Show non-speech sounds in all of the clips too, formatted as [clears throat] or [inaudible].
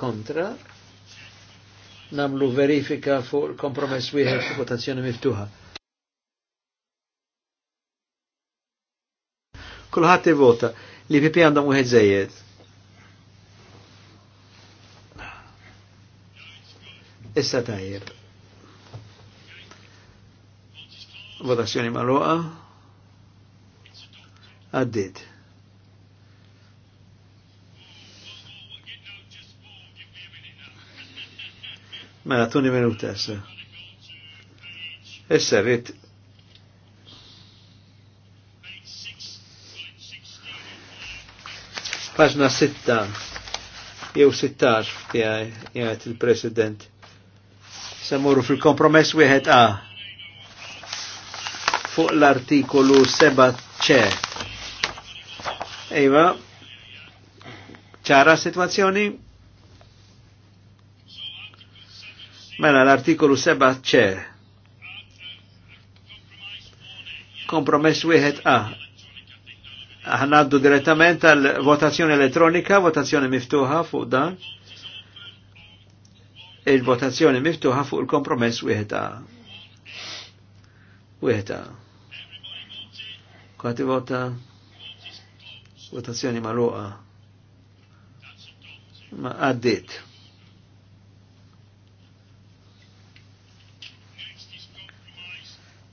kontra namlu verifika fuq il-kompromess wieħed fuq votazzjoni miftuħa. Kulħadd ivota li PP għandhom wieħed żejjed. Issa tajjeb. Votazzjoni magħluqa. Għaddit. Mela, tuni minuta issa. Issa rrit. Paġna sitta, jew sittar tiegħi jgħid il-President. Se fil-kompromess wieħed A ah. fuq l-artikolu 7 C. Ejva, ċara situazzjoni? Mela l-artikolu 7 ċe. Kompromess wieħed A. għaddu direttament għal votazzjoni elettronika, votazzjoni miftuħa fuq dan. Il-votazzjoni miftuħa fuq il-kompromess wieħed A. Wieħed A. Kwati vota votazzjoni maluqa. Ma għaddit.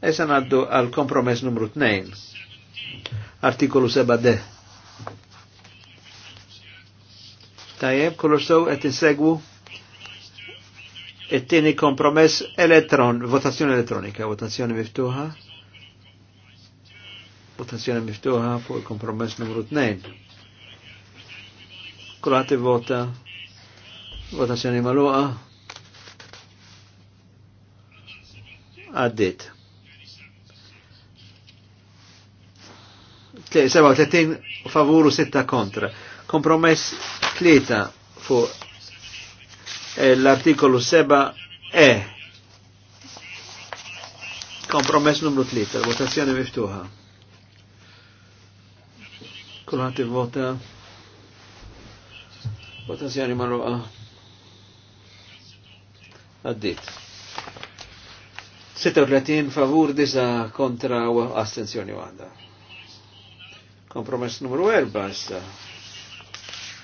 Esa naddu għal kompromess numru 2. Artikolu 7d. Tajjeb, kollu sew qed insegwu it-tieni kompromess elettron, votazzjoni elettronika, votazzjoni miftuħa. Votazzjoni miftuħa fuq il-kompromess numru 2. Kulħati vota, votazzjoni maluqa. Għaddit. 37 favur u 6 kontra. Kompromess 3 fu l-artikolu 7 e. Kompromess numru 3, votazzjoni miftuħa. Kulħat vota Votazzjoni marruqa. Għaddit. 36 favur, 9 kontra u astenzjoni għanda. Kompromess numru 4 issa.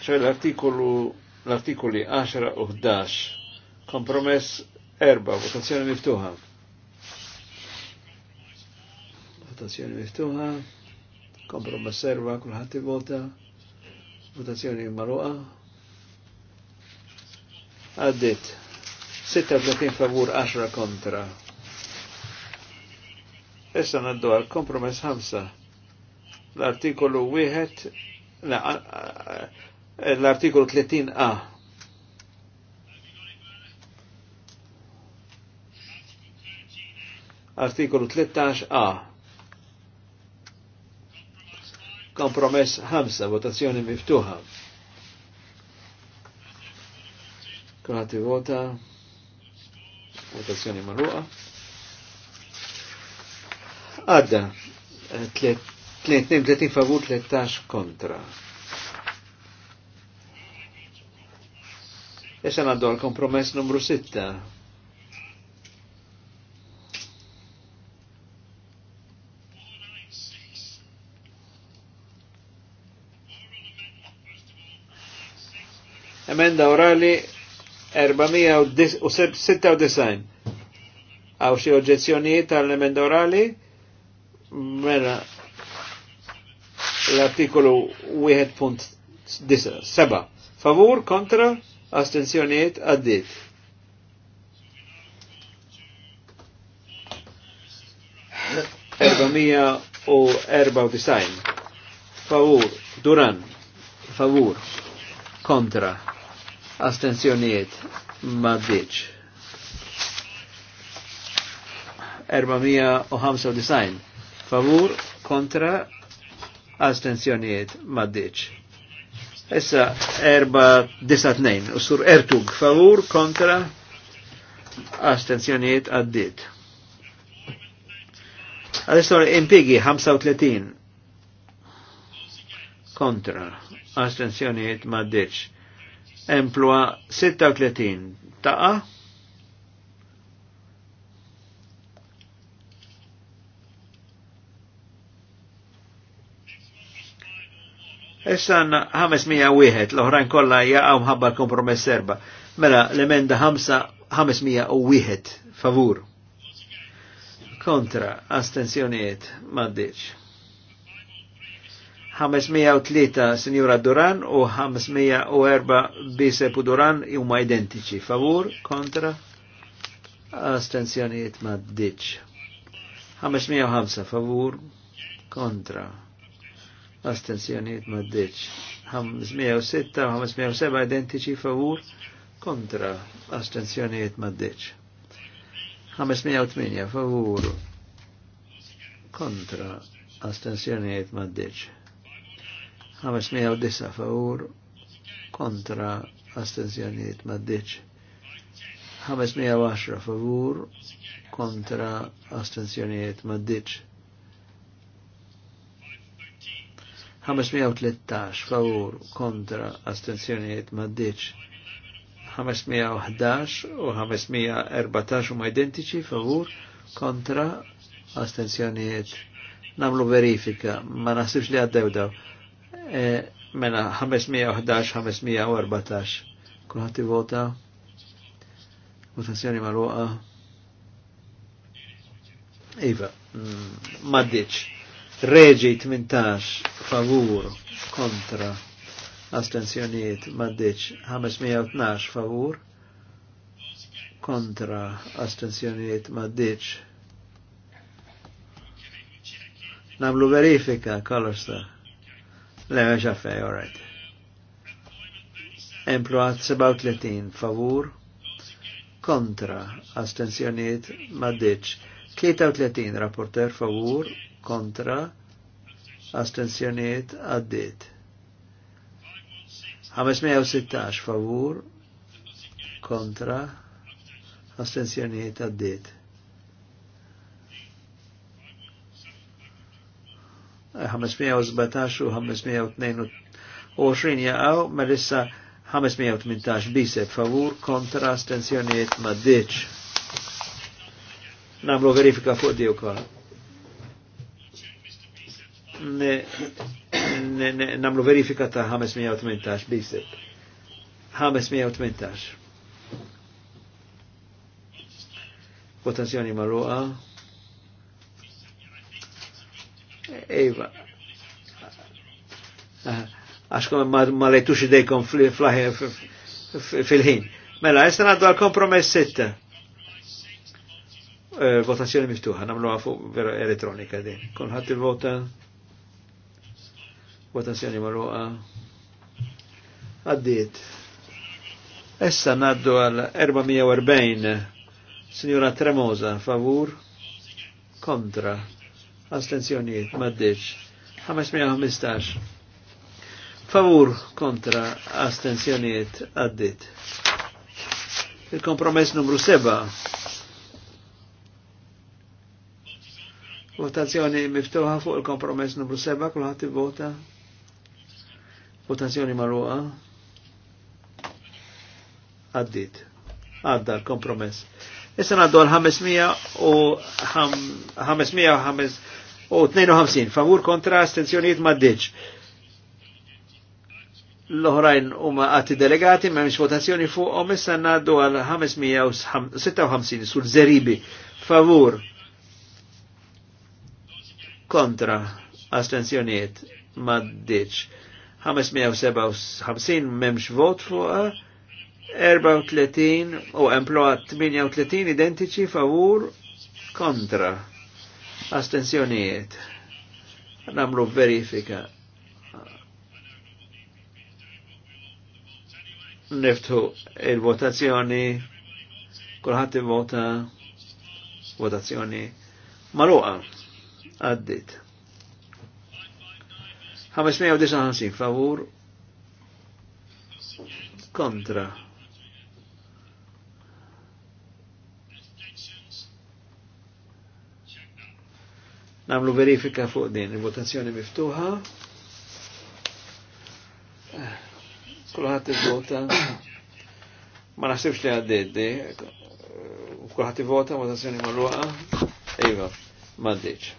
ċe l-artikolu l-artikoli 10 u 11. Kompromess 4, votazzjoni miftuħa. Votazzjoni miftuħa. Kompromess 4, kulħadd vota. Votazzjoni marruqa. Għaddit. 36 favur 10 kontra. Issa naddu għal kompromess 5 l-artikolu 1, l-artikolu 30a. Artikolu 13a. Kompromess 5, votazzjoni miftuħa. Kulħati vota, votazzjoni marruqa. Għadda, 3 eh, 32 favur 13 kontra. Esa għaddu għal-kompromess numru 6. Emenda orali 496. Għaw xie oġezzjonijiet tal-emenda orali? Mela, l-artikolu 1.7. Favur kontra astenzjoniet għaddit. Erbamija u erba u disajn. Favur, Duran, favur, kontra, astenzjoniet, maddiċ. disajn. favur, kontra, astenzjonijiet maddiċ. Issa erba 9 u sur ertug favur kontra astenzjonijiet għaddit. Għadissa impigi 35 kontra astenzjoniet maddiċ. Emplua 36 taqa' Issa 501, l-oħrajn kolla jaqgħu mħabba l-kompromess serba. Mela l-emenda 501 favur. Kontra, astensjonijiet, maddiċ. 503 Sinjura Duran u 504 Bisepu Duran huma identiċi. Favur, kontra, astensjonijiet maddiċ. 505 favur, kontra, astensjoniet maddeċ. 506, 507 identiċi favur kontra astensjoniet maddeċ. 508 favur kontra astensjoniet maddeċ. 509 favur kontra astensjoniet maddeċ. 510 favur kontra astensjoniet maddeċ. 513 favur kontra astenzjonijiet maddiċ 511 u 514 ma identiċi favur kontra astenzjonijiet. Namlu verifika, ma naħsibx li għaddew daw. E, mena 511, 514. Kulħat vota. Votazzjoni marruqa. Iva, mm, maddiċ. Reġi 18 favur kontra astensjoniet maddeċ 512 favur kontra astensjoniet maddeċ Namlu verifika, kolorsta. Le, meċa fej, all right. Emploat 37 favur kontra astensjoniet maddeċ 33 rapporter favur kontra astensjoniet għaddit. 516 favur kontra astensjoniet għaddit. 517 eh, u 522 jaqaw, ma lissa 518 Biset. favur kontra astensjoniet ma ditx. Namlu verifika fuq di u namlu verifika ta' 518 bisib. 518. Votazzjoni maluqa. Ejva. Għaxkom ma lejtux idejkom fil-ħin. Mela, jessan għaddu għal-kompromess sitta. Eh, votazzjoni miftuħa, namlu għafu vera elettronika din. Konħat il-vota votazzjoni marruqa għaddiet. Essa naddu għal 440 Signora Tremosa, favur kontra Astenzjoni, maddiċ 515 favur kontra astenzjoniet għaddit il-kompromess numru 7 votazzjoni miftuħa fuq il-kompromess numru 7 kulħat vota Votazzjoni marruqa. Għaddit. Għadda l-kompromess. Issa għaddu għal u 52 favur kontra astenzjoniet maddiċ. L-oħrajn huma għati delegati m'hemmx votazzjoni fuqhom issa għaddu għal 556 sul zeribi favur kontra astenzjoniet maddiċ. 557 memx vot fuqa, 34 u emploa 38 identiċi favur kontra astensjonijiet. Namlu verifika. Niftu il-votazzjoni, kullħat vota votazzjoni maluqa għaddit. 559 favur kontra. Namlu verifika fuq din, il-votazzjoni miftuħa. Kulħat il-vota. Ma naħsibx li għaddeddi. Kulħat il-vota, votazzjoni mal-luqa. Iva, ma ddiċ.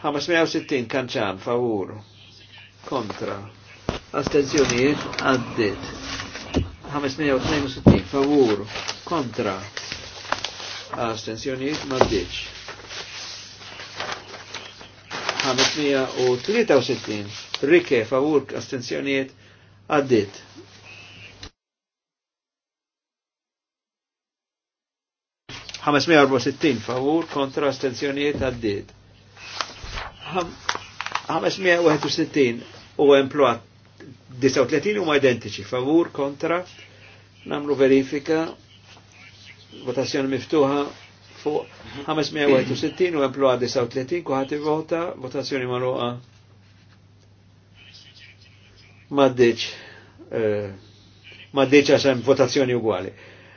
560 kanċan favur kontra astenzjonijiet għaddit 562 favur kontra astenzjonijiet maddiċ 563 rike favur astenzjoniet għaddit ħames 564 favur kontra astenzjonijiet għaddit 561 u emploa 39 huma identiċi, favur, kontra, namlu verifika, votazzjoni miftuħa fuq 561 u emploa 39, kuħat vota, votazzjoni magħluqa. Maddiċ, eh, maddiċ għaxem votazzjoni uguali.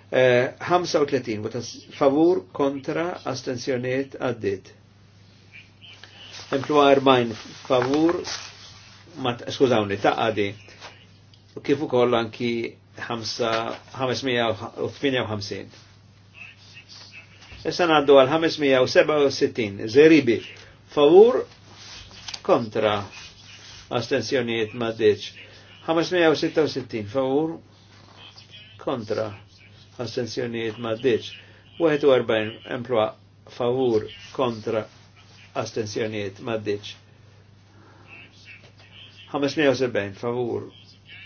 35 eh, 35, favur, kontra, astenzjoniet, għaddiet. Emplu 40 favur, ma skużawni, taqadi. U kifu koll anki 558. Issa għaddu għal 567, zeribi, favur kontra astensjonijiet ma deċ. 566, favur kontra astensjonijiet ma deċ. 41 emploa favur kontra astensjoniet maddiċ. 570 favur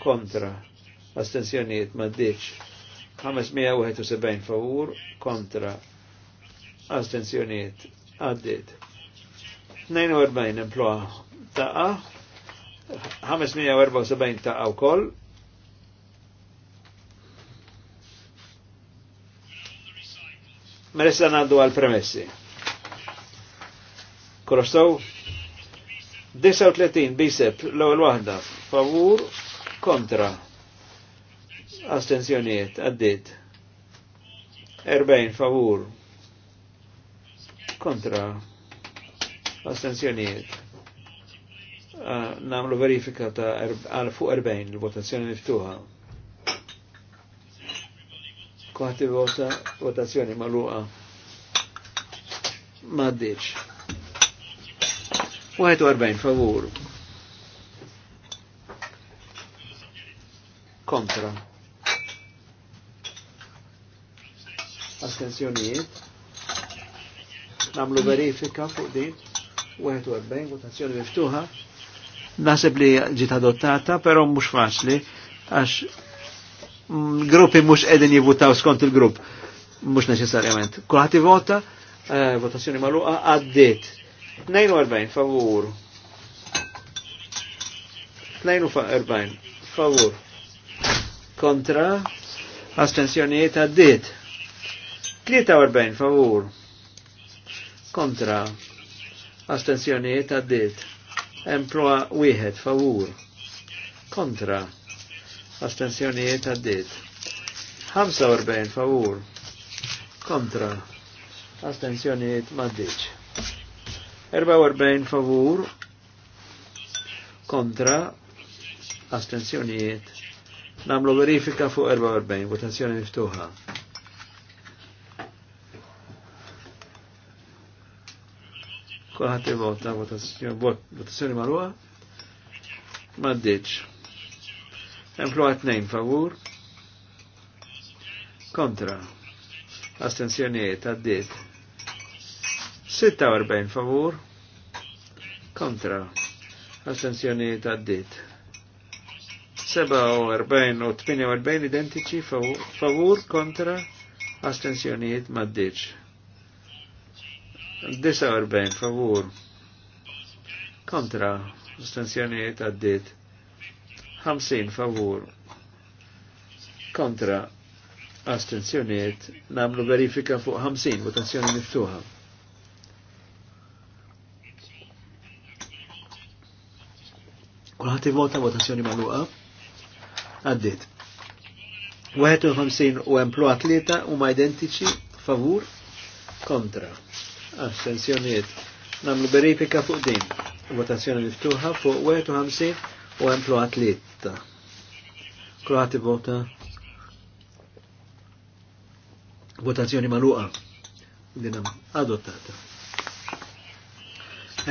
kontra astensjoniet maddiċ. 571 favur kontra astensjoniet għaddit. 42 emploa taqa, 574 taqa u koll, Meressa mela għandu għal-premessi. Korostaw 39 bisep l ewel wahda, favur kontra astenzjonijiet għaddit 40 favur kontra astenzjonijiet ah, namlu verifika ta' għal fuq 40 l-votazzjoni miftuħa Kuħati vota votazzjoni maluqa maddiċ 41 favur. Kontra. Astenzjonijiet. Namlu verifika fuq din. 41 votazzjoni miftuħa. Naseb li ġit adottata, però mhux faċli għax mm, gruppi mhux qegħdin jivutaw skont il-grupp. Mhux neċessarjament. Kulħati vota eh, votazzjoni magħluqa għaddit. 42 favur. 42 favur. Kontra. astensjoniet għaddit. 43 favur. Kontra. astensjoniet għaddit. Emploa wieħed favur. Kontra. astensjoniet għaddit. 45 favur. Kontra. astensjoniet maddiċ. 44 favur kontra astenzjonijiet. Namlu verifika fuq 44, votazzjoni miftuħa. Kulħat vota votazzjoni marwa. Maddiċ. Emplu nejn favur. Kontra. Astenzjonijiet, għaddit. 46 favur kontra astensjoni ta' dit 47 u 48 identiċi favur kontra astensjonijiet ma' d-ditx. 49 favur kontra astensjonijiet ta' dit 50 favur kontra astensjonijiet namlu verifika fuq 50 votazzjoni miftuħa. Kulħadd vota votazzjoni magħluqa. Għaddit. 51 u emplu atleta u ma identiċi favur kontra. Astensjonijiet. Namlu verifika fuq din. Votazzjoni miftuħa fuq 51 u emplu atleta. Kulħadd vota. votazzjoni magħluqa. Dinam adottata.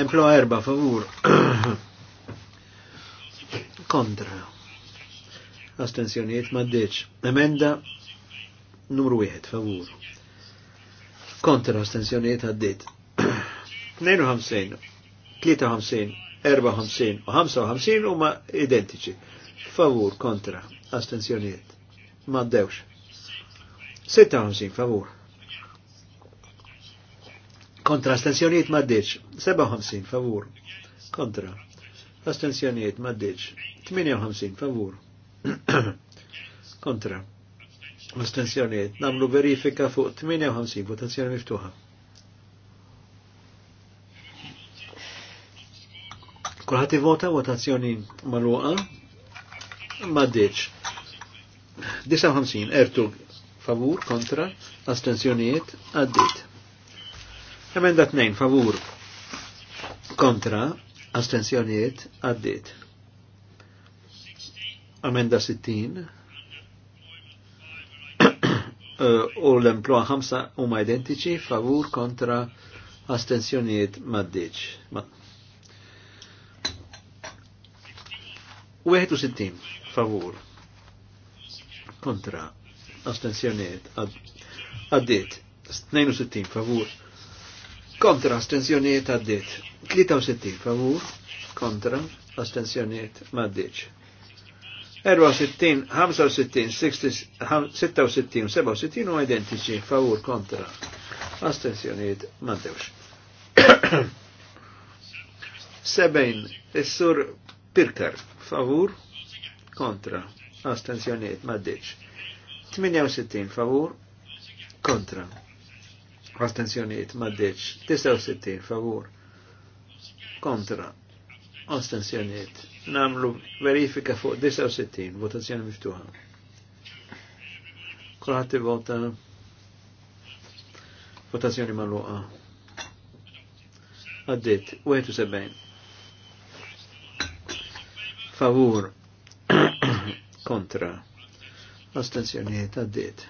Emplu erba' favur [clears throat] kontra. Astenzjoniet maddeċ. Emenda numru 1, favur. Kontra astenzjoniet għaddit. 52, 53, 54 u 55 huma identiċi. Favur, kontra, astenzjoniet. Maddewx. 56, favur. Kontra astenzjoniet maddiċ. 57, favur. Kontra, astensjonijiet maddeċ. 58 favur [clears throat] kontra astensjonijiet namlu verifika fuq 58 votazzjoni miftuħa kulħati vota votazzjoni maluqa, maddeċ. 59 ertug favur kontra astenzjoniet, għaddit Emenda 2 favur kontra astensjonijiet għaddit. Amenda 60 [clears throat] eh, u l-emploa 5 huma identiċi favur kontra astensjonijiet maddiċ. 61 favur kontra astensjonijiet għaddit. 62 favur kontra astensjoniet għaddit. 63 favur kontra astensjoniet maddiċ. 64, 65, 66, 67 u identiċi favur kontra astensjoniet maddewx. 70 [coughs] essur sur Pirkar favur kontra astensjoniet maddiċ. 68 favur kontra Astenzjoniet maddeċ. 69 favur. Kontra. Astenzjoniet. Namlu verifika fuq 69. Votazzjoni miftuħa. Kulħat vota. Votazzjoni maluqa. Għaddit. 71. Favur. [clears throat] Kontra. Astenzjoniet. Għaddit.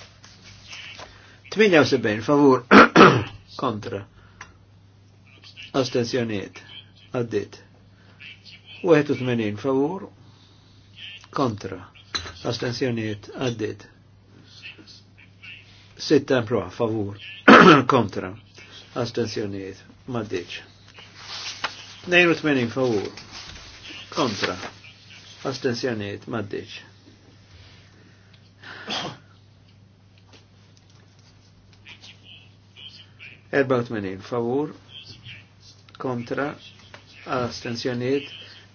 78 [clears throat] favur kontra astenzjoniet għaddit 81 [clears throat] favur kontra astenzjoniet għaddit 6 pro favur kontra astenzjoniet maddiċ 82 favur kontra astenzjoniet [clears throat] maddiċ 84 favur kontra astensjoniet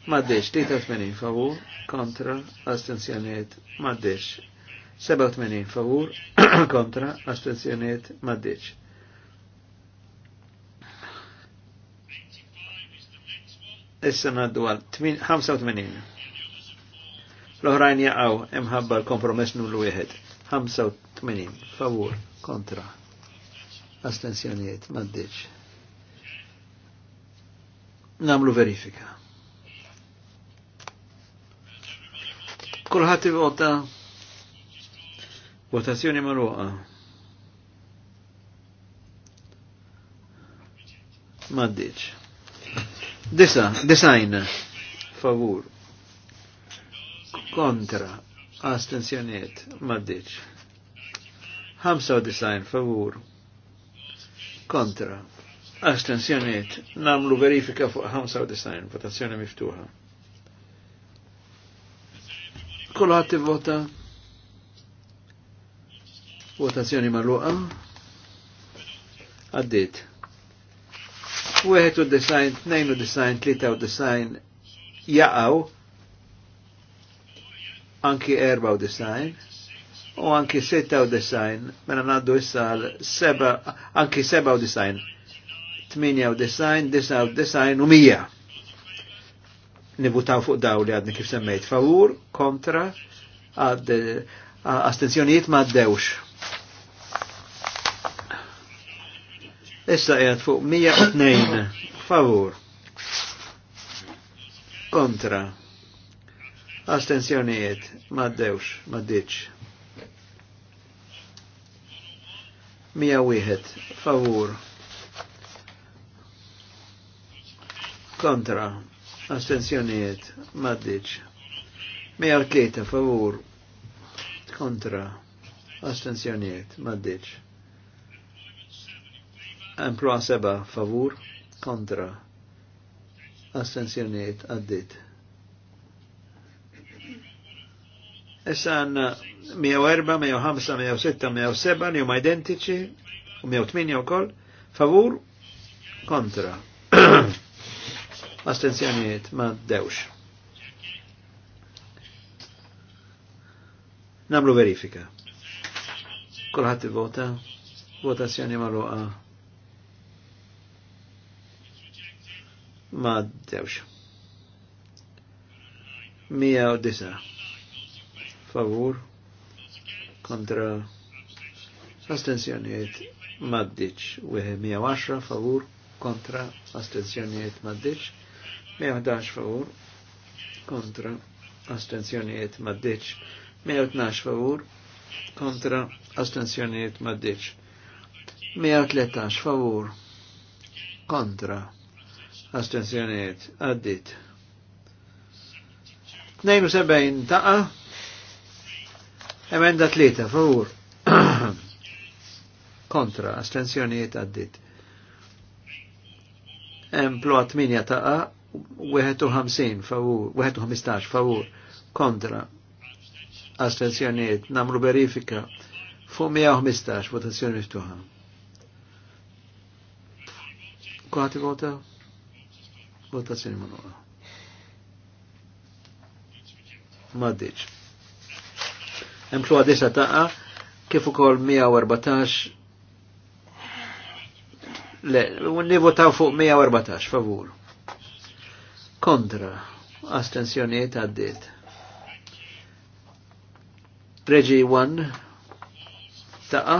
maddeċ 83 favur kontra astensjoniet maddeċ 87 [clears throat] favur kontra astensjoniet maddeċ issa naddu għal 85 l-oħrajn jaqaw imħabba l-kompromess nullu 1 85 favur kontra Astensjoniet, maddeċ. Namlu verifika. Kulħat vota votazzjoni marruqa. Maddeċ. Disa, design, favur. Kontra, astensjoniet, maddiċ. 95, favur kontra Astenzjoniet, namlu verifika fuq 95 votazzjoni miftuħa kolħat vota votazzjoni marluqa għaddit tlita u design, jaqaw anki design u anki 96, mena naddu issa għal 7 anki 97, 98, 99 u 100. Nibutaw fuq daw li għadni kif semmejt favur, kontra, għad astenzjonijiet ma għaddewx. Issa għed fuq 102, favur, kontra, astenzjonijiet ma għaddewx, ma għaddiċ. 101 favur kontra astensjonijiet maddiċ 103 favur kontra astensjonijiet maddiċ Emploa seba favur kontra astensjonijiet għaddit Issa għanna 104, 105, 106, 107 li huma identiċi u koll, favur kontra. [clears throat] Astenzjoniet, ma dewx. Namlu verifika. Kolħat il vota votazzjoni ma magħluqa. Ma dewx. 109 favur kontra astensjonijiet maddiċ u 110 favur kontra astensjonijiet maddiċ 111 favur kontra astensjonijiet maddiċ 112 favur kontra astensjonijiet maddiċ 113 favur kontra astensjonijiet għaddit 72 taqa Emenda tlieta, favur. [clears throat] Kontra, astensjonijiet għaddit. Emplot minja taqa, 51 favur, 51 favur, kontra, astensjonijiet, namru verifika, fuq 115 votazzjoni miftuħa. Kuħati vota? Votazzjoni manuħa. Maddiċ. Emplu għadisa taqa, kif ukoll 114 le, nivotaw fuq 114 favur. Kontra, astensjoniet għaddit. Reġi 1 taqa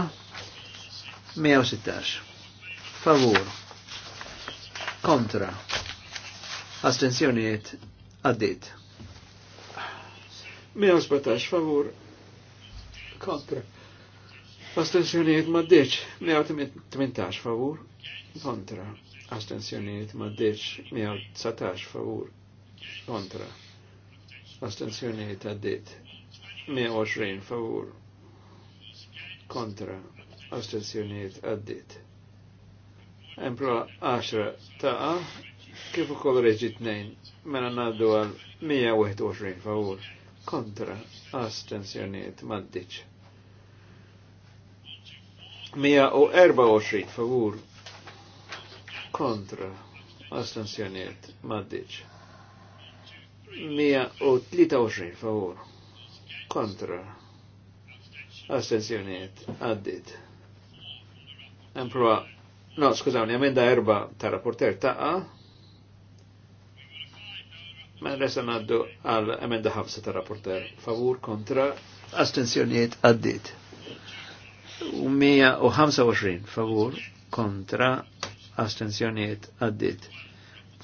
116 favur. Kontra, astensjoniet għaddit. 117 favur kontra. Astensjonijiet maddeċ, 118 favur, kontra. Astensjonijiet maddeċ, 119 favur, kontra. Astensjonijiet għaddit, 120 favur, kontra. Astensjonijiet għaddit. Empro 10 ta' kif ukoll reġit nejn, mena naddu għal 121 favur, kontra astensjoniet maddiċ. 124 favur kontra astensjoniet maddiċ. 123 favur kontra astensjoniet għaddit. Emprova, no, skużawni, emenda erba ta' rapporter ta' Ma resa naddu għal emenda ħafsa ta' rapporter. Favur kontra astensjoniet għaddit. U 125 favur kontra astensjoniet għaddit.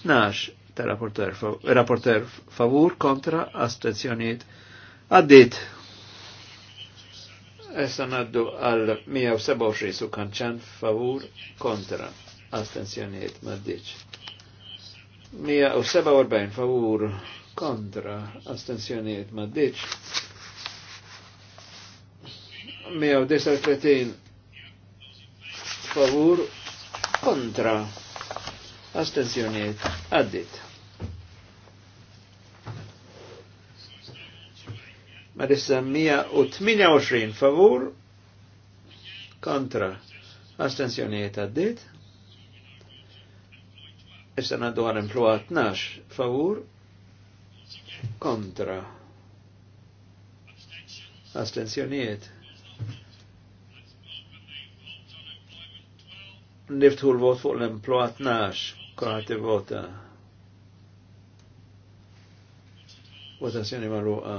12 ta' rapporter, fav rapporter favur kontra astensjoniet għaddit. Essa naddu għal 127 su kanċan favur kontra astensjoniet għaddit. 147 favur kontra astensjoniet ma ddiċ 139 favur kontra astensjoniet għaddit ma dissa 128 favur kontra astensjoniet għaddit Issa għandu għan impluwa 12 favur kontra Astenzjoniet. Niftħu l-vot fuq l-impluwa 12 kħati vota. Votazzjoni marruqa.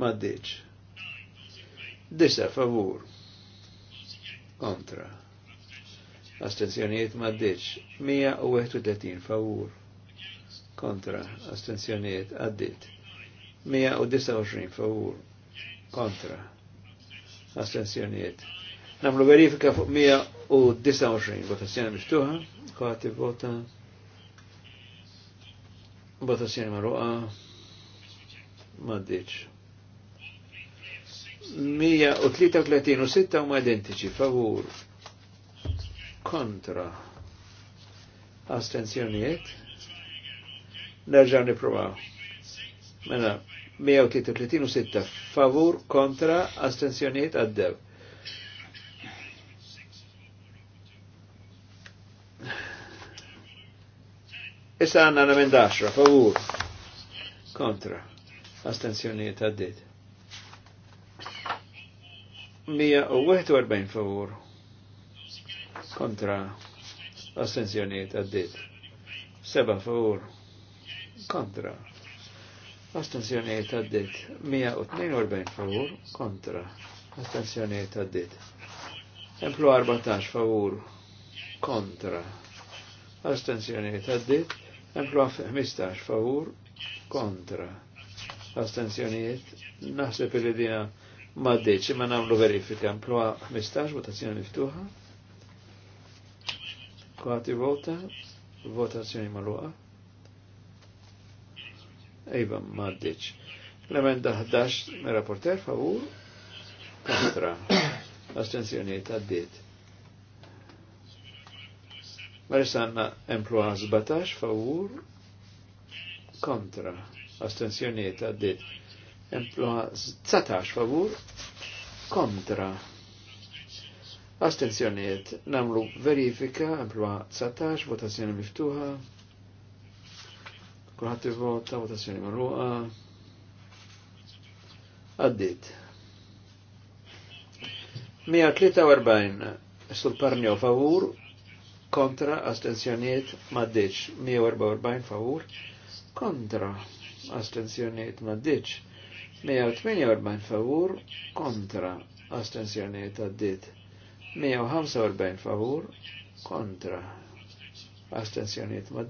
Maddiċ. Disa favur kontra astenzjonijiet maddiċ, 131 favur kontra astenzjonijiet għaddit, 129 favur kontra astenzjonijiet. Namlu verifika fuq 129 votazzjoni miftuħa, kwaħti vota, votazzjoni marruqa, maddiċ. 133 u 6 huma identiċi favur kontra astenzjoniet nerġaw niprovaw Mena, 136 favur kontra astenzjoniet għaddew Issa għanna namen daċra, favur, kontra, astenzjoniet għaddit. 141 favur, kontra l astenzjoniet għaddit. Seba favur kontra l astenzjoniet għaddit. 142 favur kontra l astenzjoniet għaddit. Emplu 14 favur kontra l astenzjoniet għaddit. Emplu 15 favur kontra astenzjoniet naħseb li dina maddeċi ma namlu verifika. Emplu 15 votazzjoni ftuħa kwaħti vota, votazzjoni maluqa. Ejba iva, maddiċ. L-emenda 11, me rapporter favur, kontra. Astenzjoniet għaddit. Marisanna emploa 17, favur, kontra. astenzjoni għaddit. Emploa 17 favur, kontra Astenzjoniet, namlu verifika, emplua 19, votazzjoni miftuħa, kulħat vota, votazzjoni marruqa, għaddit. 143, sul parnio favur, kontra, astenzjoniet, maddeċ. 144 favur, kontra, astenzjoniet, maddeċ. 148 favur, kontra, astenzjoniet, għaddit. 145 favur kontra astenzjoniet ma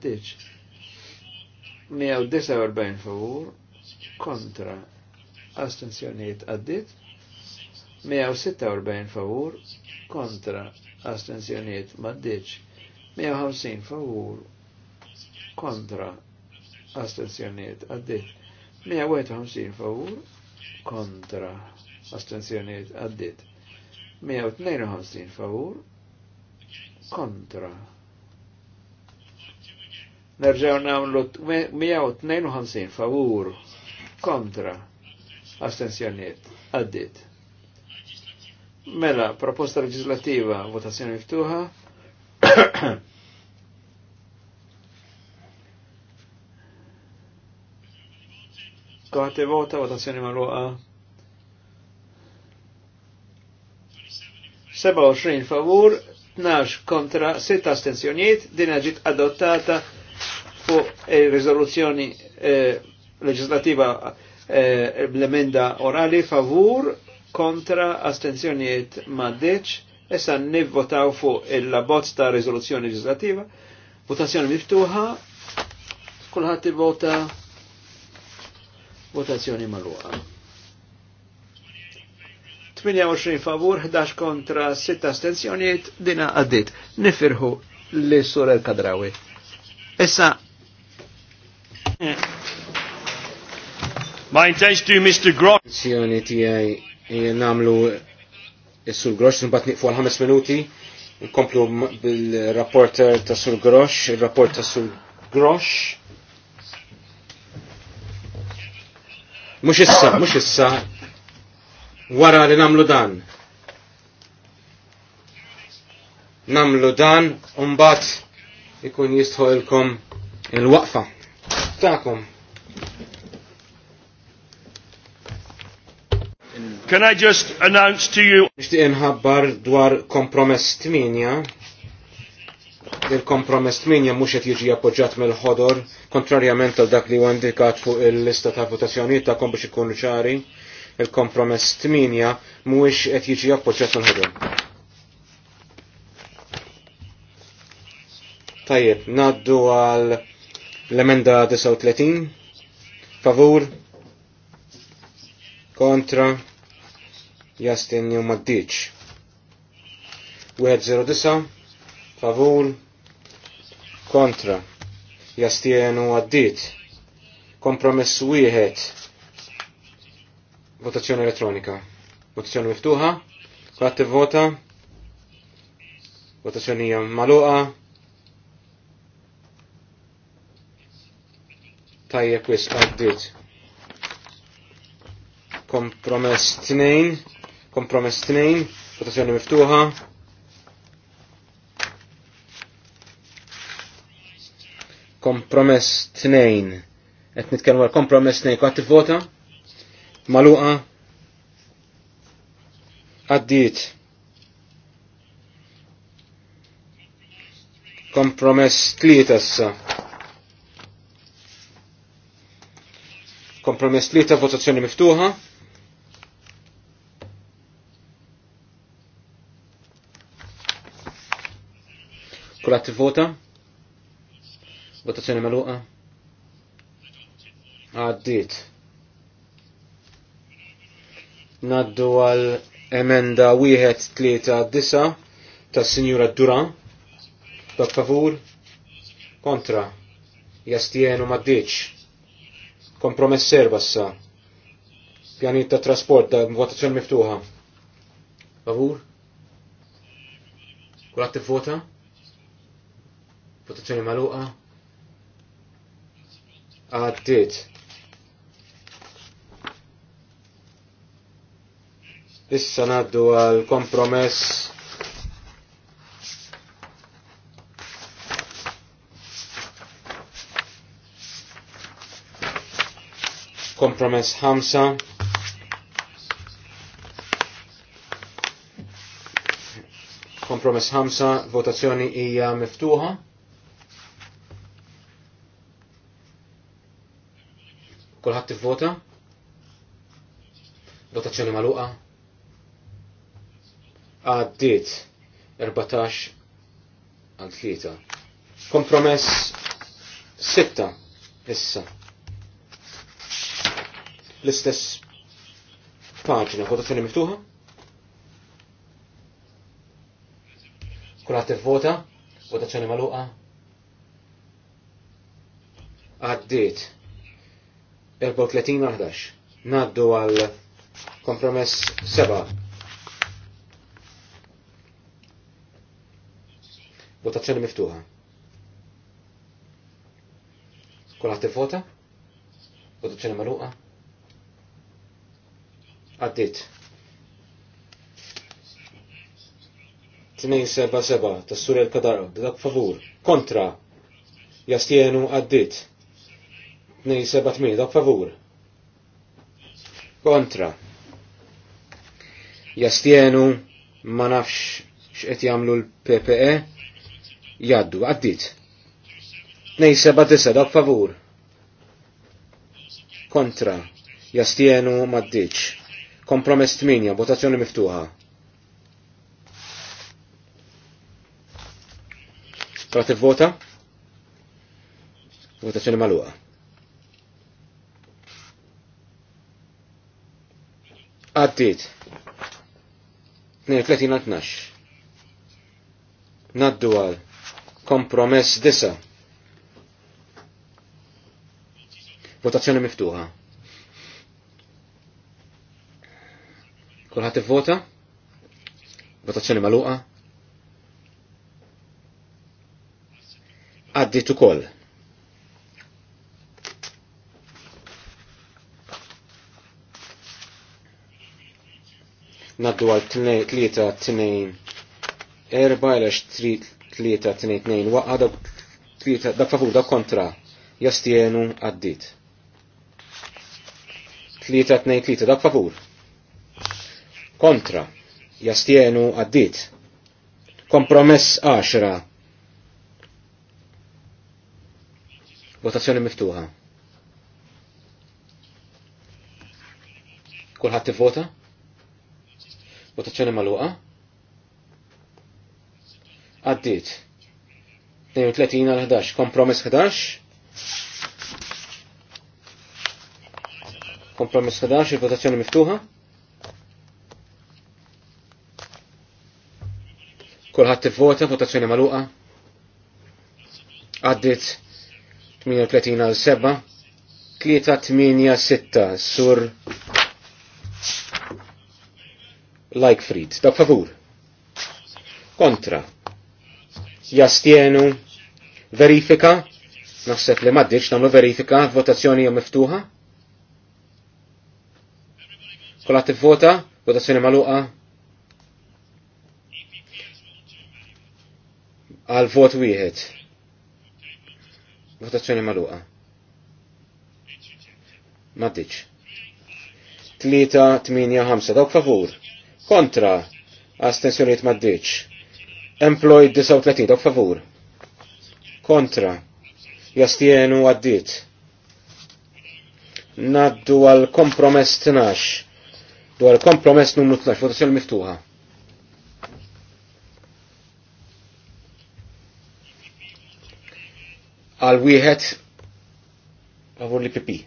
149 favur kontra astenzjoniet għaddit 146 favur kontra astenzjoniet ma 150 favur kontra astenzjoniet għaddit 151 favur kontra astenzjoniet għaddit 152 favur kontra. Nerġaw namlu 152 favur kontra astensjoniet għaddit. Mela, proposta legislativa, votazzjoni miftuħa. Kħati vota, votazzjoni maluqa. 27 favur, 12 kontra, 6 astenzjoniet, din ġiet adottata fuq il-rizoluzzjoni eh, eh, leġislativa eh, l-emenda orali favur, kontra, astenzjonijiet maddeċ, essa nivvotaw fuq il-labozz ta' rizoluzzjoni leġislativa, votazzjoni miftuħa, kulħadd vota votazzjoni mal 28 favur, 11 kontra 6 astenzjoniet, dina għaddit. Nifirħu li sur el-kadrawi. Issa. Ma intenx tu Mr. Grosh. ti għaj e, namlu e, sur Grosh, nbat niqfu għal 5 minuti. Nkomplu bil-rapporter ta' sur Grosh, il-rapport ta' sur Grosh. Mux issa, mux issa, wara li namlu dan. Namlu dan umbat ikun jistħolkom il-waqfa ta'kom. Can I just announce to you? Nishtiq inħabbar dwar kompromess 8. Il-kompromess 8 mhux qed jiġi appoġġat mill-ħodor, kontrarjament għal dak li huwa indikat fuq il-lista ta' votazzjoni ta' kom biex ikunu ċari il-kompromess 8 mhuwiex qed jiġi appoġġjat mill-ħodor. Tajjeb, naddu għal l-emenda 39. Favur. Kontra. Jastinju maddiċ. 109. Favur. Kontra. Jastienu maddiċ. Kompromess wieħed Votazzjoni elettronika. Votazzjoni miftuħa. Kulħadd tivvota. Votazzjoni magħluqa. Tajja kwis għaddiet. Kompromess tnejn. Kompromess tnejn. Votazzjoni miftuħa. Kompromess tnejn. Qed nitkellmu għal kompromess tnejn. Kulħadd tivvota maluqa għaddit kompromess tlieta issa kompromess tlieta votazzjoni miftuħa kulat vota votazzjoni maluqa għaddit Naddu għal emenda 1-3-9 ta' Sinjura Duran. Dak favur kontra jastienu maddiċ. Kompromess serba sa. Pjanit ta' trasport da' votazzjoni miftuħa. Favur? Kulat t-vota? Votazzjoni maluqa? Għaddit. Issa naddu għal kompromess kompromess ħamsa kompromess ħamsa votazzjoni hija miftuħa kulħadd tivvota votazzjoni magħluqa għaddit 14 għal 3. Kompromess 6 issa. L-istess t votazzjoni miftuħa. Kulħat vota votazzjoni maluqa. Għaddit 34 11. Naddu għal kompromess 7 Votazzjoni miftuħa. Kulħadd Vota Votazzjoni magħluqa? Għaddit. 277 tas-sur il-kadar, dak favur, kontra, jastienu għaddit. 278 dak favur, kontra, jastienu ma nafx x'qed jagħmlu l-PPE, jaddu, għaddit. Nej seba tisa dak favur. Kontra, jastienu maddiċ. Kompromess tminja, votazzjoni miftuħa. Prati vota? Votazzjoni maluqa. Għaddit. 32 għal 12. Naddu għal Kompromess disa. Votazzjoni miftuħa. Kulħat vota? Votazzjoni maluqa? tu ukoll. Naddu għal 3 2 4, għal Tlieta 2 2 waqqa dak favur dak kontra jastienu għaddit. 3-2-3 dak favur. Kontra jastienu għaddit. Kompromess 10. Votazzjoni miftuħa. Kulħadd tivvota? Votazzjoni magħluqa? għaddit. 32 għal 11, kompromis 11. Kompromis 11, il-votazzjoni miftuħa. Kolħat t-vota, votazzjoni maluqa. Għaddit 38 għal 7. 3-8-6 sur Like Fried. da favur. Kontra jastienu verifika, naħseb li maddiċ namlu verifika, votazzjoni jom miftuħa. Kolla tivvota, votazzjoni maluqa. Għal vot wieħed. Votazzjoni maluqa. Maddiċ. Tlita, tminja, ħamsa, dawk favur. Kontra, astensjoniet maddiċ. Employed 39, dok favur. Kontra. Jastienu għaddit. Naddu għal kompromess 12. Dwar kompromess numru 12, votazzjoni miftuħa. Għal wieħed Favur li pipi.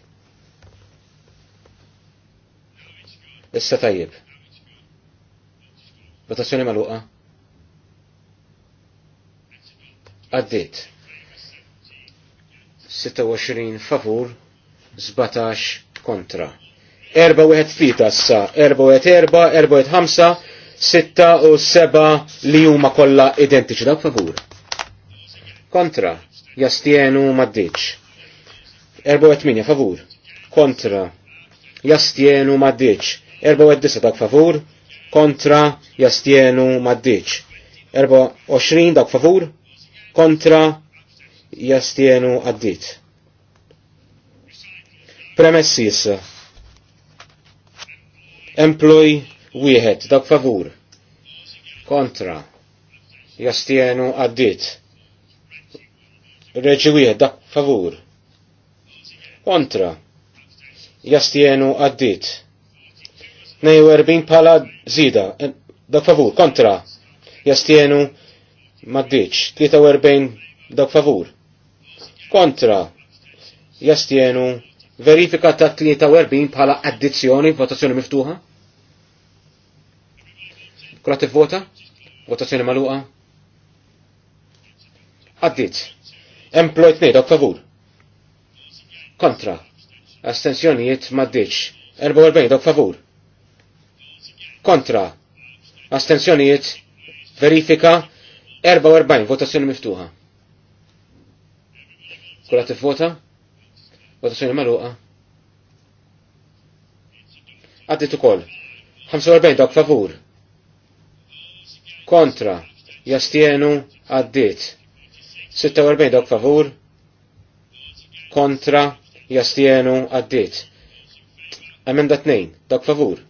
Issa tajjeb. Votazzjoni maluqa. għaddit. 26 favur, 17 kontra. 4 wieħed fita sa, 4 wieħed 4, 4 wieħed 5, 6 u 7 li huma kollha identiċi dak favur. Kontra, jastienu maddiċ. 4 8 favur, kontra, jastienu maddiċ. 4 9 dak favur, kontra, jastienu maddiċ. 24 dak favur, kontra jastienu għaddit. Premessis. Employ wieħed, dak favur. Kontra. Jastienu għaddit. Reġi wieħed, dak favur. Kontra. Jastienu għaddit. Nejwerbin pala zida, eh, dak favur, kontra. Jastienu maddiċ, 43 dak favur. Kontra, jastienu, verifika ta' 43 bħala addizzjoni, votazzjoni miftuħa. Kulla vota? Votazzjoni maluqa? Addiz. Employed nej, dak favur. Kontra. Astenzjonijiet maddiċ. 44 dak favur. Kontra. Astenzjonijiet verifika 44 votazzjoni miftuħa. Kulla t-vota? Votazzjoni maluqa. Għaddit ukoll. 45 dawk favur. Kontra. Jastienu għaddit. 46 dawk favur. Kontra. Jastienu għaddit. Emenda 2 dawk favur.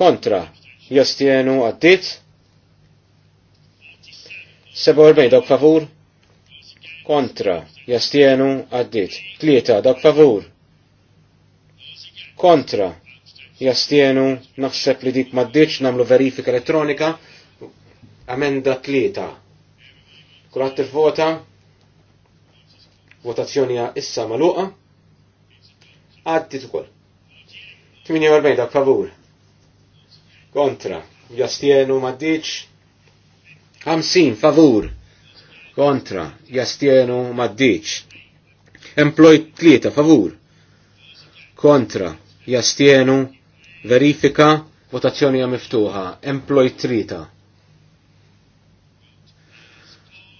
Kontra. Jastienu għaddit. 47 dak favur kontra jastienu għaddit. 3 dak favur kontra jastienu naħseb li dik maddiċ namlu verifika elettronika amenda 3. Kull għattir vota votazzjoni issa maluqa għaddit ukoll. 48 dak favur kontra jastienu maddiċ 50 favur kontra jastienu maddiċ. Employed tlieta favur kontra jastienu verifika votazzjoni miftuħa. Employed 3.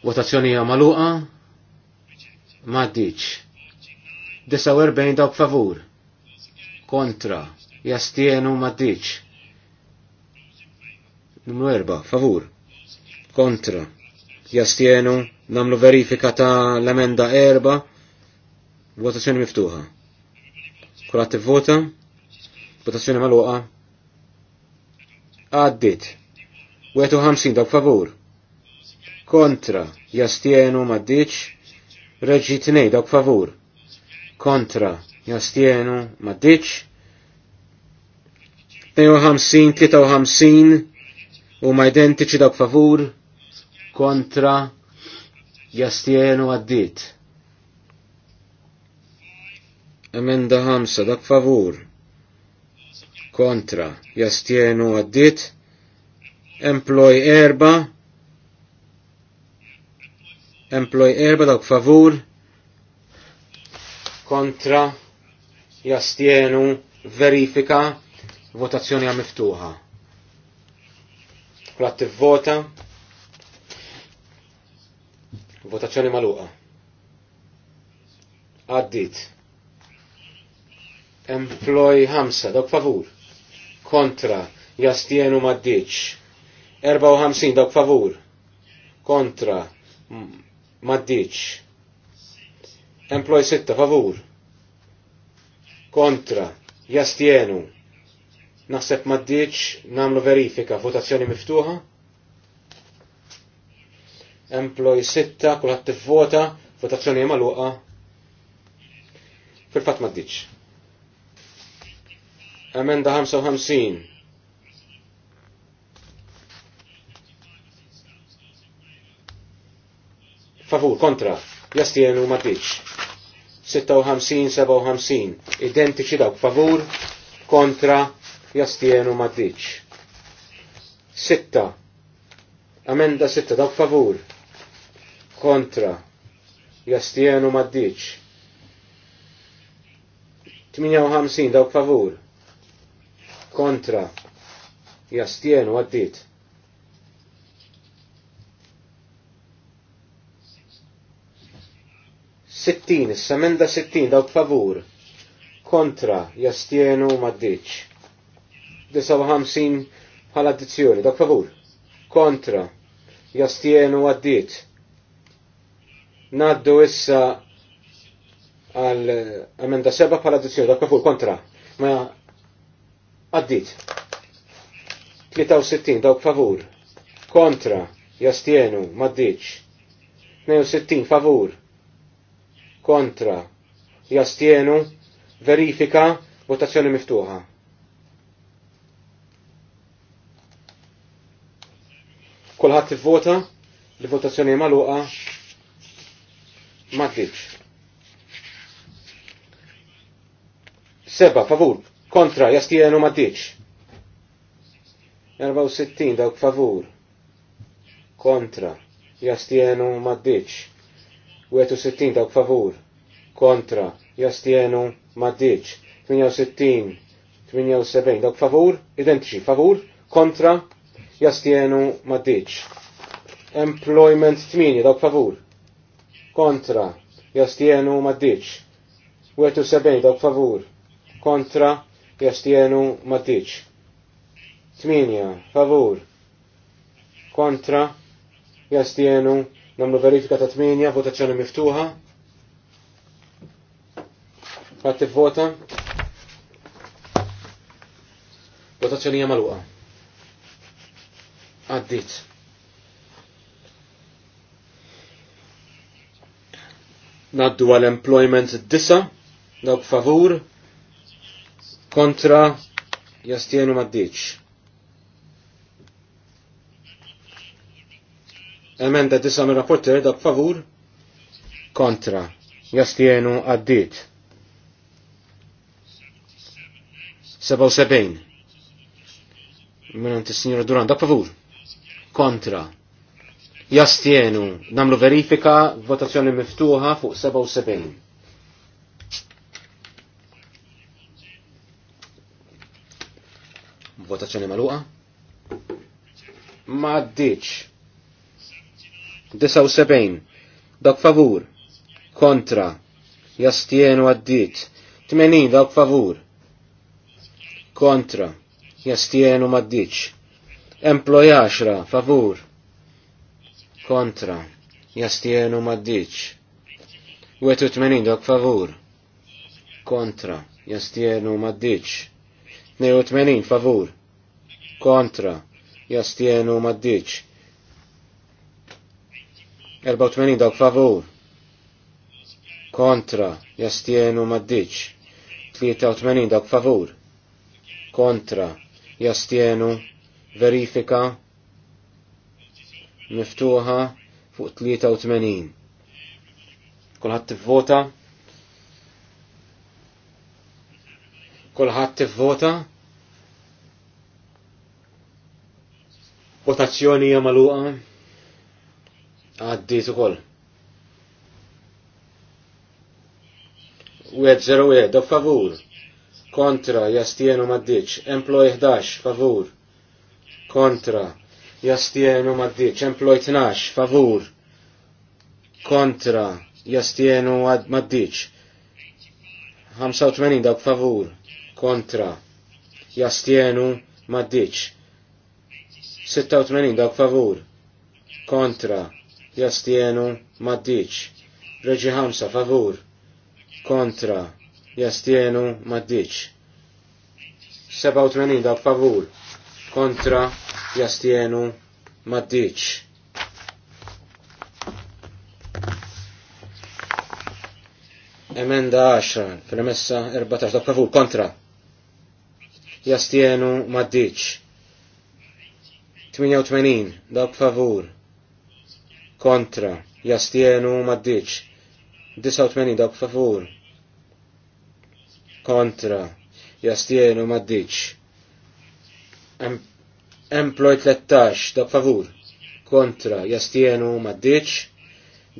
Votazzjoni maluqa maddiċ. 49 dawk favur kontra jastienu maddiċ. Numru 4 favur kontra jastienu namlu verifika ta' l-emenda erba votazzjoni miftuħa. Kulat vota votazzjoni maluqa għaddit 51 dak favur kontra jastienu maddiċ reġi tnej dak favur kontra jastienu maddiċ 52, 53 u ma identiċi dak favur kontra jastienu għaddit. Emenda ħamsa dak favur kontra jastienu għaddit. Employ erba Employ erba dak favur kontra jastienu verifika votazzjoni għamiftuħa. miftuħa. vota. Votazzjoni maluqa. Għaddit. Employ ħamsa, dawk favur. Kontra, jastienu maddiċ. 54, dawk favur. Kontra, maddiċ. Employ 6, favur. Kontra, jastienu. Naħseb maddiċ, namlu verifika, votazzjoni miftuħa employ 6, kulħadd tivvota, votazzjoni magħluqa. Fil-fatt ma ddiċ. Emenda 55. Favur, kontra, jastienu ma ddiċ. 56, 57, identiċi dawk favur, kontra, jastienu ma ddiċ. 6. Amenda 6, dawk favur, kontra, jastienu maddiċ. 58 dawk favur, kontra, jastienu għaddit. Sittin, s-samenda sittin dawk favur, kontra, jastienu maddiċ. 59 bħala addizzjoni, dawk favur, kontra, jastienu għaddit. Naddu issa għal emenda seba pala dizzjoni, dakka fuq kontra. Ma għaddit. 63 dawk favur. Kontra jastienu maddiċ. 62 favur. Kontra jastienu verifika votazzjoni miftuħa. Kulħadd ivvota, li votazzjoni magħluqa ma kifx. Seba, favur, kontra, jastienu ma tiċ. 64, dawk favur, kontra, jastienu ma tiċ. 61, dawk favur, kontra, jastienu ma tiċ. 68, 78, dawk favur, identiċi, favur, kontra, jastienu ma tiċ. Employment 8, dawk favur, kontra, jastienu maddiċ. 71 dawk favur, kontra, jastienu maddiċ. 8 favur, kontra, jastienu, namlu verifika ta' 8, votazzjoni miftuħa. Għat vota Votazzjoni jamaluqa. Għaddit. Naddu għal-employment disa, dawk favur, kontra jastienu maddiċ. Emenda disa mir rapporter dawk favur, kontra jastienu għaddit. 77. il signora Duran, dawk favur, kontra jastienu. Namlu verifika, votazzjoni miftuħa fuq 77. Votazzjoni maluqa? Ma ddiċ. 79. Dok favur. Kontra. Jastienu għaddit. 80 Dok favur. Kontra. Jastienu maddiċ. Emploj 10 favur kontra, jastienu maddiċ. tmenin dok favur, kontra, jastienu maddiċ. tmenin favur, kontra, jastienu maddiċ. tmenin dok favur, kontra, jastienu maddiċ. tmenin dok favur, kontra, jastienu verifika miftuħa fuq 83. Kulħadd tivvota? Kulħadd tivvota? Votazzjoni hija magħluqa? Għaddiet ukoll. Wieħed żero do favur. Kontra jastienu maddiċ. Employ 11 favur. Kontra jastienu maddiċ, employ 12, favur, kontra, jastienu maddiċ, 85 dawk favur, kontra, jastienu maddiċ, 86 dawk favur, kontra, jastienu maddiċ, reġi 5 favur, kontra, jastienu maddiċ, 87 dawk favur, kontra, jastienu maddiċ. Emenda 10, premessa 14, dak favur kontra. Jastienu maddiċ. 88, dak favur. Kontra. Jastienu maddiċ. 89, dak favur. Kontra. Jastienu maddiċ. Employ 13 dak favur kontra jastienu maddiċ.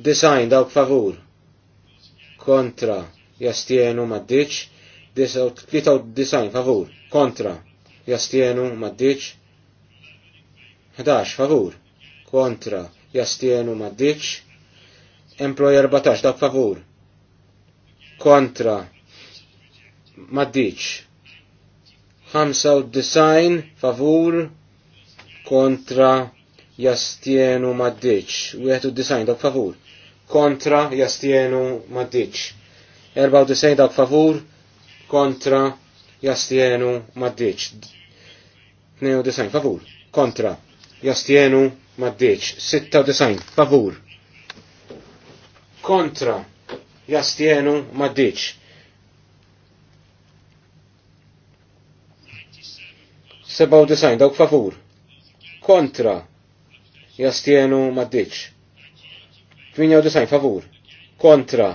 Design dak favur kontra jastienu maddiċ. design favur kontra jastienu maddiċ. 11 favur kontra jastienu maddiċ. Employ 14 dak favur kontra maddiċ. design favur kontra jastienu maddiċ, disajn dak favur, kontra jastienu maddiċ, 94 dak favur, kontra jastienu maddiċ, 92 favur, kontra jastienu maddiċ, 96 favur, kontra jastienu maddiċ. 97 dawk favur kontra jastienu maddiċ. 98 favur kontra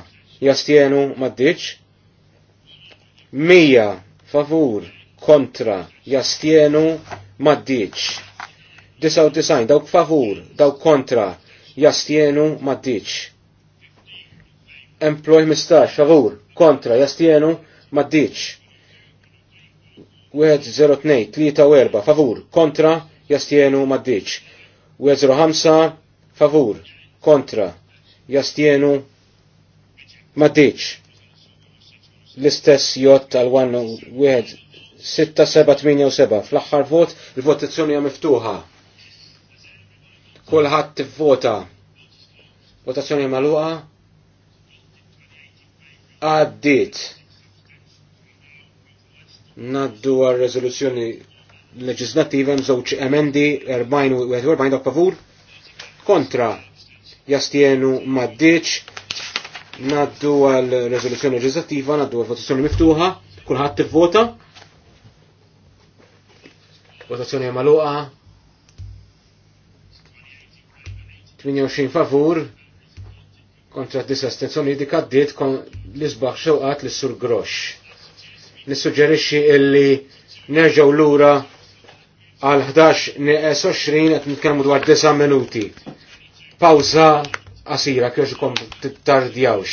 jastienu maddiċ. 100 favur kontra jastienu maddiċ. 99 dawk favur, daw kontra jastienu maddiċ. Employ 15 favur kontra jastienu maddiċ. 1 0 2 3 4 favur kontra jastienu maddiċ. ħamsa favur kontra jastienu maddiċ. L-istess jott għal 1 6 7 8 fl-axħar vot il-votazzjoni hija miftuħa. Kulħadd tivvota. Votazzjoni magħluqa. Għaddiet. Naddu għal-rezoluzzjoni leġislattiva mżewġ emendi 40 u 41 pavur favur kontra jastienu maddiċ naddu għal rezoluzzjoni leġislattiva, naddu għal votazzjoni miftuħa, kulħadd tivvota. Votazzjoni maluqa. 28 favur kontra 9 astenzjoni dik għaddiet l-isbaħ xewqat l-sur Grox. Nissuġġerixxi illi nerġgħu lura għal 11 20 qed nitkellmu dwar 9 minuti. Pawza qasira kiex ikom tittardjawx.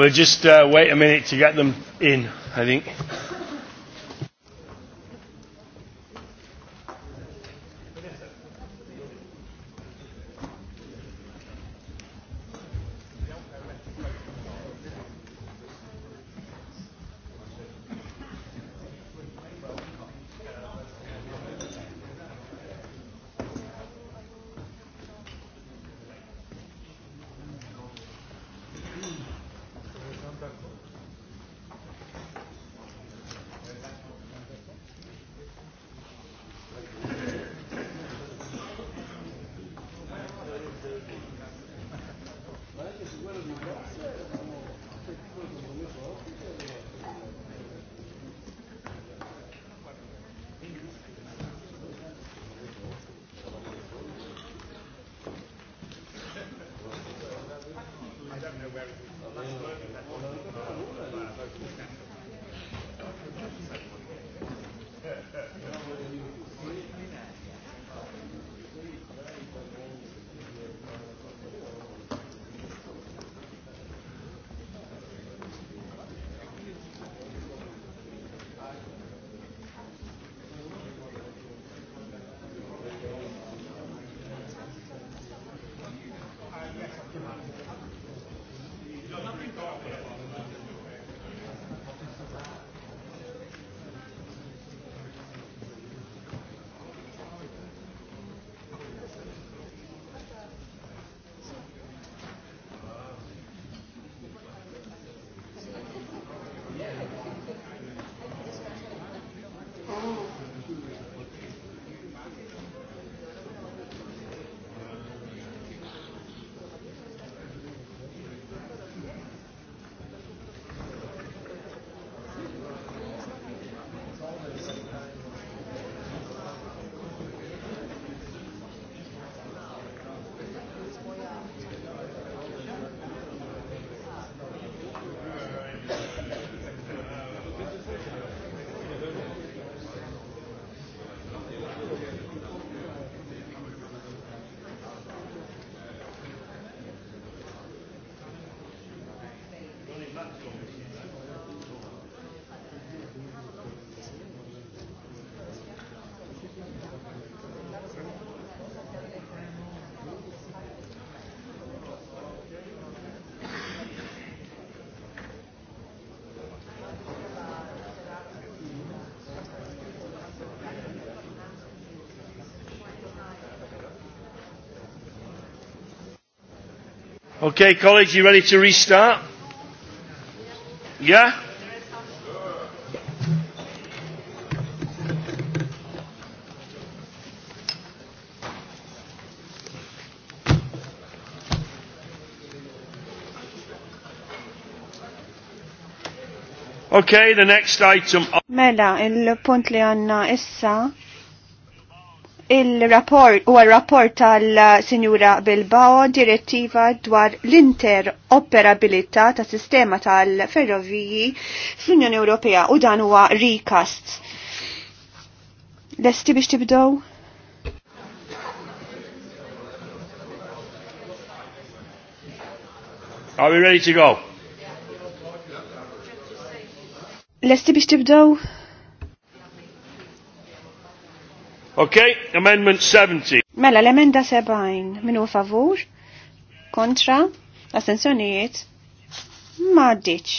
We'll just uh, wait a minute to get them in, I think. Okay, college, you ready to restart? Yeah? Okay, the next item. Mela, il-punt li għanna issa il-rapport u rapport tal-Sinjura Bilbao direttiva dwar l-interoperabilità ta' sistema tal-ferroviji fl-Unjoni Ewropea u dan huwa recast. Lesti biex tibdow? Are we ready to go? Lesti biex tibdow? Okay, amendment 70. Mela, l-emenda 70, minu favur, kontra, astensjonijiet, maddiċ.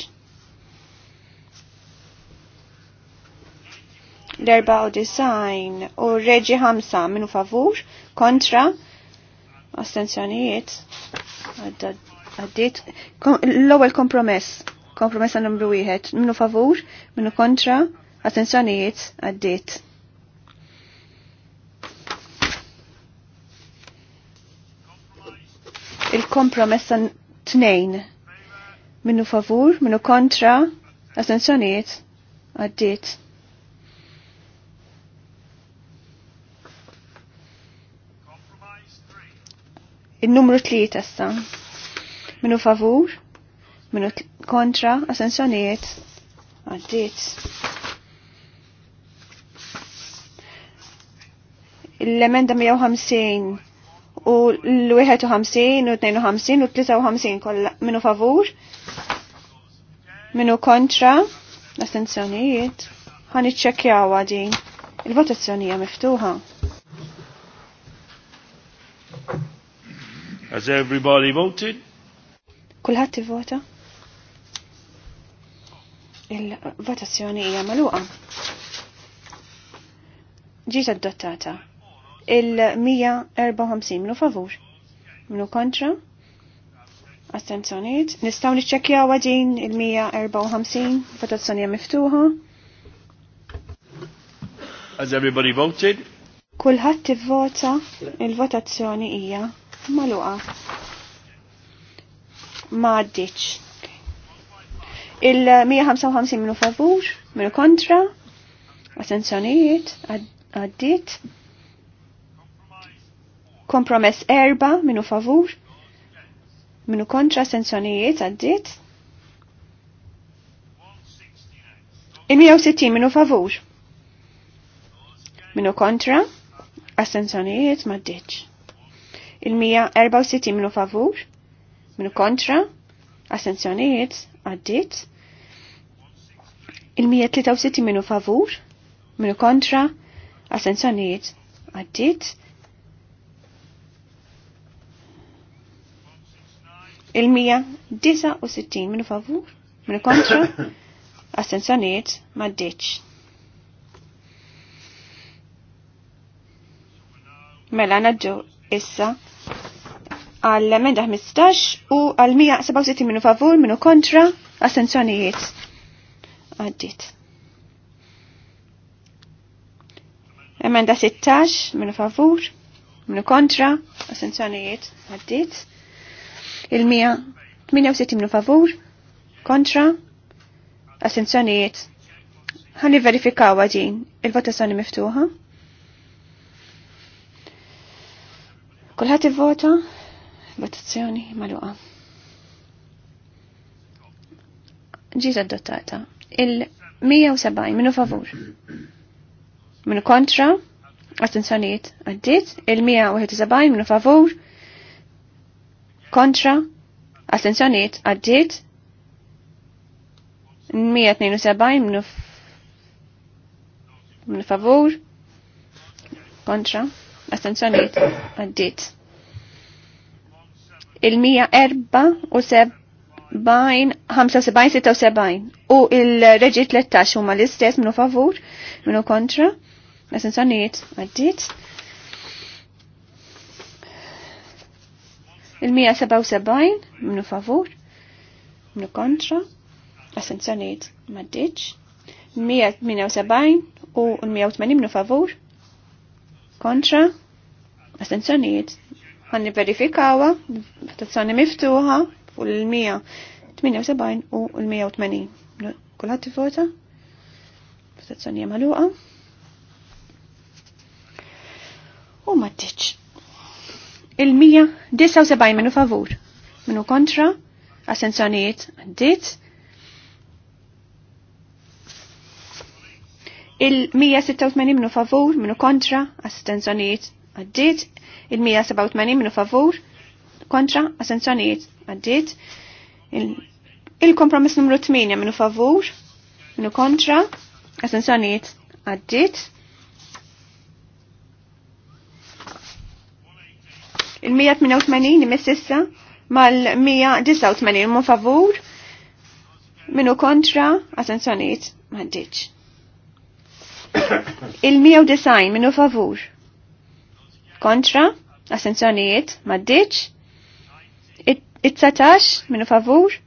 L-erba u design u reġi ħamsa minu favur, kontra, astensjonijiet, għaddit, l-ewel kompromess, kompromess numru wieħed, minu favur, minu kontra, astensjonijiet, għaddit. il-kompromessa tnejn. Minnu favur, minnu kontra, astenzjoniet, għaddit. Il-numru tliet issa. Minnu favur, minnu kontra, astenzjoniet, għaddit. L-emenda 150 u l-51 u 52 u 53 kollha minu favur minu kontra l-astenzjonijiet għan iċċekkjaw din. Il-votazzjoni hija miftuħa. Has everybody voted? Kulħadd ivvota. Il-votazzjoni hija magħluqa. Ġiet adottata il-154 minu favur. Minu kontra? Astenzjoniet. Nistaw niċċekjaw għadin il-154 votazzjoni miftuħa. Has everybody voted? Kulħadd ivvota il-votazzjoni hija maluqa. Ma għaddiċ. Il-155 minu favur, minu kontra, astenzjonijiet, għaddit. Ad Kompromess erba minu favur, minu kontra sensjonijiet għaddit. Il-160 minu favur, minu kontra assenzjonijiet maddiċ. Il-164 minu favur, minu kontra assenzjonijiet għaddit. Il-163 minu favur, minu kontra assenzjonijiet għaddit il-169 [coughs] mela, minu favur, minu kontra, astenzjoniet ma ddiċ. Mela naġġu issa għall-emenda 15 u għall-167 minu favur, minu kontra, assenzjonijiet għaddit. Emenda 16 minu favur, minu kontra, assenzjonijiet għaddit. Il-168 minu favur, kontra, assenzjonijiet. Għan verifikaw għadin il-votazzjoni miftuħa. Kulħat vota votazzjoni maluqa. Ġiet adottata. Il-170 minu favur. Minu kontra, attenzjoniet għaddit, il-171 minu favur, kontra, astenzjoniet għaddit 172 minu minu favur, kontra, astenzjoniet għaddit. il 174 bajn 75-76 u il-reġi 13 huma l-istess minu favur, minu kontra, l-assenzjoniet għaddit. Il-177 minnu favur, minnu kontra, assenzjoniet maddiċ. 178 u 180 minnu favur, kontra, assenzjoniet. Għanni verifikawa, votazzjoni miftuħa u l 178 u l-180. Kulħat t tivota? Votazzjoni maluqa. U maddiċ il-179 minu favur. Minu kontra, assenzjonijiet għaddit. Il-186 minu favur, minu kontra, assenzjonijiet għaddit. Il-187 minu favur, kontra, assenzjonijiet għaddit. Il-kompromiss numru 8 minu favur, minu kontra, assenzjonijiet għaddit. Il-188 imessissa mal-189 mu favur minu kontra asensjoniet maddiċ. [coughs] Il-190 minu favur kontra asensjoniet maddiċ. It-19 minu favur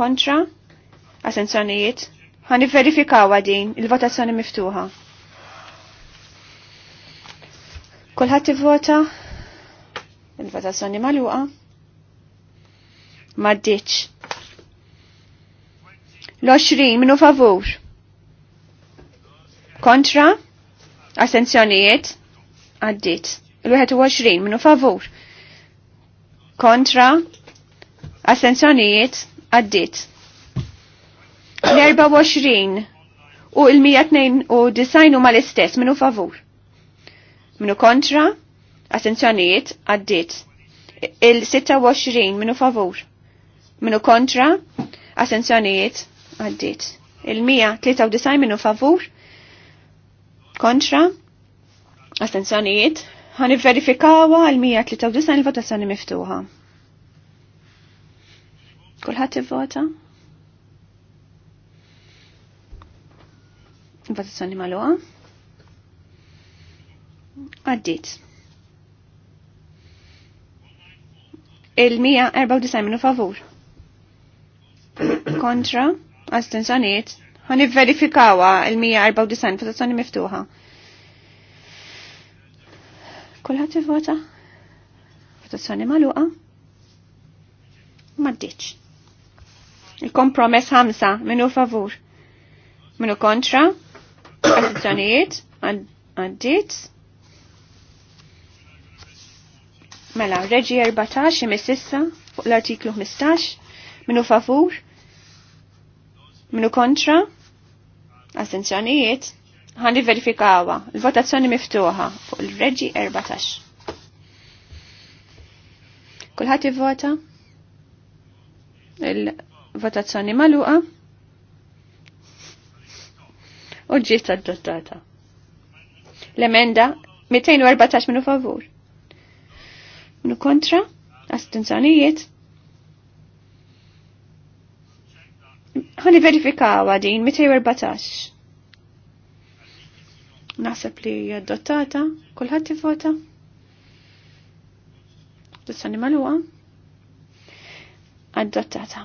kontra asensjoniet ħan verifikaw għadin il-votazzjoni miftuħa. i vota Il-votazzjoni maluqa. Maddiċ. L-20 minu favur. Kontra. Assenzjonijiet. Għaddit. L-21 minu favur. Kontra. Assenzjonijiet. Għaddit. L-24 u il-192 u mal-istess minu favur. Minu kontra. Assenzjonijiet għaddit. Il-26 minu favur. Minu kontra. Assenzjonijiet għaddit. Il-193 minu favur. Kontra. Assenzjonijiet. Għan verifikawa għal-193 il-votazzjoni miftuħa. Kulħat vota Votazzjoni maluqa. Għaddit. il-194 minu favur. Kontra, astensjoniet, għan verifikawa il-194 votazzjoni miftuħa. Kulħat vota? Votazzjoni maluqa? Maddiċ. Il-kompromess ħamsa minu favur. Minu kontra, astensjoniet, għaddit. Ad Mela, reġi 14 imessissa fuq l-artiklu 15, minu favur, minu kontra, assenzjonijiet, għandi verifikawa, l-votazzjoni miftuħa fuq l-reġi 14. Kulħat vota il-votazzjoni maluqa u ġiet adottata. L-emenda 214 minu favur. Minu kontra? Astenzjonijiet? Ħani verifikawa din 214. Naħseb li adottata, kulħadd tifota. Tistani malwa. Adottata.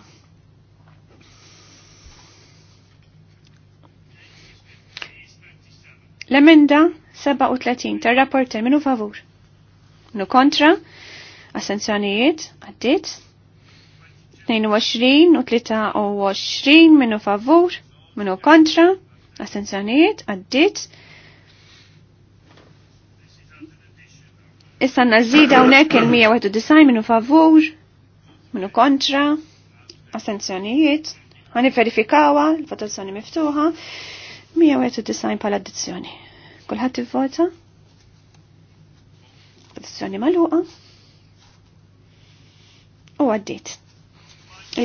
L-emenda 37 tar-rapporter minu favur nu kontra, assenzjonijiet, għaddit. 22 u 23 minu favur, minu kontra, assenzjonijiet, għaddit. Issa nazzida unek il-191 minu favur, minu kontra, assenzjonijiet, għani verifikawa, l-votazzjoni miftuħa, 191 pal addizzjoni. Kulħat vota Votazzjoni maluqa. U għaddit.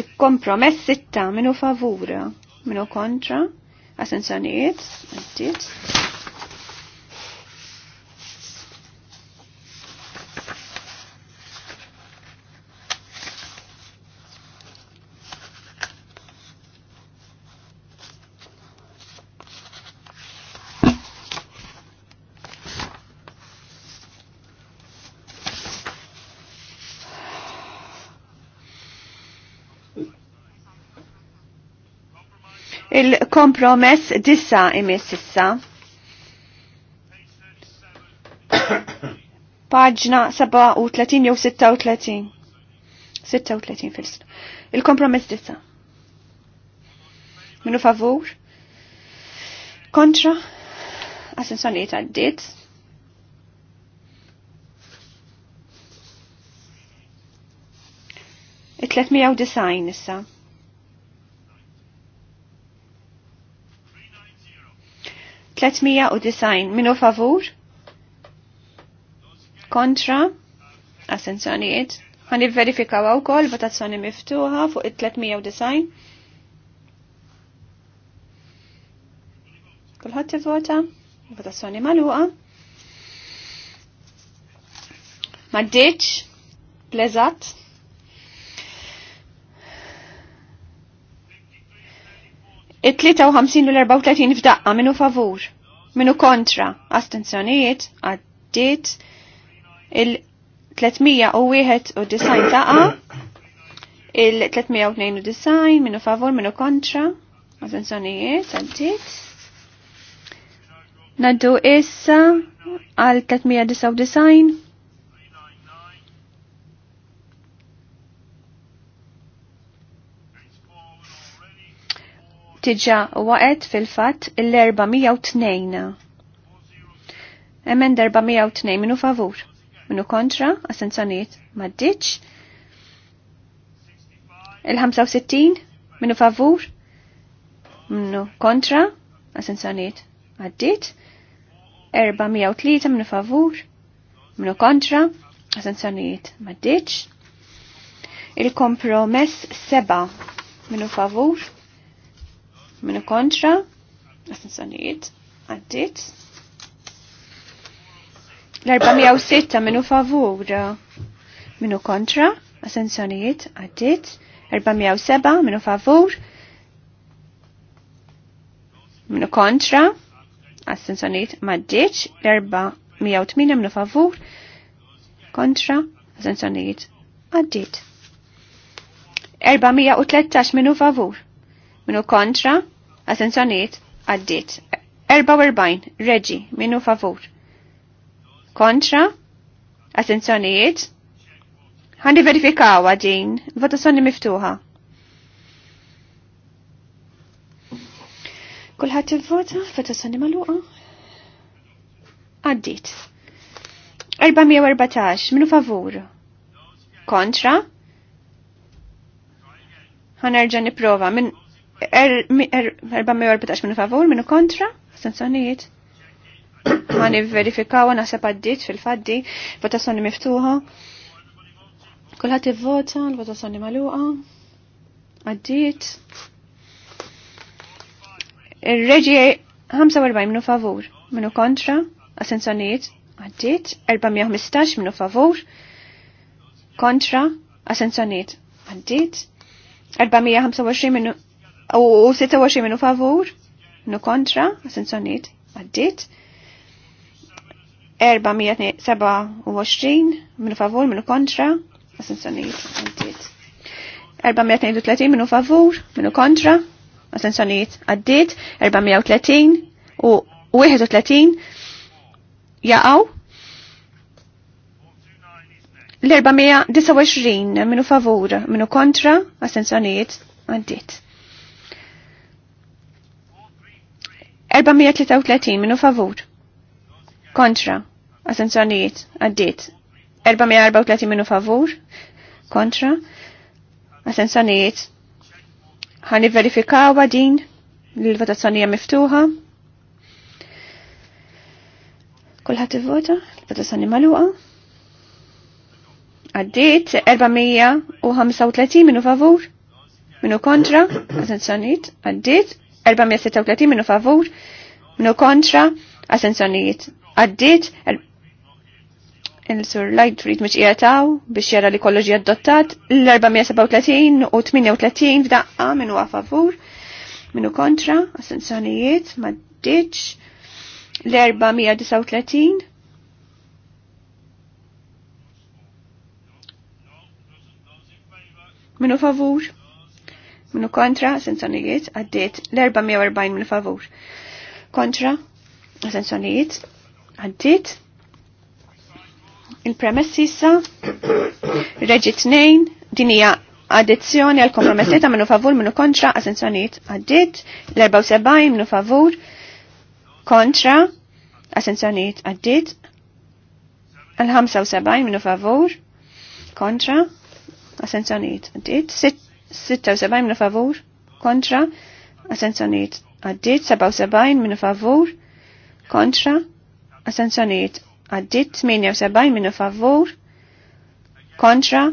Il-kompromess sitta minu favura, minu kontra, asenzjonijiet, għaddit. Il-kompromess dissa imis issa. [coughs] Paġna 37 jew 36. 36 fil Il-kompromess dissa. Minu favur? Kontra? Assenzjoniet għaddit. It-390 issa. 390 minu favur kontra assenzjonijiet ħan verifikaw kol, votazzjoni miftuħa fuq it-390 Kulħadd vota votazzjoni magħluqa. Ma ddiċ, plezat, it-53 u l-34 f'daqqa minu favur, minu kontra, astenzjonijiet, għaddit, il-301 u il-302 u design, minu favur, minu kontra, astenzjonijiet, għaddit. Naddu issa għal 399 tiġa waqet fil-fat l-402. Emmen 402 minu favur, minu kontra, assenzjoniet maddiċ. Il-65 minu favur, minu kontra, assenzjoniet maddiċ. 403 minu favur, minu kontra, assenzjoniet maddiċ. Il-kompromess 7 minu favur, Minu kontra, astensjonijiet, għaddit. L-406 minu favur, minu kontra, astensjonijiet, għaddit. 407 minu favur, minu kontra, astensjonijiet, maddiċ. L-408 minu favur, kontra, astensjonijiet, għaddit. 413 minu favur, minu kontra, assenzjoniet għaddit. 44, reġi, minu favur. Kontra, assenzjoniet, għandi verifikaw għadin, votazzjoni miftuħa. Kulħat vota votazzjoni maluqa. Għaddit. 414, minu favur. Kontra, ħanerġa niprofa minn 414 er, er, minu favur, minu kontra, sensonijiet. Ma nivverifikaw naħseb għaddit fil-faddi, votazzjoni miftuħa. Kulħadd vota l-votazzjoni maluqa. Għaddit. Ir-reġi 45 minu favur, minu kontra, assenzjonijiet. Għaddit. 415 minu favur, kontra, assenzjonijiet. Għaddit. 425 minu U 26 minu favur, nu kontra, assenzjoniet għaddit. 427 minu favur, minu kontra, assenzjoniet għaddit. 432 minu favur, minu kontra, assenzjoniet għaddit. 430 u 31 jaqaw l-429 minu favur, minu kontra, assenzjoniet, għaddit. 433 minu favur. Kontra. Asenzjonijiet. Addit. 434 minu favur. Kontra. Asenzjonijiet. Għan verifikaw din l-votazzjonija miftuħa. Kulħat vota l-votazzjoni maluqa. Għaddit 435 minu favur. Minu kontra. asensjonijiet, Għaddit 436 minu favur, minu kontra, assenzjonijiet għaddit, il-sur lajt trid miex jgħataw biex jara li kolloġi għaddottat, l-437 u 38 f'daqqa minu għafavur, minu kontra, assenzjonijiet, maddit, l-439 Minu favur? Minu kontra, sensonijiet, għaddit l-440 minu favur. Kontra, sensonijiet, għaddit. il premessissa issa, [coughs] reġit nejn, dinija addizzjoni għal kompromessita minu favur, minu kontra, assenzjoniet għaddit, l-74 minu favur, kontra, assenzjoniet għaddit, l-75 minu favur, kontra, assenzjoniet għaddit, 76 minn favur kontra assenzjoniet għaddit 77 minn favur kontra assenzjoniet għaddit 78 minn favur kontra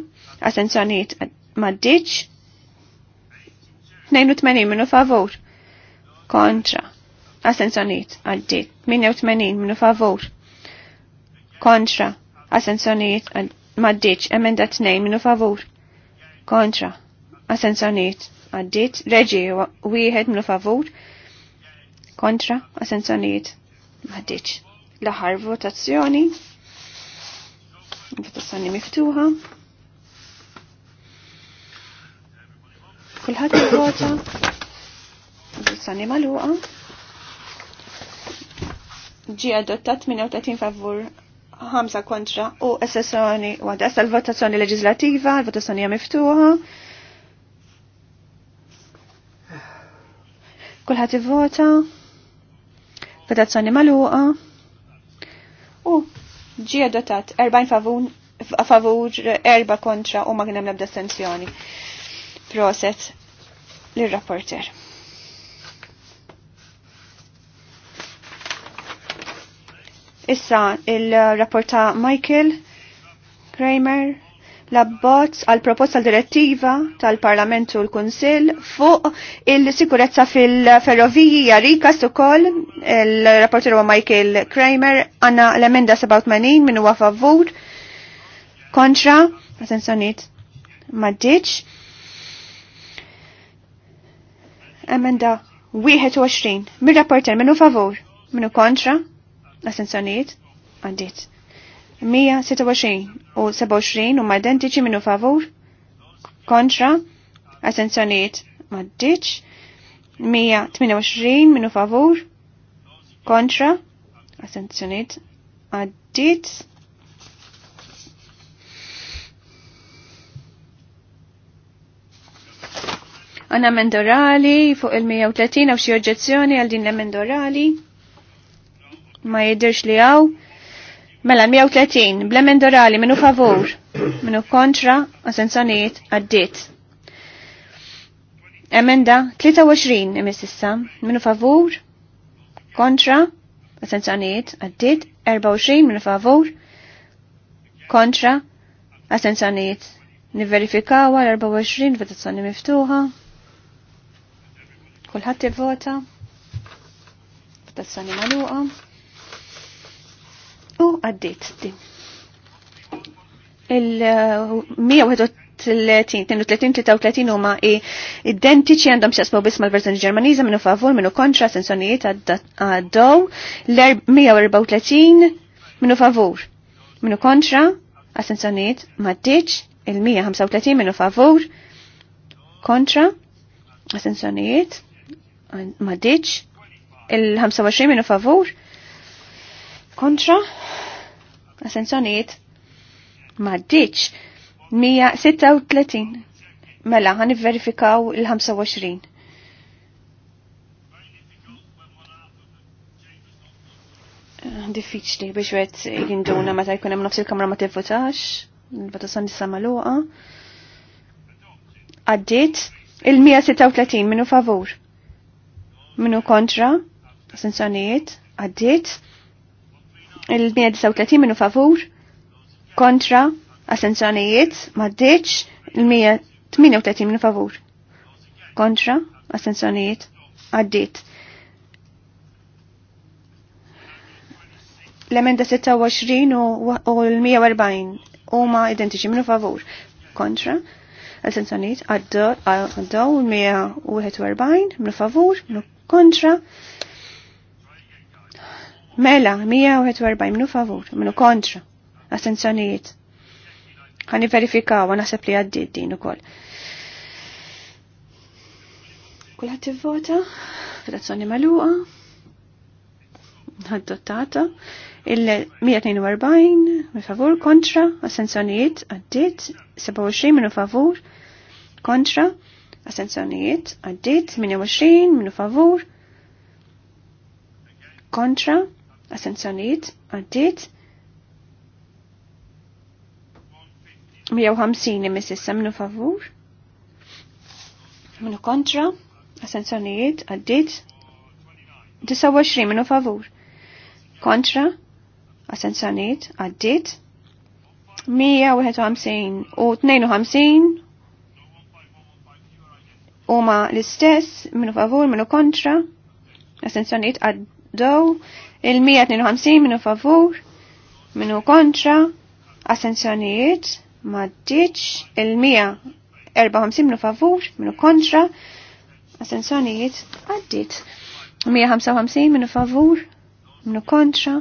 assenzjoniet maddiċ 82 minn favur kontra assenzjoniet għaddit 88 minn favur kontra assenzjoniet maddiċ emenda 2 minn favur kontra assenzjoniet għaddit, reġi wieħed mlu favur, kontra assenzjoniet għaddit. l votazzjoni, votazzjoni miftuħa. Kulħadd vota, votazzjoni maluqa. Ġi adottat 38 favur, 5 kontra u assenzjoni għadda. Issa l-votazzjoni leġislativa, l-votazzjoni miftuħa. Kulħadd ivvota. Votazzjoni magħluqa. U ġie adotat 40 favur favur erba kontra u ma kien hemm sanzjoni. Proset lir-rapporter. Issa il-rapporta Michael Kramer l-abbozz għal proposta direttiva tal parlamentu u l-Kunsill fuq il-sikurezza fil-ferroviji jarika ukoll il-rapporter huwa Michael Kramer għanna l-emenda 87 minn huwa favur kontra għasensonit maddiċ Emenda 21 mir-rapporter wafa favur minn kontra għasensonit maddiċ 126 u 27 huma identiċi minnu favur kontra astenzjonijiet maddiċ 128 minnu favur kontra astenzjonijiet għaddit għanna mendorali fuq il-130 għaw xie oġġezzjoni għal din l-mendorali ma jidirx li għaw Mela 130 bl-emenda minu favur, [clears throat] minu kontra, asensaniet addit. Emenda 23 imis issa, minu favur, kontra, asensaniet, addit, 24 minu favur, kontra, asensaniet Niverifikawa l-24 votazzjoni miftuħa. Kulħadd ivvota. Votazzjoni magħluqa. U għaddit din. il u ma' identiċi għandhom xasmu biss mal-verżjoni Ġermaniza minnu favur minnu kontra sensonijiet dow l-134 minnu favur minnu kontra assenzjonijiet maddiċ il-135 minnu favur kontra assenzjonijiet maddiċ il-25 minnu favur kontra assenzjonijiet ddiċ 136 mela ħan verifikaw il-25 eh, diffiċli biex għet jinduna meta jkun hemm nofs il-kamra ma tivvotax, il-votazzjoni issa magħluqa. għaddit il-136 minu favur. Minu kontra, assenzjonijiet, għaddiet il-139 minu favur, kontra, assenzjonijiet, maddiċ, il-138 minu favur, kontra, assenzjonijiet, għaddit. L-emenda 26 u l-140 huma identiċi minu favur, kontra, assenzjonijiet, għaddaw il-141 minu favur, minu kontra, Mela, 141 minu favur, minu kontra. assenzjonijiet. Għani verifikaw, sepp li għaddit din u koll. Kulħat t-vota, votazzjoni maluqa, għaddottata, il-142 minu favur, kontra, astenzjonijiet, għaddit, 27 minu favur, kontra, astenzjonijiet, għaddit, 28 minu favur, kontra, Asenzjoniet, għaddit. 150 imis issa minnu favur. Minu kontra. Asenzjoniet, għaddit. 29 minu favur. Kontra. Asenzjoniet, għaddit. 151 u 52 Uma l-istess minu favur minu kontra. Asenzjoniet, għaddew Il-152 minu favur, minu kontra, assenzjonijiet, maddiċ, il-154 minu favur, minu kontra, assenzjonijiet, għaddit. 155 minu favur, minu kontra,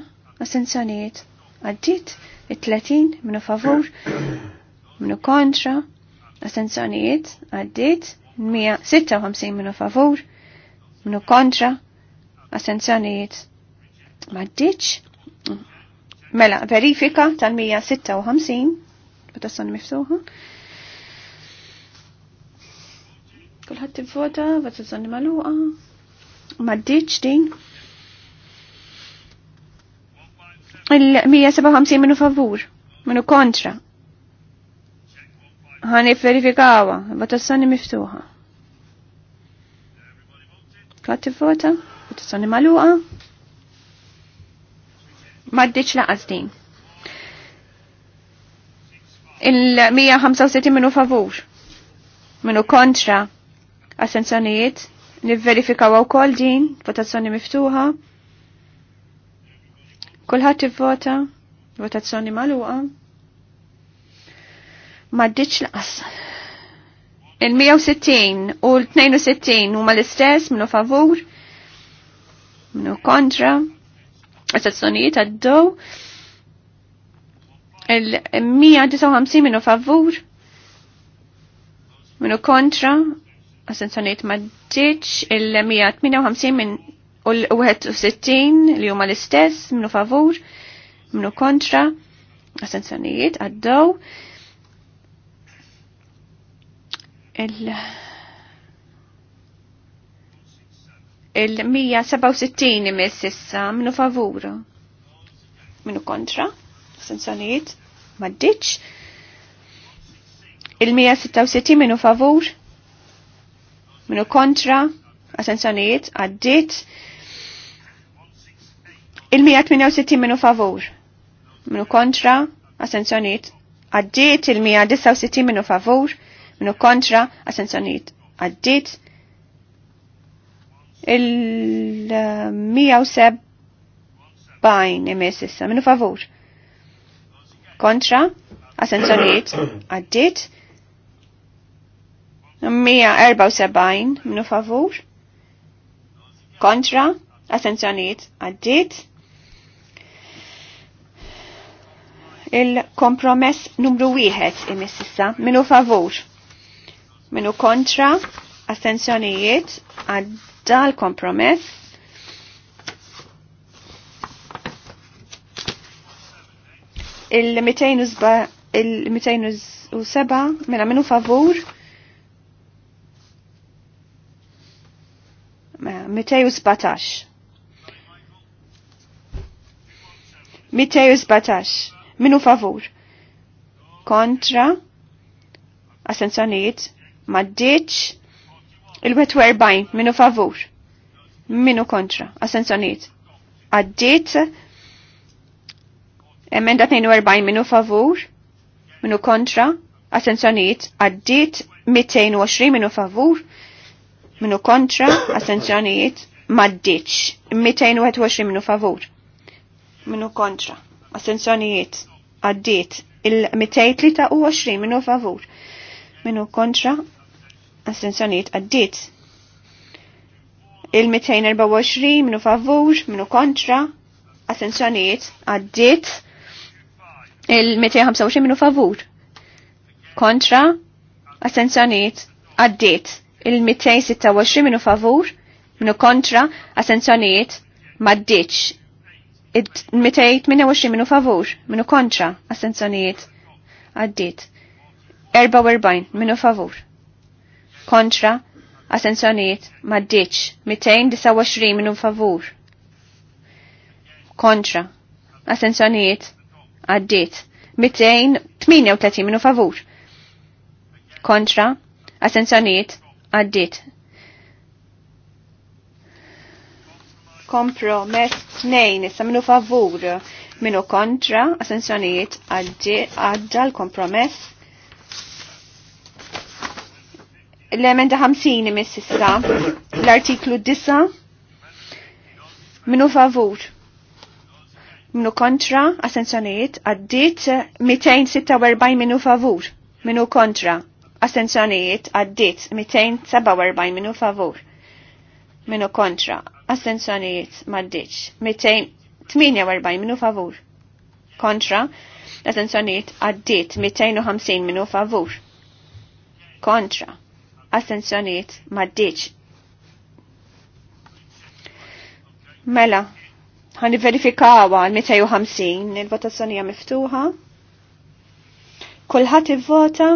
assenzjonijiet, għaddit. Il-30 minu favur, minu kontra, assenzjonijiet, għaddit. 156 minu favur, minu kontra, assenzjonijiet, maddiċ. Mela, verifika tal-156 u tassan miftuħa. Kulħadd tivvota, maluqa. Ma Maddiċ din. Il-157 minu favur, minu kontra. Ħani verifikawa, votazzjoni miftuħa. Kulħadd tivvota, votazzjoni maluqa? Maddiċ laqas din. Il-165 minu favur, minu kontra, assenzjonijiet, nivverifikaw għaw kol din, votazzjoni miftuħa. Kulħat vota votazzjoni maluqa. Maddiċ laqas. Il-160 u l-62 huma l-istess minu favur, minu kontra, Astenzjonijiet għaddew. Il-159 minu favur. Minu kontra. Astenzjonijiet maddiċ. Il-158 min u l-61 li huma l-istess minu favur. Minu kontra. Astenzjonijiet għaddew. il- il-167 imis issa minu favur. Minu kontra, sanzjonijiet, maddiċ. Il-166 minu favur, minu kontra, sanzjonijiet, għaddit. Il-168 minu favur, minu kontra, sanzjonijiet, għaddit. Il-169 minu favur, minu kontra, sanzjonijiet, għaddit il-170 imis issa, minu favur. Kontra, assenzjoniet, għaddit. 174 minu favur. Kontra, assenzjoniet, għaddit. Il-kompromess numru 1 imis issa, minu favur. Minu kontra, assenzjoniet, għaddit dal-kompromess il-207 il mela minu favur 217 mela, 217 minu favur kontra assenzjoniet maddiċ Il-41 minu favur, minu kontra, assenzjoniet. Għaddit, emenda 42 minu favur, minu kontra, assenzjoniet. Għaddit, 220 minu favur, minu kontra, assenzjoniet. Maddiċ, 221 minu favur, minu kontra, assenzjoniet. Għaddit, il-223 minu favur, minu kontra, assenzjoniet għaddit. Il-224 minu favur, minu kontra, assenzjoniet għaddit. Il-225 minu favur, kontra, assenzjoniet għaddit. Il-226 minu favur, minu kontra, assenzjoniet maddiċ. Il-228 minu favur, minu kontra, assenzjoniet għaddit. 44 minu favur kontra, asenzjoniet maddiċ, 229 minu favur, kontra, asenzjoniet għaddit, 238 minu favur, kontra, asenzjoniet għaddit. Kompromess 2 issa minu favur, minu kontra, asenzjoniet għadda l-kompromess l-emenda 50 mis issa l-artiklu 9 minu favur minu kontra assenzjonijiet għaddit 246 minu favur minu kontra assenzjonijiet għaddit 247 minu favur minu kontra assenzjonijiet maddiċ 248 minu favur kontra assenzjonijiet għaddit 250 minu favur kontra Astenzjoniet maddiċ. Mela, ħani verifikawa l-250, il-votazzjoni hija miftuħa. Kulħadd ivvota,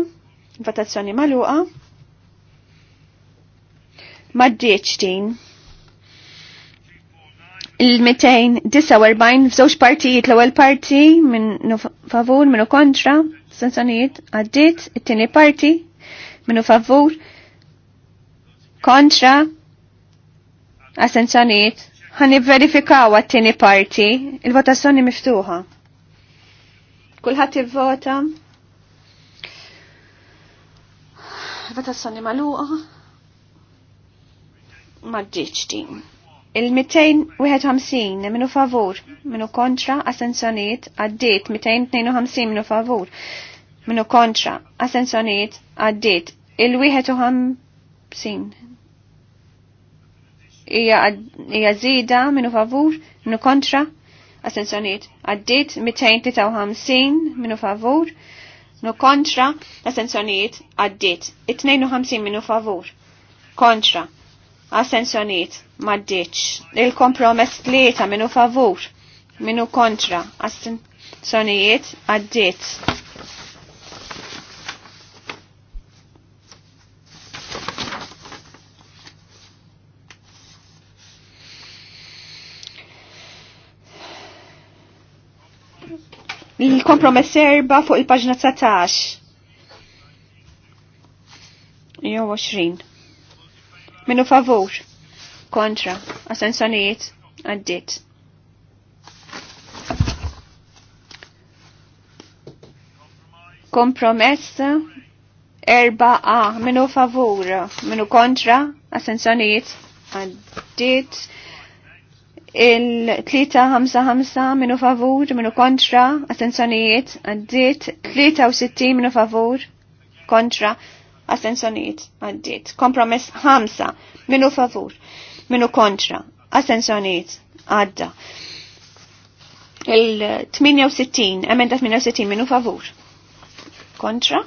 votazzjoni maluqa. Maddiċ din il-249 f'żewġ partijiet l-ewwel parti minnu favur minnu kontra sanzjonijiet għaddiet it-tieni parti minnu favur kontra, assenzjoniet, ħani verifikaw għat tieni parti, il-votazzjoni miftuħa. Kulħadd il-vota, votazzjoni maluqa, maġġiċ din. Il-251 minu favur, minu kontra, assenzjoniet, għaddit 252 minu favur, minu kontra, assenzjoniet, għaddit il-51 b'sin. Ija zida minu favur, minu kontra, assenzjoniet. Għaddit 253 minu favur, minu kontra, assenzjoniet għaddit. 52 minu favur, kontra, assenzjoniet maddiċ. Il-kompromess tlieta minu favur, minu kontra, assenzjoniet għaddit. Il-kompromess erba fuq il-paġna 19. Jo 20. Minu favur. Kontra. Asensjonijiet. Għaddit. Kompromess erba A. Minu favur. Minu kontra. Asensjonijiet. Għaddit il-355 minu favur, minu kontra, astenzjonijiet, għaddit, 63 minu favur, kontra, astenzjonijiet, għaddit. Kompromess 5 minu favur, minu kontra, astenzjonijiet, għadda. Il-68, emenda 68 minu favur, kontra,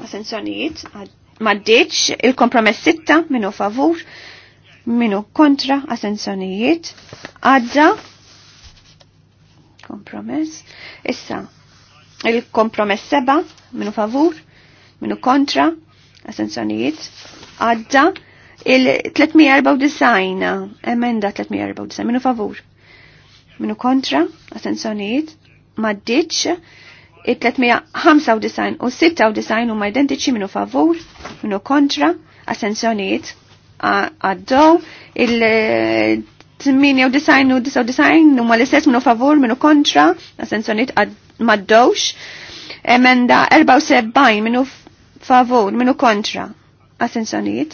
astenzjonijiet, għaddit. Maddiċ, il-kompromess 6 minu favur, minu kontra asenzjonijiet għadda kompromess issa il-kompromess seba minu favur minu kontra asenzjonijiet għadda il-394 emenda 394 minu favur minu kontra asenzjonijiet maddiċ il-395 u 96 u ma identiċi minu favur minu kontra asenzjonijiet għaddo il-98 u 99 numma l-istess minu favur minu kontra assenzjoniet maddewx emenda 74 minu favur minu kontra assenzjoniet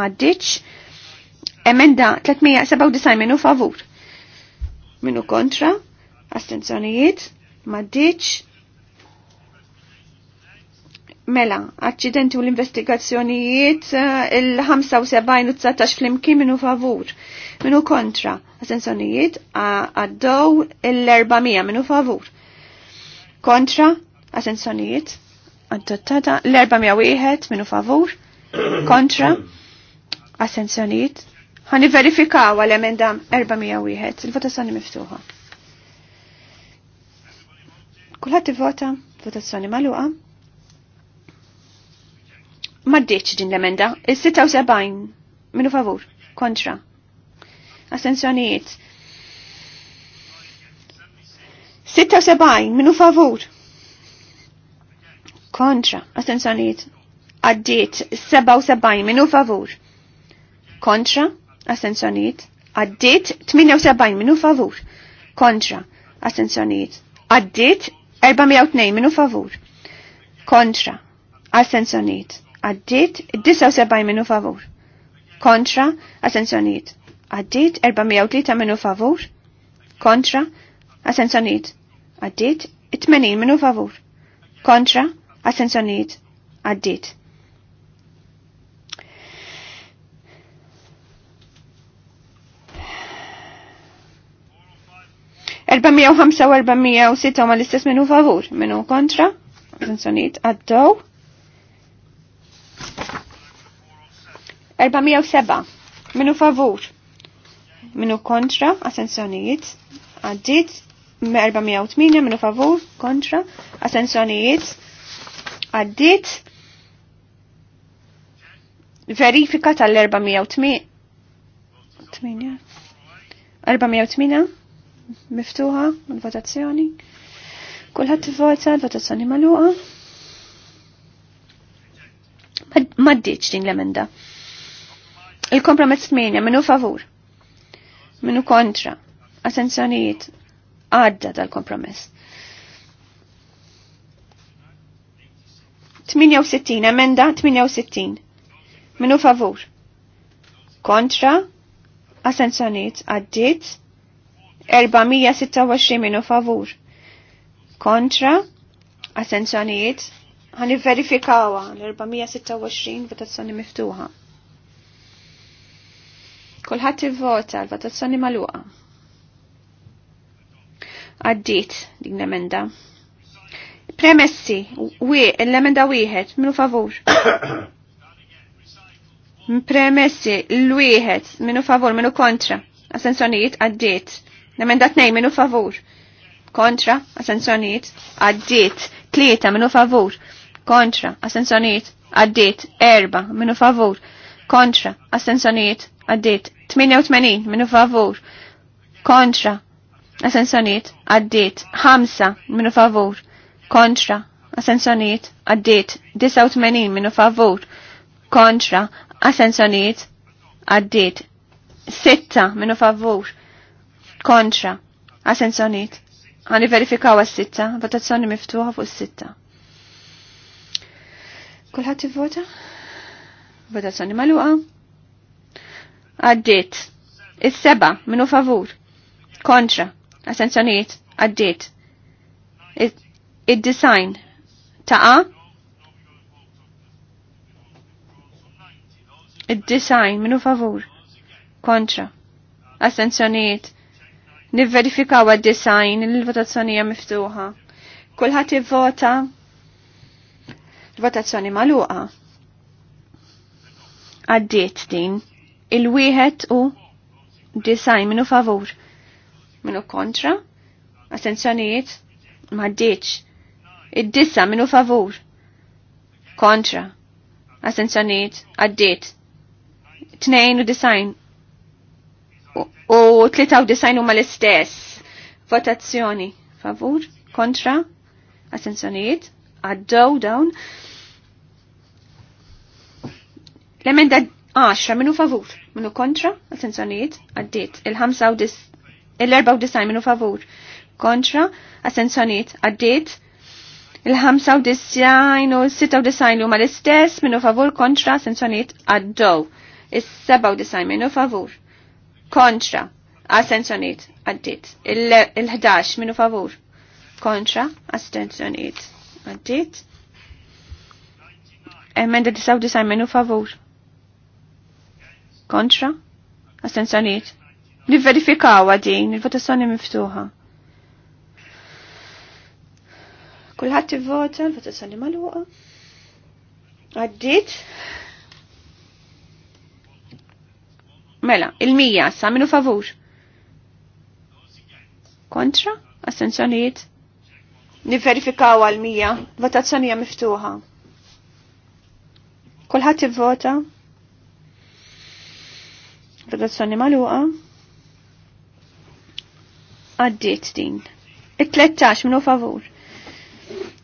maddiċ emenda 397 minu favur minnu kontra astenzjonijiet maddiċ Mela, accidenti u l-investigazzjonijiet eh, il-75 u 19 flimkien minu favur, minu kontra, assenzjonijiet għaddow il-400 minu favur. Kontra, ascensjonijiet għaddottata l-401 minu favur, kontra, assenzjonijiet. Għani verifikaw għal-emenda 401, il-votazzjoni miftuħa. Kulħat vota votazzjoni maluqa. Maddiċ din l-emenda. Il-76. Minu favur. Kontra. Assenzjonijiet. 76. Minu favur. Kontra. Assenzjonijiet. Għaddiet. 77. Minu favur. Kontra. Assenzjonijiet. Għaddiet. 78. Minu favur. Kontra. Assenzjonijiet. Għaddiet. 402. Minu favur. Kontra. Assenzjonijiet għaddit 79 minu favur. Kontra, assenzjoniet. Għaddit 403 minu favur. Kontra, assenzjoniet. Għaddit 80 minu favur. Kontra, assenzjoniet. Għaddit. Erba' u 406 ma l-istess minu favur, minu kontra, assenzjoniet għaddow. 407. Minu favur. Minu kontra. Asensjonijiet. Għaddit. 408. Minu favur. Kontra. Asensjonijiet. Għaddit. Verifika tal-408. 408. Miftuħa. Votazzjoni. Kulħadd vota. Votazzjoni maluqa. Maddiċ din l-emenda. Il-kompromess 8 minu favur. Minu kontra. Asenzjonijiet għadda tal-kompromess. 68, emenda 68. Minu favur. Kontra. asensjonijiet għaddit. 426 minu favur. Kontra. Asenzjonijiet. Għan verifikawa l-426 votazzjoni miftuħa. Kulħadd ivvota l-votazzjoni magħluqa. Għaddit din l-emenda. Premessi, l-emenda wieħed, minu favur. [coughs] Premessi, l-wieħed, minu favur, minu kontra. Asensjonijiet għaddit. L-emenda t-nej, minu favur kontra, asensjoniet, għaddit. tlieta minu favur, kontra, asensjoniet, għaddit. erba minu favur, kontra, assenzjonijiet għaddit 88 minu favur, kontra, assenzjonijiet għaddit 5 minu favur, kontra, assenzjonijiet għaddit 89 minu favur, kontra, assenzjonijiet għaddit 6 minu favur, kontra, assenzjonijiet għani verifikaw għas 6, votazzjoni miftuħa fuq s-sitta. Kulħat i vota Votazzjoni maluqa. Għaddit. Is-seba minu favur. Kontra. Assenzjonijiet. għaddit. Id-design. Taqa. Id-design minu favur. Kontra. Assenzjonijiet. Nivverifikaw għad-design il-votazzjonija miftuħa. Kulħat ivvota. Votazzjoni maluqa għaddiet din. Il-wieħed u disajn minu favur, minu kontra, assenzjonijiet ma Id-dissa minu favur, kontra, assenzjonijiet għaddiet. Tnejn u disajn u tlita u disajn u mal-istess. Votazzjoni favur, kontra, assenzjonijiet għaddew dawn. L-emenda 10 minu favur, minu kontra, assenzjonijiet, għaddit. Il-94 minu favur, kontra, assenzjonijiet, għaddit. Il-95 u l-96 huma l-istess minu favur kontra assenzjonijiet għaddow. il 97 minu favur kontra assenzjonijiet għaddit. Il-11 minu favur kontra assenzjonijiet għaddit. Emenda 99 minu favur Kontra? Astenzjoniet? Niverifikawa din, il-votazzjoni miftuħa. Kulħadd ivvota, il votazzjoni magħluqa. Għaddit. Mela, il-mija sa minu favur. Kontra? Astenzjoniet? Niverifikaw għal-mija, votazzjonija miftuħa. Kulħadd ivvota, Votazzjoni maluqa. Għaddiet din. It-13 minu favur.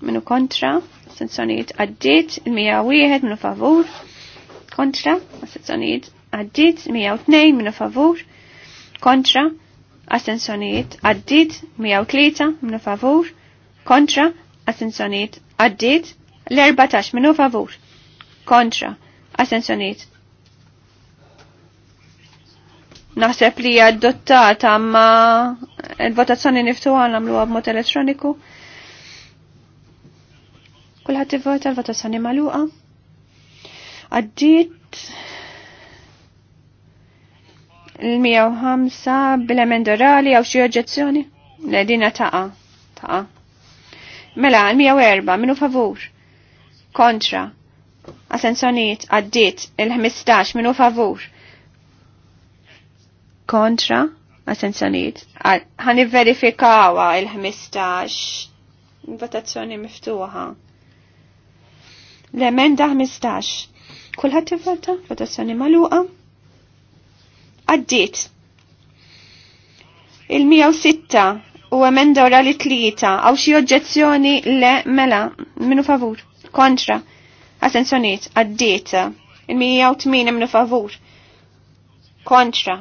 Minu kontra. Astenzjonijiet għaddiet. Il-101 minu favur. Kontra. Astenzjonijiet għaddiet. 102 minu favur. Kontra. Astenzjonijiet għaddiet. 103 minu favur. Kontra. Astenzjonijiet għaddit L-14 minu favur. Kontra. Astenzjonijiet naħseb li hija adottata ma il-votazzjoni niftuħa nagħmluha b'mod elettroniku. Kulħadd vota l-votazzjoni magħluqa. Għaddiet il-105 bil emendorali orali għaw xi oġġezzjoni? Le dina taqa. Taqa. Mela, il-104 minu favur. Kontra. Asenzjoniet għaddiet il-15 minu favur kontra assenzjoniet ħan verifikawa il-15 votazzjoni miftuħa l-emenda 15 kulħadd ivvota votazzjoni magħluqa għaddiet il-106 u emenda ora li tlieta għaw xi oġġezzjoni le mela minu favur kontra assenzjoniet għaddiet il-108 minu favur kontra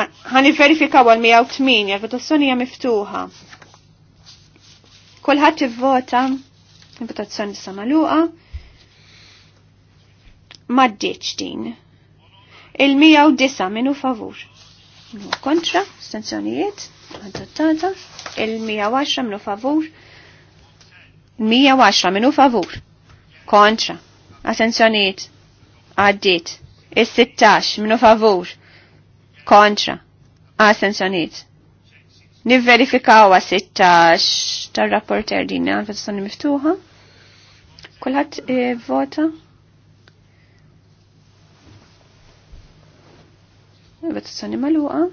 Għan verifikaw għal 108, il-votazzjoni hija miftuħa. Kulħadd ivvota, il-votazzjoni sa magħluqa. Maddiċ din. Il-109 minu favur. Minu kontra, stanzjonijiet, adottata. Il-110 minu favur. 110 minu favur. Kontra. Asenzjoniet. Għaddit. Il-16 minu favur kontra, assenzjoniet. Nivverifikawa 16 tar-rapporter din fil-sani miftuħa. Kulħadd e, vota. Votazzjoni maluqa?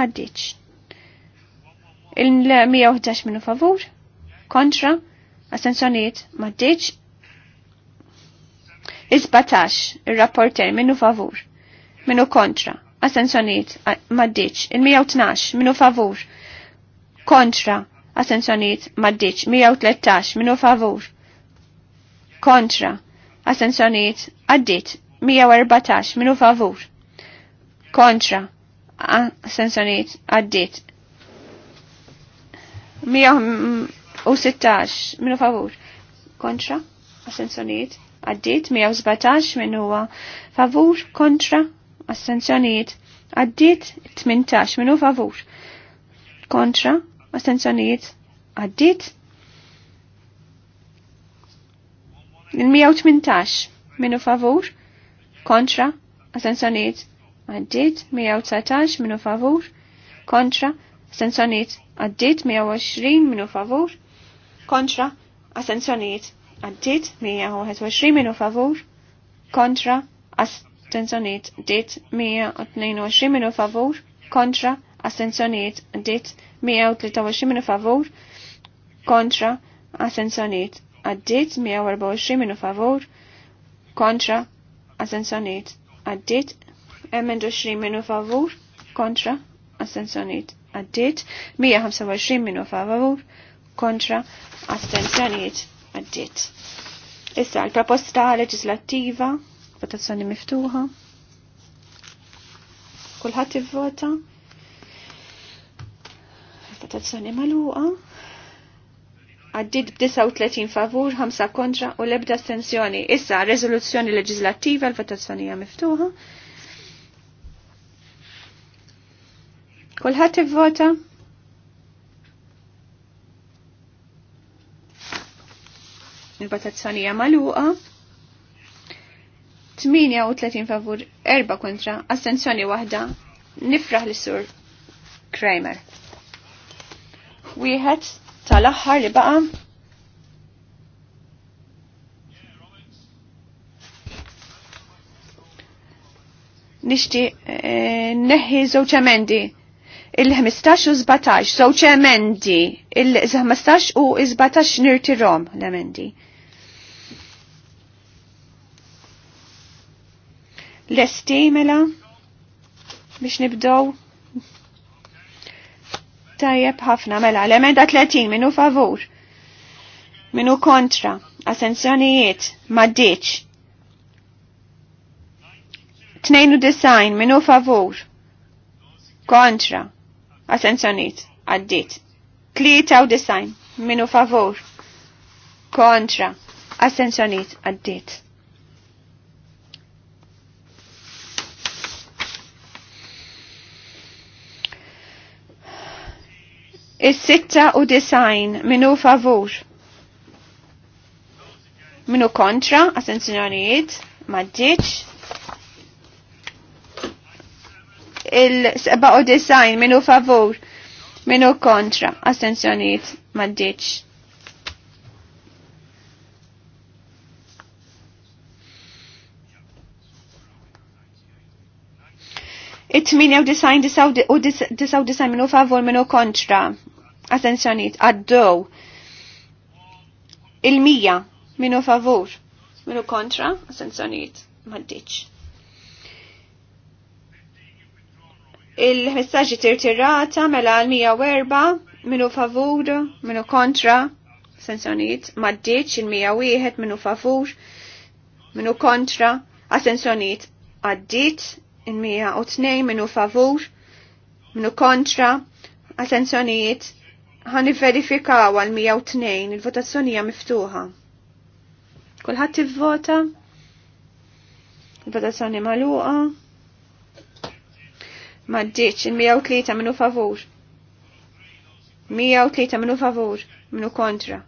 Maddiċ. Il-111 minu favur, kontra, assenzjoniet maddiċ. Izbatax, il ir-rapporter minu favur minu kontra, assenzjoniet maddiċ, il-112 minu favur, kontra, assenzjoniet maddiċ, 113 minu favur, kontra, assenzjoniet għaddit, 114 minu favur, kontra, assenzjoniet għaddit, 116 minu favur, kontra, assenzjoniet għaddit, 117 minu favur, kontra, assenzjoniet għaddit 18 minu favur. Kontra, assenzjoniet għaddit il-118 minu favur. Kontra, assenzjoniet għaddit 119 minu favur. Kontra, assenzjoniet għaddit 120 minu favur. Kontra, assenzjoniet għaddit 121 minu favur. Kontra, assenzjonijiet astenzjoniet dit 122 minu favur kontra astenzjoniet dit 123 minu favur kontra astenzjoniet għaddit 124 minu favur kontra astenzjoniet għaddit emendu 20 minu favur kontra astenzjoniet għaddit 125 minu favur kontra astenzjoniet għaddit. Issa l-proposta leġislattiva votazzjoni miftuħa. Kulħadd ivvota. Votazzjoni magħluqa. Għaddit b'39 favur, 5 kontra u l-ebda astensjoni. Issa, rezoluzzjoni leġislattiva, l-votazzjoni hija miftuħa. Kulħadd ivvota. Il-votazzjoni hija magħluqa. 38 favur, 4 kontra, astenzjoni wahda, nifraħ li sur Kramer. Wieħed tal-aħħar li baqa' nixti eh, neħi żewġ emendi. Il-15 u 17, żewġ emendi. Il-15 u 17 nirti rom l-emendi. Lesti mela biex nibdow. Tajjeb ħafna mela l-emenda 30 minu favur. Minu kontra. Asenzjonijiet maddiċ. 92 minu favur. Kontra. Asenzjonijiet għaddit. 93 minu favur. Kontra. Asenzjonijiet għaddit. Is-sitta u design minu favur. Minu kontra, assenzjonijiet, maġġiċ. Il-seba u design minu favur. Minu kontra, assenzjonijiet, maġġiċ. It-98 u 99 minu favur minu kontra Astenzjoniet għaddew. Il-mija minu favur, minu kontra, astenzjoniet maddiċ. Il-messagġi tirtirata mela l-104 minu favur, minu kontra, astenzjoniet maddiċ, il-101 minu favur, minu kontra, astenzjoniet għaddiċ il-102 minu favur, minu kontra, maddiċ ħan verifikaw għal 102 il-votazzjonija miftuħa. Kulħadd tivvota? Il-votazzjoni magħluqa. Ma ddiċ il-103 minu favur. 103 minu favur, minu kontra.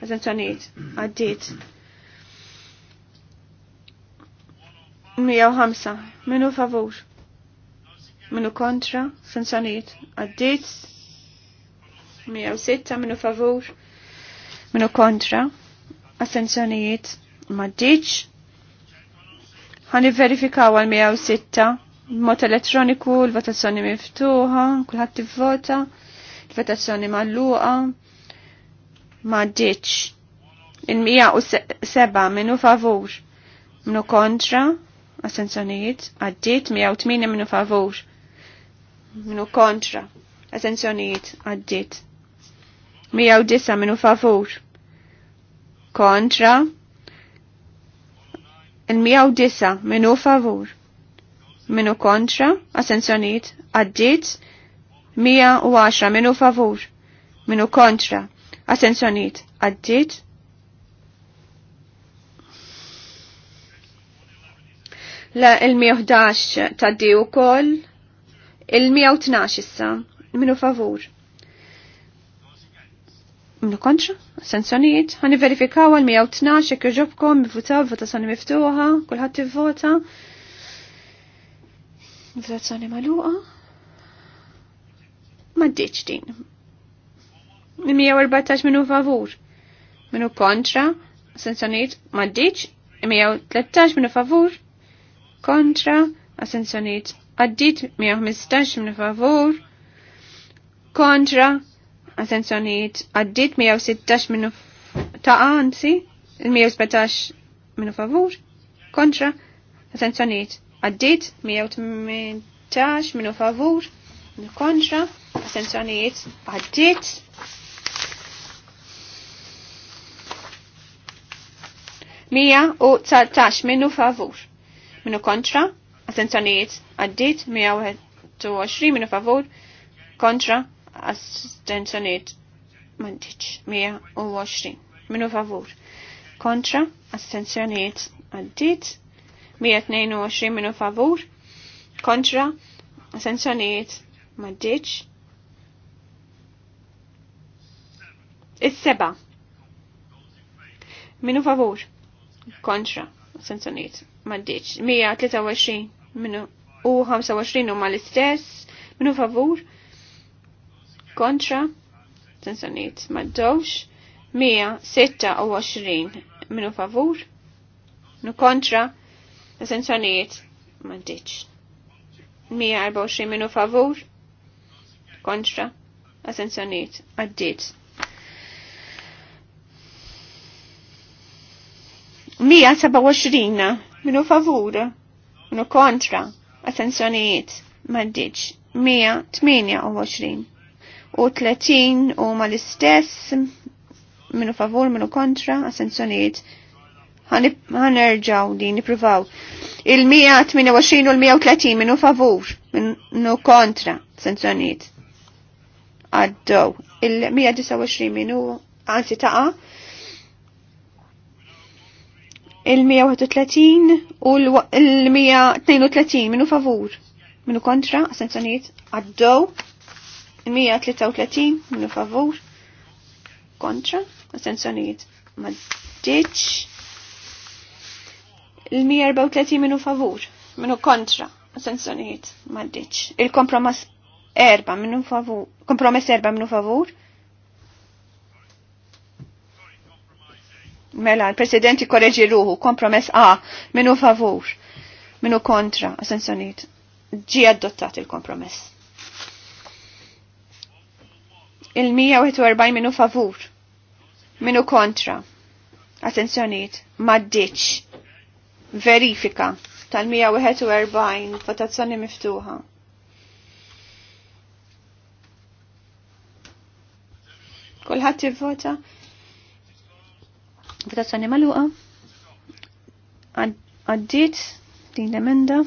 Attenzjoniet, għaddiet. 105 minu favur. Minu kontra, sanzjoniet, għaddiet. 106 minu favur minu kontra assenzjonijiet maddiċ ħani verifikaw għal 106 mot elettroniku l-votazzjoni miftuħa kulħadd tivvota l-votazzjoni Ma maddiċ il-107 minu favur minu kontra assenzjonijiet għaddit 108 minu favur minu kontra assenzjonijiet għaddiet disa minu favur kontra il disa minu favur minu kontra assenzjoniet għaddit 110 minu favur minu kontra assenzjoniet għaddit la il-111 taddi u koll il-112 issa minu favur Mnu kontra? Sensonijiet? Għani verifikaw għal 112 jek joġobkom, mifutaw, votazzjoni miftuħa, kullħat vota. Votazzjoni maluqa. Ma d ddiċ din. 114 minu favur. Minu kontra? Sensonijiet? Ma d ddiċ. 113 minu favur. Kontra? Assenzjoniet. Għaddit 115 minu favur. Kontra? Assenzjoniet għaddit 116 minu ta' għansi, 117 minu favur, kontra. Assenzjoniet għaddit 118 minu favur, kontra. Assenzjoniet għaddit. Mija u tsaltax minu favur, minu kontra. Assenzjoniet għaddit 121 minu favur, kontra astenzjoniet mandiċ 120 minu favur kontra astenzjoniet għaddit 122 minu favur kontra astenzjoniet mandiċ Is-seba. Minu favur. Kontra. Sensoniet. Maddiċ. 123 minu u 25 huma l-istess. Minu favur kontra tensjoniet maddowx 126 minu favur nu kontra tensjoniet maddiċ 124 minu favur kontra tensjoniet maddiċ 127 minu favur minu kontra attenzjonijiet maddiċ 128 u 30 u ma l-istess minu favur, minu kontra, assenzjoniet. Għanerġaw li nipruvaw. Il-128 u l-130 minu favur, minu kontra, assenzjoniet. Għaddow. Il-129 minu għansi taqa. Il-131 u l-132 minu favur, minu kontra, assenzjoniet. Għaddow. 133 minu favur kontra astenzjonijiet ma ditx il-134 minu favur minu kontra astenzjonijiet ma ditx il kompromass erba minu favur kompromess erba minu favur mela l-presidenti korreġi ruħu kompromess A minu favur minu kontra astenzjonijiet ġi adottat il-kompromess il-141 minu favur, minu kontra. Attenzjoniet, maddiċ. Verifika tal-141 votazzjoni miftuħa. Kulħadd ivvota. Votazzjoni magħluqa. Għaddiet din l-emenda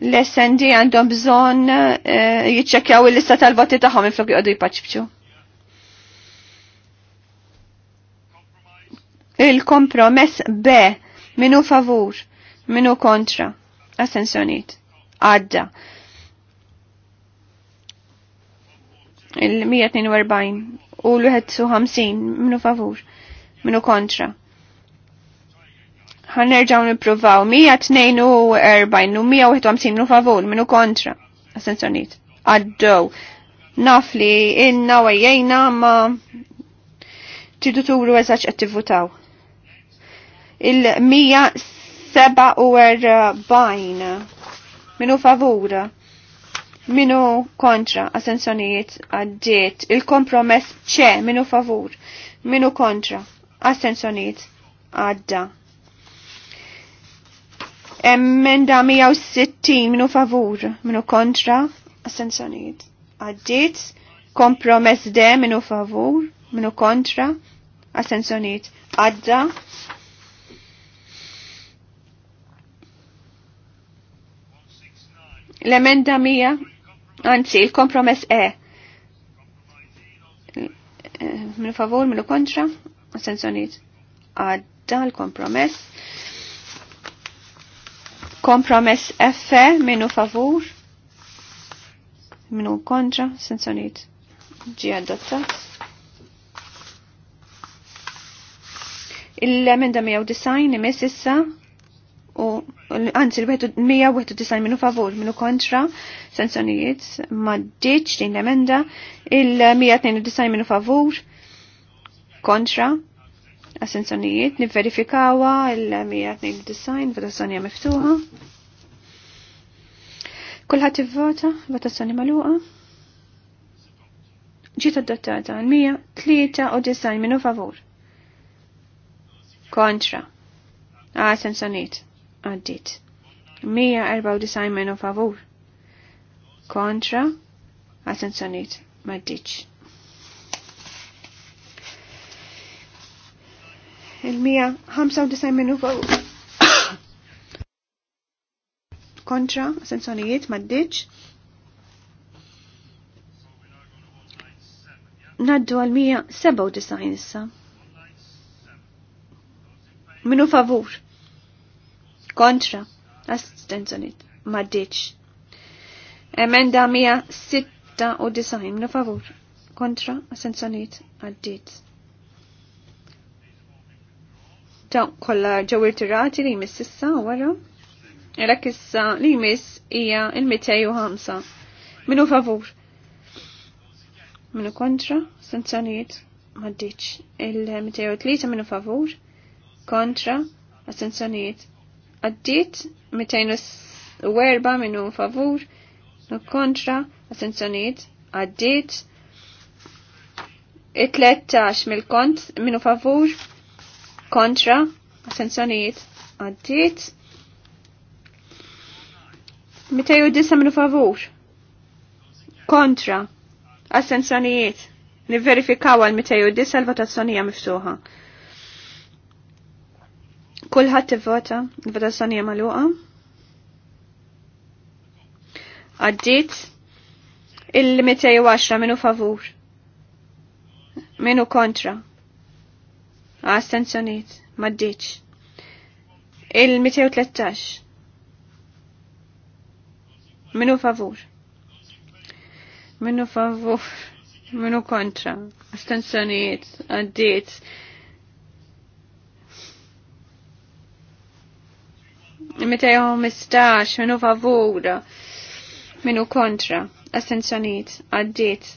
l-SND għandhom bżon eh, jiċċekjaw il-lista tal-voti tagħhom inflok jgħadu jipaċċibċu. Il-kompromess B minu favur, minu kontra, assenzjoniet, għadda. Il-142 u l-51 minu favur, minu kontra, ħanerġaw nipruvaw 142 u 151 nu favur minu kontra. Assenzjoniet. Għaddow. Naf li inna għajjajna, ma tridu turu għazax qed tivvutaw. Il-147 minu favur minu kontra assenzjoniet għaddiet. Il-kompromess ċe minu favur minu kontra assenzjoniet għadda. Emenda 160 minu favur, minu kontra, assenzjonijiet. Għaddit, kompromess de minu favur, minu kontra, assenzjonijiet. Għadda, l-emenda mija, anzi, il-kompromess E. Eh, minu favur, minu kontra, assenzjonijiet. Għadda l-kompromess. Kompromess F minu favur, minu kontra, Sensonit. ġi adottat. Il-emenda 190 imis issa u anzi l-191 minu favur minu kontra Sensonit. ma din l-emenda il-192 minu favur kontra assenzjonijiet, nifverifikawa il-192, votazzjoni miftuħa. Kulħadd ivvota, votazzjoni maluqa. Ġiet adottata u 193 ah, minu favur. Kontra. Assenzjonijiet. Għaddit. 194 minu favur. Kontra. Assenzjonijiet. Maddiċ. il-195 minu kontra sensonijiet maddiċ. Naddu għal 197 issa. Minu favur. Kontra. Astenzjoniet. Maddiċ. Emenda 196 minu favur. Kontra. sensonijiet, maddiċ ta' kolla ġew irtirati li jmiss issa wara. Elek issa li jmiss hija il-205. Minu favur. Minu kontra, sanzjonijiet maddiċ. Il-203 minu favur, kontra, assenzjonijiet. Għaddit 204 minu favur, Minu kontra, assenzjonijiet. Għaddit 13 mil-kont minu favur, kontra, assenzjonijiet għaddit. 209 minu favur, kontra, assenzjonijiet, niverifikaw għal 209 l-votazzjonija miftuħa. Kulħadd ivvota, l-votazzjonija magħluqa. Għaddit il-210 minu favur. Minu kontra. Astenzjoniet, maddiċ. Il-213. Minu favur. Minu favur. [laughs] Minu kontra. Astenzjoniet, għaddiet. Mitej mistax, minu favur. Minu kontra. Astenzjoniet, għaddiet.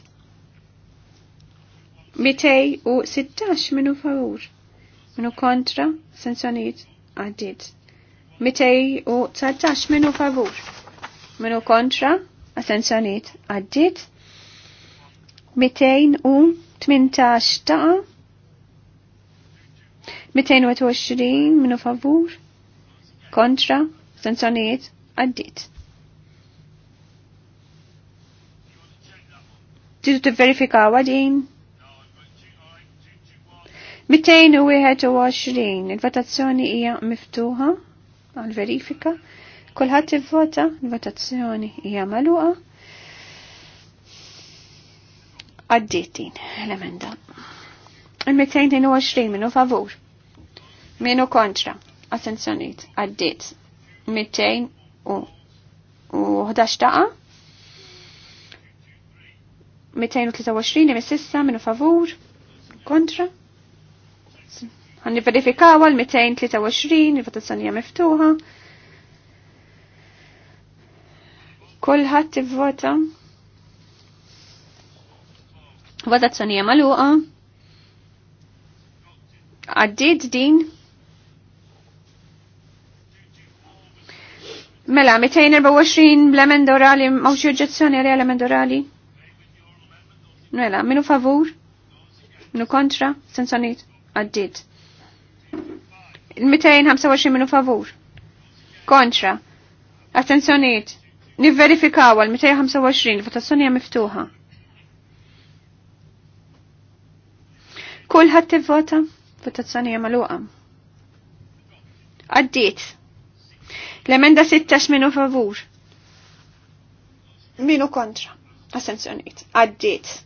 Mitej u sittax minu favur minu kontra, sanzjoniet għaddit. Mitej u 219 minu favur, minu kontra, sanzjoniet għaddit. Mitejn u 218 taqa, 220 minu favur, kontra, sanzjoniet għaddit. Tidu t-verifikaw għadin 221 il-votazzjoni hija miftuħa għal verifika. Kulħadd ivvota, il-votazzjoni hija magħluqa. Għaddietin l-emenda. Il-222 minnu favur. Minu kontra. Attenzjoniet. Għaddiet. Mittejn u 11 taqa. 223 imississa minu favur. Kontra. Għan verifikaw l 223, il-votazzjoni hija miftuħa. Kulħadd ivvota. Votazzjoni hija magħluqa. Għaddiet din. Mela, 224 bl-emend orali, mawx oġġezzjoni għal emend orali? Mela, minu favur? Minu kontra? Sensoniet? għaddit. 225 minu favur. Kontra. Attenzjoniet. Nivverifikaw għal 225 votazzjoni hija miftuħa. Kulħadd tivvota, votazzjoni hija magħluqa. Għaddiet. L-emenda 16 minu favur. Minu kontra. Attenzjoniet. Għaddiet.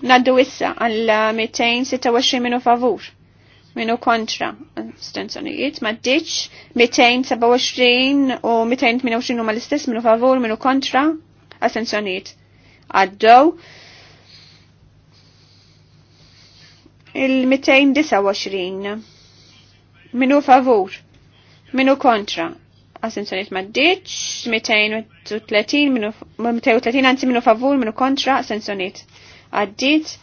Naddu issa għal 226 minu favur, minu kontra, stenzjonijiet, ma ditx, 227 u 228 u l istess minu favur, minu kontra, astenzjonijiet. Għaddu, il-229 minu favur, minu kontra, assenzjoniet ma ditx, 230 230 anzi minu favur, minu kontra, assenzjoniet għaddit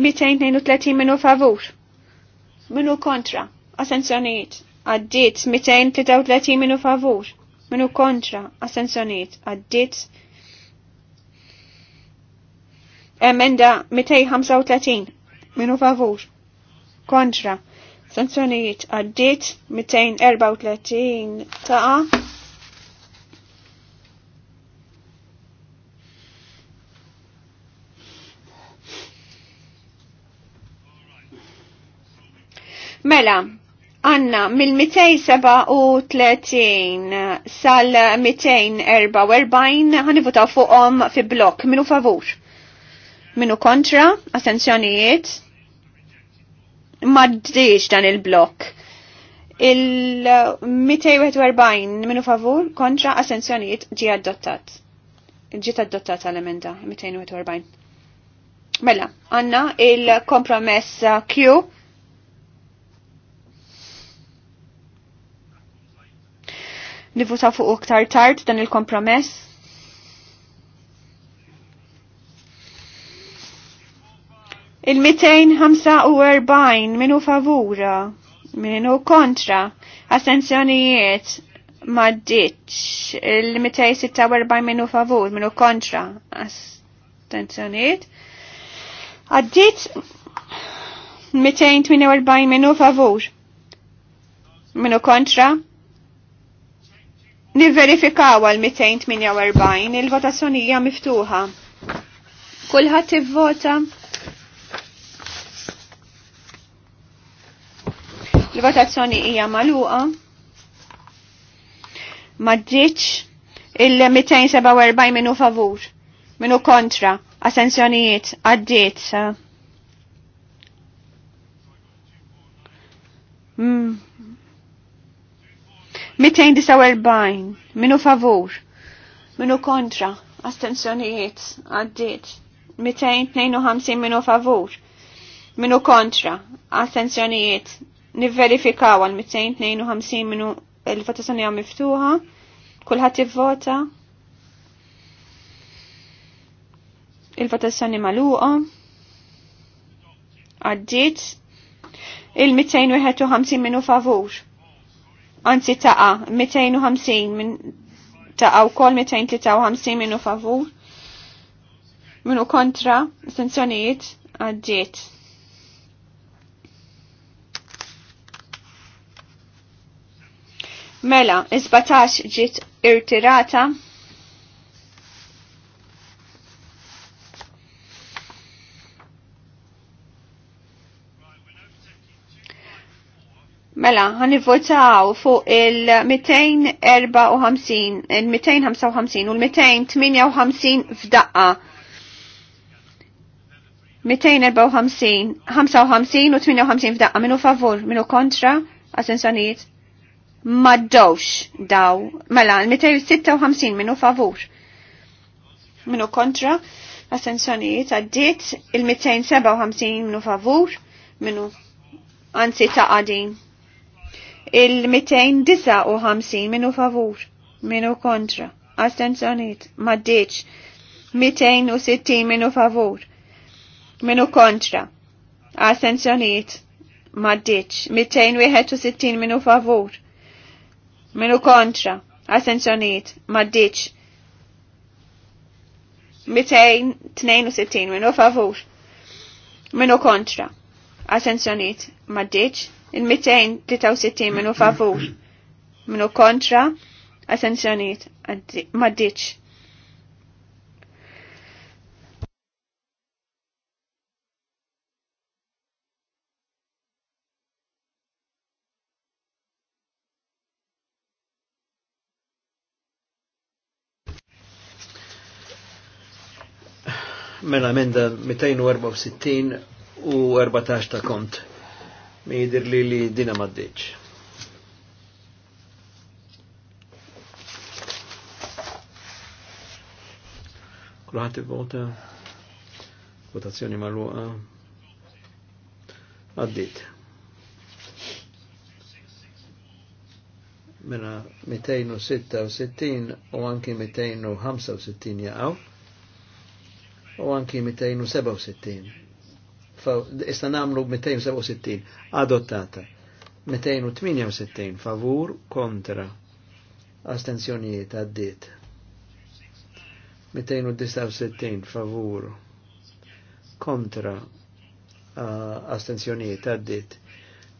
232 minu favur, minu kontra, assenzjoniet, għaddit 233 minu favur, minu kontra, assenzjoniet, għaddit emenda 235 minu favur, kontra, sanzjonijiet għaddit 234 ta' Mela, għanna mill-237 sal-244 ħanivutaw fuqom fi blok, minu favur. Minu kontra, assenzjonijiet, maddiġ dan il-blok. Il-241 minu favur kontra assenzjonijiet ġi adottat. Ġiet addottat għal-emenda 241. Mela, għanna il-kompromess Q nivuta fuq uktar tard dan il-kompromess. Il-245 minu favura, minu kontra, assenzjonijiet maddiċ, il-246 minu favur, minu kontra, assenzjonijiet. Għaddit 248 minu favur, minu kontra, Niverifikaw għal 248 il-votazzjonija miftuħa. Kulħadd ivvota. Il-votazzjoni hija magħluqa. Ma ġġitx il-247 minu favur, minu kontra, asensjonijiet, għaddiet. Mm 249 minu favur, minu kontra, astensjonijiet, għaddit. 252 minu favur, minu kontra, astenzjonijiet nivverifikaw għal 252 minu il-votazzjoni għam miftuħa, kullħat vota il-votazzjoni maluqa, għaddit, il-251 minu favur, anzi taqa 250 min taqa u kol 253 minu favur minu kontra sanzjonijiet għaddiet. Mela, 17 ġiet irtirata Mela, għan votaw fuq il-254, il-255 u il 258 f'daqqa. 254, 55 u 58 f'daqqa. Minu favur, minu kontra, għasensonijiet. Maddowx daw. Mela, il-256 minu favur. Minu kontra, għasensonijiet. Għaddit il-257 minu favur, minu anzi ta' għadin il-259 minu favur, minu kontra, astenzjoniet, maddeċ, 260 minu favur, minu kontra, astenzjoniet, maddeċ, 261 minu favur, minu kontra, astenzjoniet, maddeċ, 262 minu favur, minu kontra, astenzjoniet, maddeċ, il-263 minu favur minu kontra assenzjoniet maddiċ. Mela minda 264 u 14 ta' kont mi jidir li li dina maddiċ. Kulħat vota votazzjoni maluqa, għaddit. Mena 266 u anki 265 jaqaw u anki 267 issa namlu 267 adottata 268 favur kontra astenzjonijiet għaddit 269 favur kontra uh, astenzjonijiet għaddit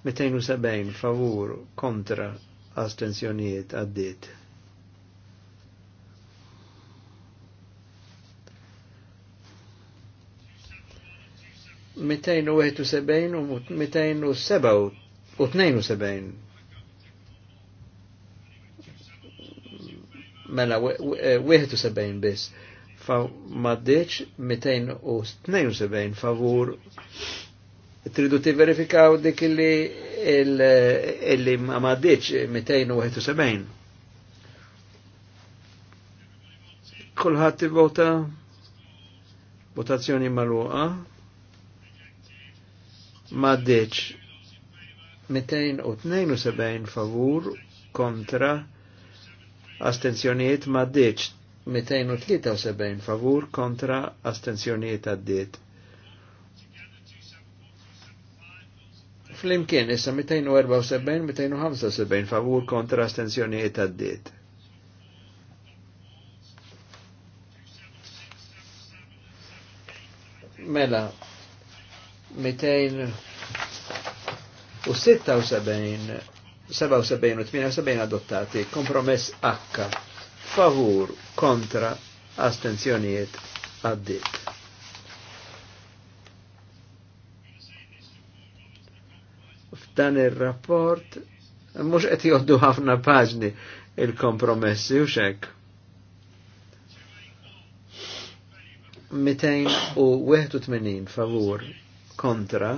270 favur kontra astenzjonijiet għaddit 271 u 272. Mela, 71 eh, bis. Fa maddeċ 272 favur. Tridu ti verifikaw dik li eh, illi ma maddeċ 271. Kulħat vota votazzjoni maluqa maddeċ 272 favur kontra astenzjoniet maddeċ 273 favur kontra astenzjoniet għaddiet. Flimkien issa 274-275 favur kontra astenzjoniet għaddiet. mela 276 77 u 78 adottati, kompromess H, favur, kontra, astenzjonijiet, għaddit. F'dan il-rapport, mux qed joddu ħafna paġni il-kompromessi u xek. 281 favur, kontra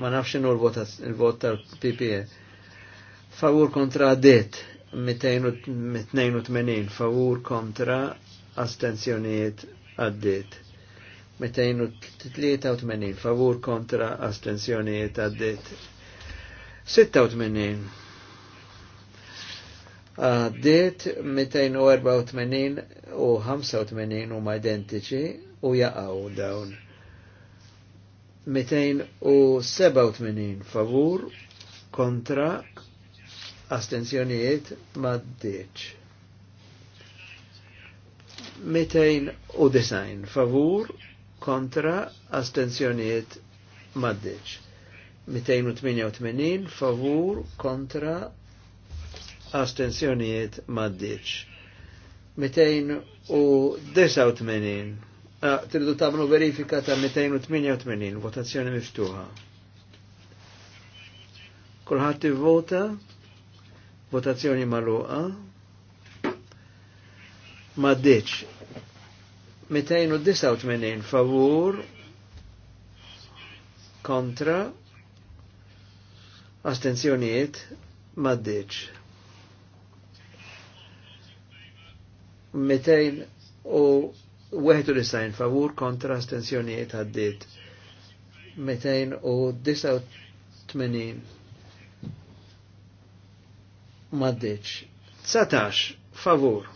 ma nafx inu l-vot tal ppa Favur kontra det 282, favur kontra astenzjoniet għaddit. 283, favur kontra astenzjoniet għaddit. 86, Għaddiet 284 u 85 u ma identiċi u jaqaw dawn. 287 favur kontra astenzjonijiet ma maddiċ. 209 favur kontra astenzjonijiet ma maddiċ. 288 favur kontra astenzjonijiet maddiċ. 289. Ah, tridu tamlu verifika ta' 288, votazzjoni miftuħa. Kulħadd vota, votazzjoni maluqa, maddiċ. 289 favur, kontra, astenzjonijiet maddiċ. 200 u sajn favur kontra astensjonijiet għaddit 289 maddiċ 19 favur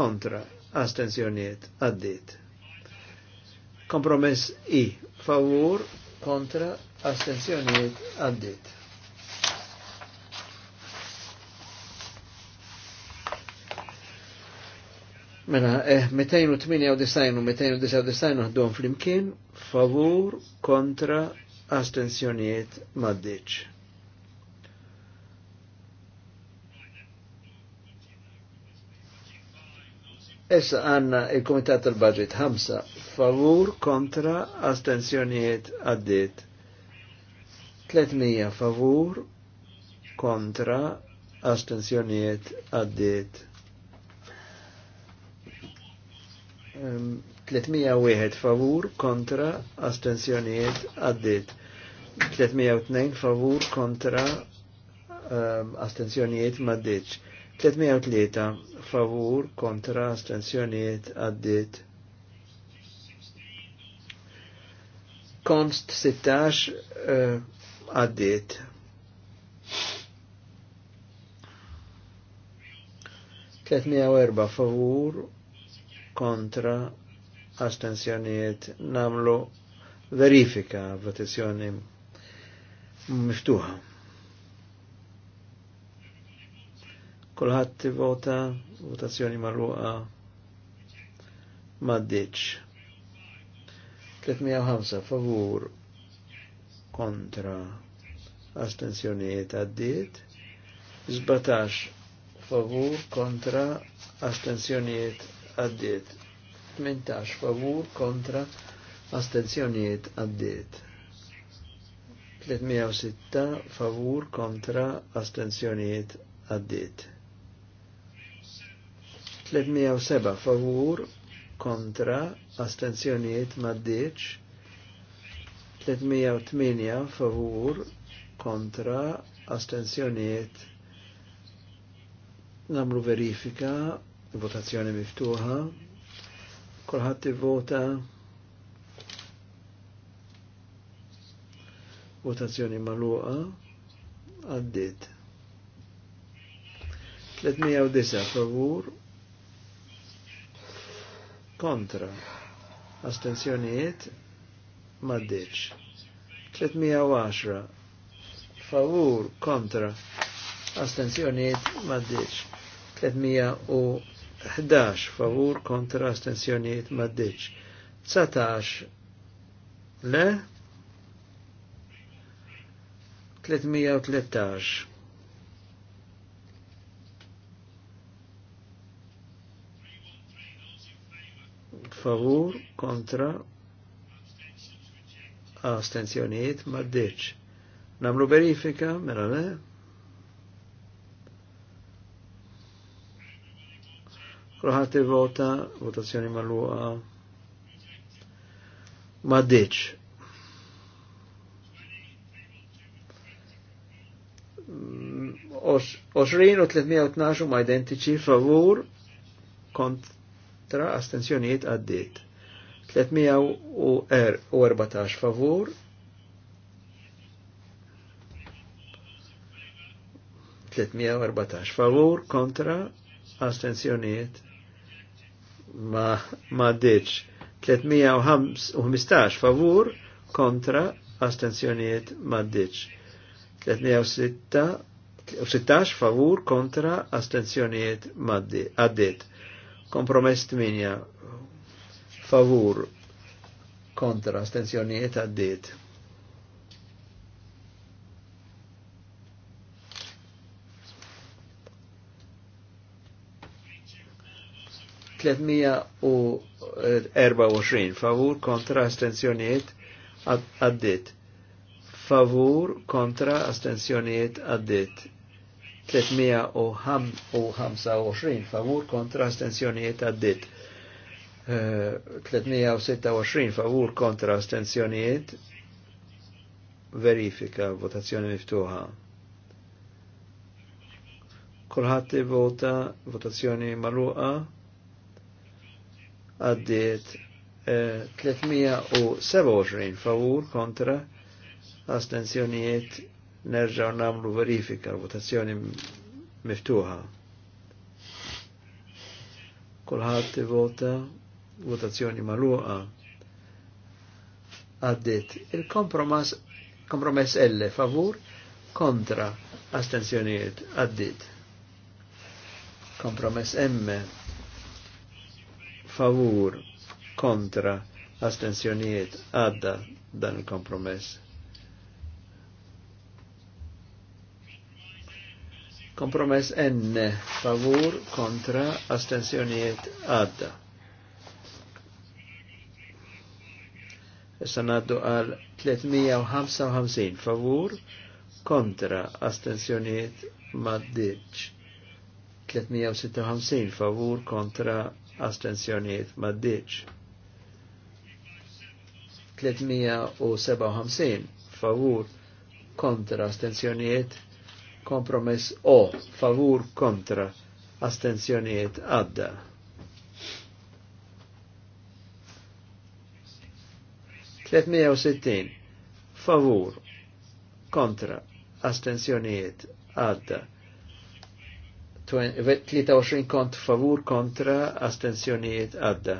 kontra astensjonijiet għaddit kompromess i favur kontra astensjonijiet għaddit Mela, eh, 298 u 299 uħdom fl-imkien, favur kontra astensjoniet maddiċ. Essa għanna il-Komitat tal-Budget 5 favur kontra astensjoniet għaddit. 300 favur kontra astensjoniet għaddit. 301 favur kontra astensjonijiet għaddit. 302 favur kontra um, astensjonijiet maddiċ. 303 favur kontra astensjonijiet għaddit. Konst 16 għaddit. Uh, 304 favur kontra astensjonijiet namlu verifika votazzjoni miftuħa. Kulħadd vota votazzjoni marruqa maddiċ. 305 favur kontra astensjonijiet għaddiet, 17 favur kontra astensjonijiet għaddiet. 18 favur kontra astenzjoniet għaddiet. 306 favur kontra astenzjoniet għaddiet. 307 favur kontra astenzjoniet maddiċ. 308 favur kontra astenzjoniet namlu verifika votazzjoni miftuħa, kolħat vota votazzjoni maluqa, għaddit. 309 favur, kontra, astenzjonijiet, maddiċ. 310 favur, kontra, astenzjoniet maddiċ. 300 u 11 favur kontra astensjoniet maddiċ. 19 le 313 favur kontra astensjoniet maddiċ. Namlu verifika, mela le? Kulħadd vota, votazzjoni magħluqa. Ma ddiċ. Oxrin u 312 ma identiċi favur kontra astenzjoniet għaddit. 314 favur 314 favur kontra astenzjonijiet ma ma deċ 315 favur kontra astenzjoniet ma deċ 316 favur kontra astenzjoniet ma għaddit kompromess 8 favur kontra astenzjoniet għaddit 324 favur kontra astenzjoniet għaddit. Favur kontra astenzjoniet għaddit. 325 favur kontra astenzjoniet għaddit. 326 eh, favur kontra astenzjoniet verifika votazzjoni miftuħa. Kulħadd vota votazzjoni maluqa għaddiet 327 eh, favur kontra astenzjonijiet nerġaw namlu verifika votazzjoni miftuħa. Kulħadd vota votazzjoni maluqa għaddiet il-kompromess kompromess L favur kontra astenzjonijiet għaddiet. Kompromess M favur kontra astensjoniet, għadda dan il-kompromess. Kompromess N favur kontra astensjoniet, għadda. Issa naddu għal 355 favur kontra astensjoniet, maddiċ. 356 favur kontra astensjoniet maddiċ. 357 favur kontra astensjoniet kompromess o favur kontra astensjoniet għadda. sittin favur kontra astensjonijiet għadda. 23 kont favur kontra astenzjoniet għadda.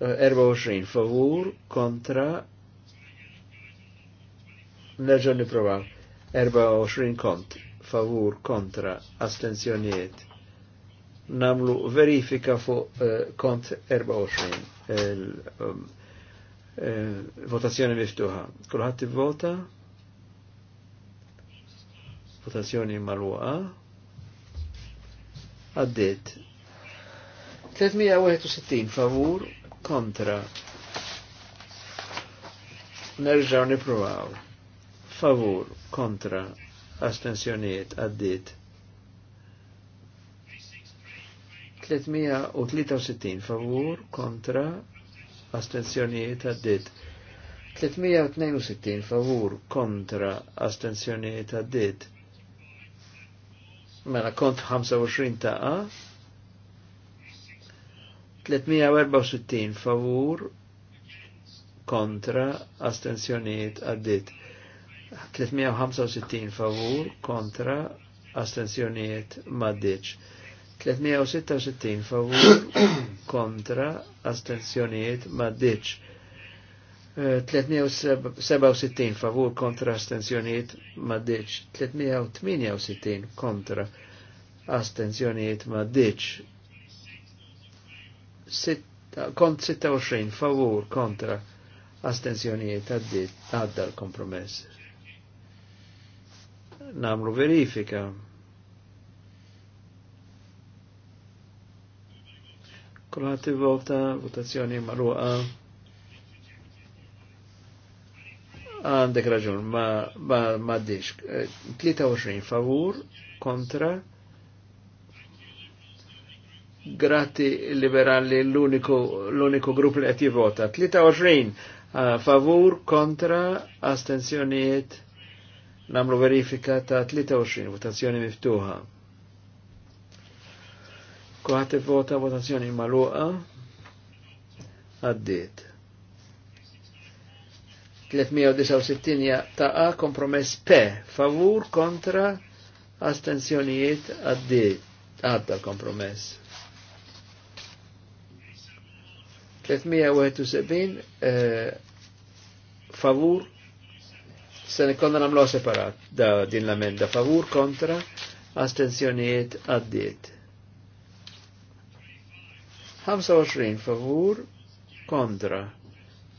24 favur kontra nerġa niprovaw 24 kont favur kontra astenzjoniet. namlu verifika fu uh, eh, kont 24 Votazione um, il, eh, votazzjoni miftuħa vota votazzjoni waqa għaddit 361 favur kontra nerġaw niprovaw. favur kontra astensjoniet għaddit 363 favur kontra astensjoniet għaddit 362 favur kontra astensjoniet għaddit mela kont 25 taqa, 364 favur kontra astensjoniet għaddit. 365 favur kontra astensjoniet maddiċ. 366 favur [coughs] kontra astensjoniet maddiċ. 367 favur kontra astenzjoniet maddeċ, 368 kontra astenzjoniet maddeċ, kont 26 favur kontra astenzjoniet għadda l-kompromess. Namlu verifika. Kulħat vota, votazzjoni marruqa. għandek raġun, ma, ma, ma dix. Eh, 23 favur kontra grati liberali l-uniku grupp li għati vota. 23 uh, favur kontra astenzjoniet namlu verifika ta' 23 votazzjoni miftuħa. Kuħat vota votazzjoni maluqa għaddiet. 369 A kompromess P favur kontra astensjonijiet għaddit għadda kompromess 371 eh, favur se konna namlu separat da din l-amenda favur kontra astenzjonijiet għaddiet. 25 favur kontra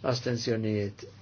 astenzjonijiet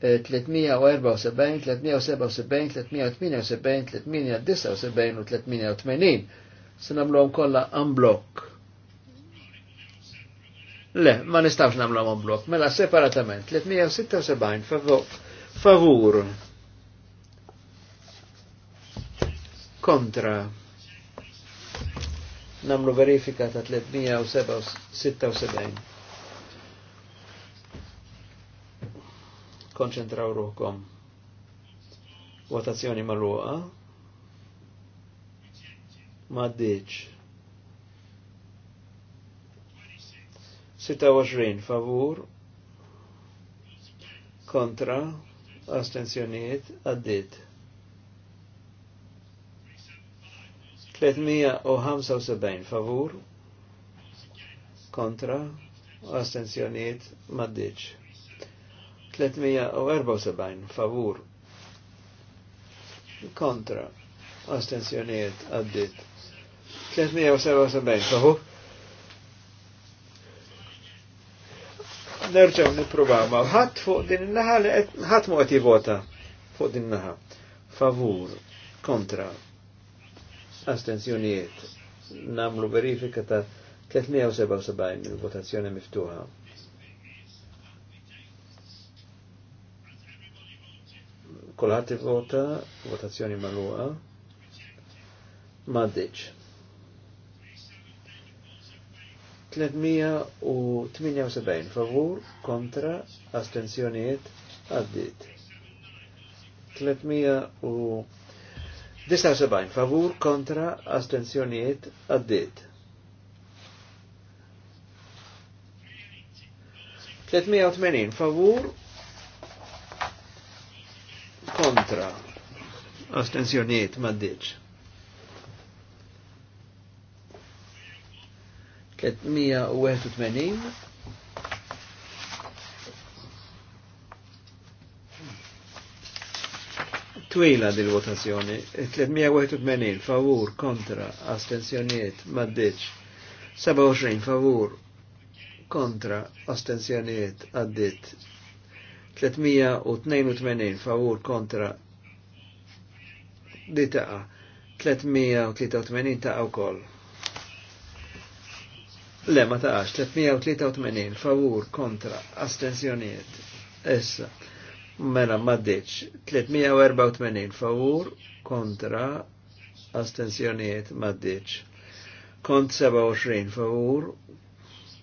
374, 377, 378, 379 u 380. Se namluhom kollha unblock. Le, ma nistax nistawx un blok. mela separatament. 376 favur. favur. Kontra. Namlu verifika ta' 376. konċentraw ruhkom. Votazzjoni marruqa. Maddiċ. 26 favur kontra astenzjoniet Addit. 375 favur kontra astenzjoniet maddiċ. 374 favur kontra astensjoniet għaddit 377 favur nerġaw niprobaw ma ħadd fuq din naħa li ħadd mu għati vota fuq din naħa Favur, kontra, astenzjonijiet, namlu verifika ta' 377 il-votazzjoni miftuħa. Kolħat vota, votazzjoni maluqa. Maddiċ. 378 favur kontra astenzjoniet għaddit. 379 favur kontra astenzjoniet għaddit. 380 favur kontra astensjoniet maddiċ. 381 twila dil-votazzjoni 381 favur kontra astenzjoniet maddiċ 27 favur kontra astenzjoniet għaddit 382 favur kontra di taqa 383 taqa u koll. Le, ma taqax, 383 favur kontra astensjoniet. Essa, mela maddiċ, 384 favur kontra astensjoniet maddiċ. Kont 27 favur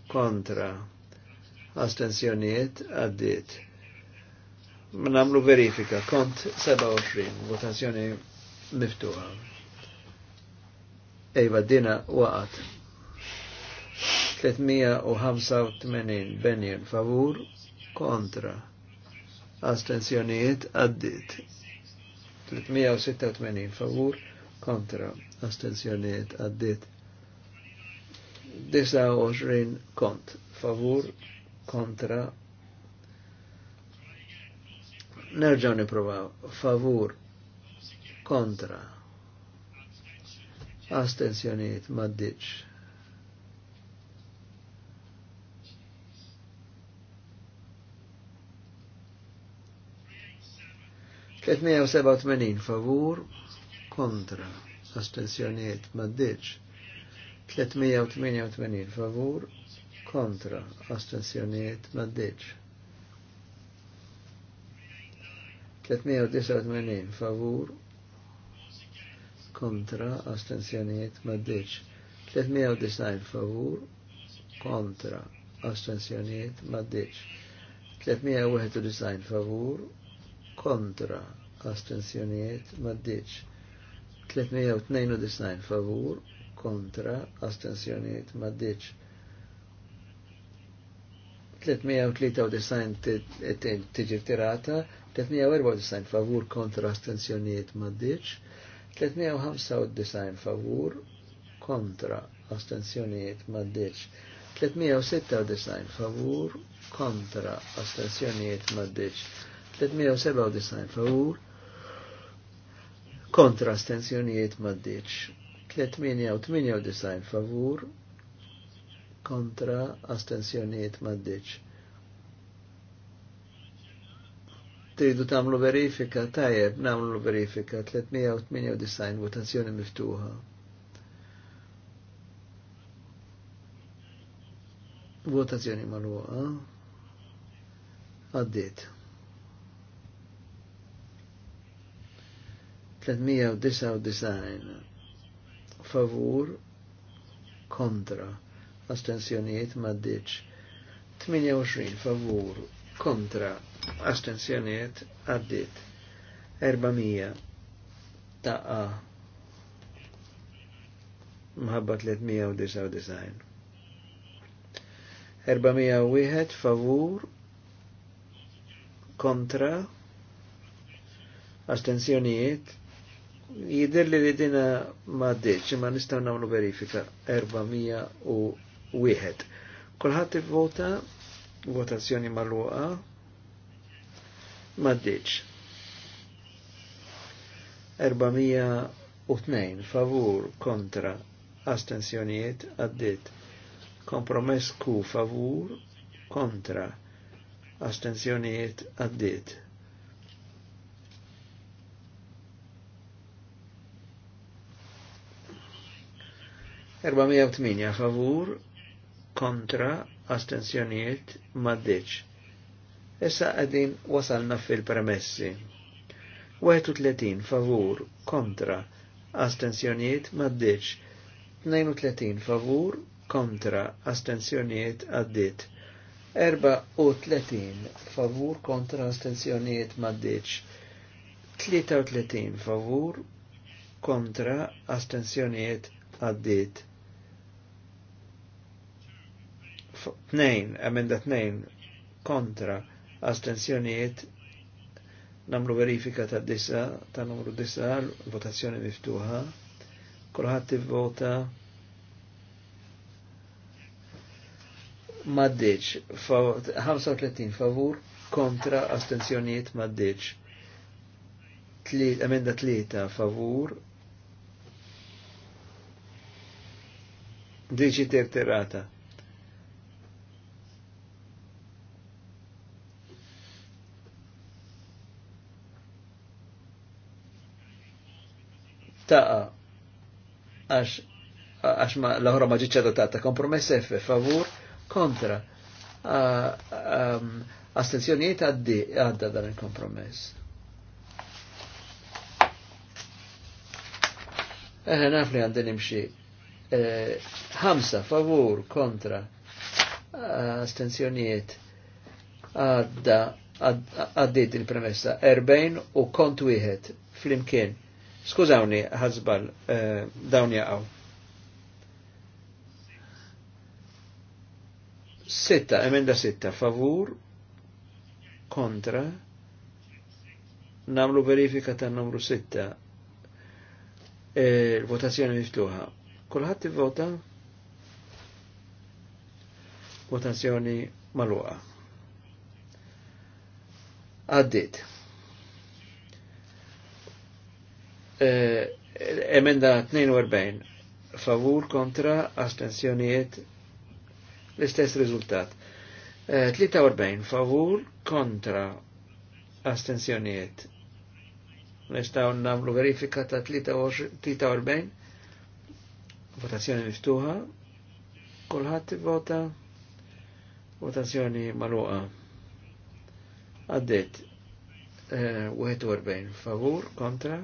kontra astensjoniet għaddit namlu verifika, kont 27, votazzjoni miftuħa. Ejva dina waqat. 385 benjen favur kontra. Astenzjonijiet għaddit. 386 favur kontra. Astenzjonijiet għaddit. 29 kont favur kontra Nerġaw niprovaw favur kontra astensjoniet maddiċ. Ketmija u favur kontra astensjoniet maddiċ. 388 favur kontra astensjoniet maddiċ. 389 favur kontra astensjoniet maddiċ 390 favur kontra astensjoniet maddiċ 391 favur kontra astensjoniet maddiċ 392 favur kontra astensjoniet maddiċ 393 tiġi tirata 394 favur kontra astenzjoniet maddiċ, 395 favur kontra astenzjoniet maddiċ, 396 favur kontra astenzjoniet maddiċ, 397 favur kontra astenzjoniet maddiċ, 398 favur kontra astenzjoniet maddiċ. tridu tamlu verifika, tajjeb namlu verifika, 398 votazzjoni miftuħa. Votazzjoni maluqa. Għaddit. 399 favur kontra astensjoniet maddiċ 28 favur kontra astensjoniet għaddit 400 taqqa mħabba 399 401 favur kontra astensjonijiet jider li dina ma deċ ma nistaw namlu verifika 401 kolħat vota votazzjoni maluqa maddiċ. 402 favur kontra astensjonijiet għaddit. Kompromess ku favur kontra astensjonijiet għaddit. Erba' favur kontra astensjonijiet maddiċ. Issa għadin wasalna fil-premessi. 31 favur kontra astensjonijiet maddiċ. 32 favur kontra astensjonijiet għaddit. 34 favur kontra astensjonijiet maddiċ. 33 favur kontra astensjonijiet għaddit. 2, emenda 2 kontra astensjonijiet namlu verifika ta' disa, ta' numru disa, votazzjoni miftuħa, kolħat vota maddeċ, 35 favur, kontra astensjoniet maddeċ, emenda tlieta favur, diġi terterata. taqa għax għax ma l-ħora ma ġiċċa ta' kompromess F favur kontra astenzjonijiet għaddi għadda dan il-kompromess. Eħe naf li għandin imxie. Hamsa, favur kontra astenzjonijiet għadda din il-premessa Erbejn u kont wieħed flimkien Skużawni, ħazbal, eh, dawn jaqaw. Sitta, emenda sitta, favur, kontra, namlu verifika ta' numru sitta, il-votazzjoni e, miftuħa. Kulħadd ivvota votazzjoni maluqa. Għaddit. Eh, emenda 42. Favur kontra astensjonijiet l-istess riżultat. 43. Eh, favur kontra astensjonijiet. Nistaw namlu verifika ta' 43. Votazzjoni miftuħa. Kolħat vota. Votazzjoni maluqa. Għaddit. 41 eh, favur kontra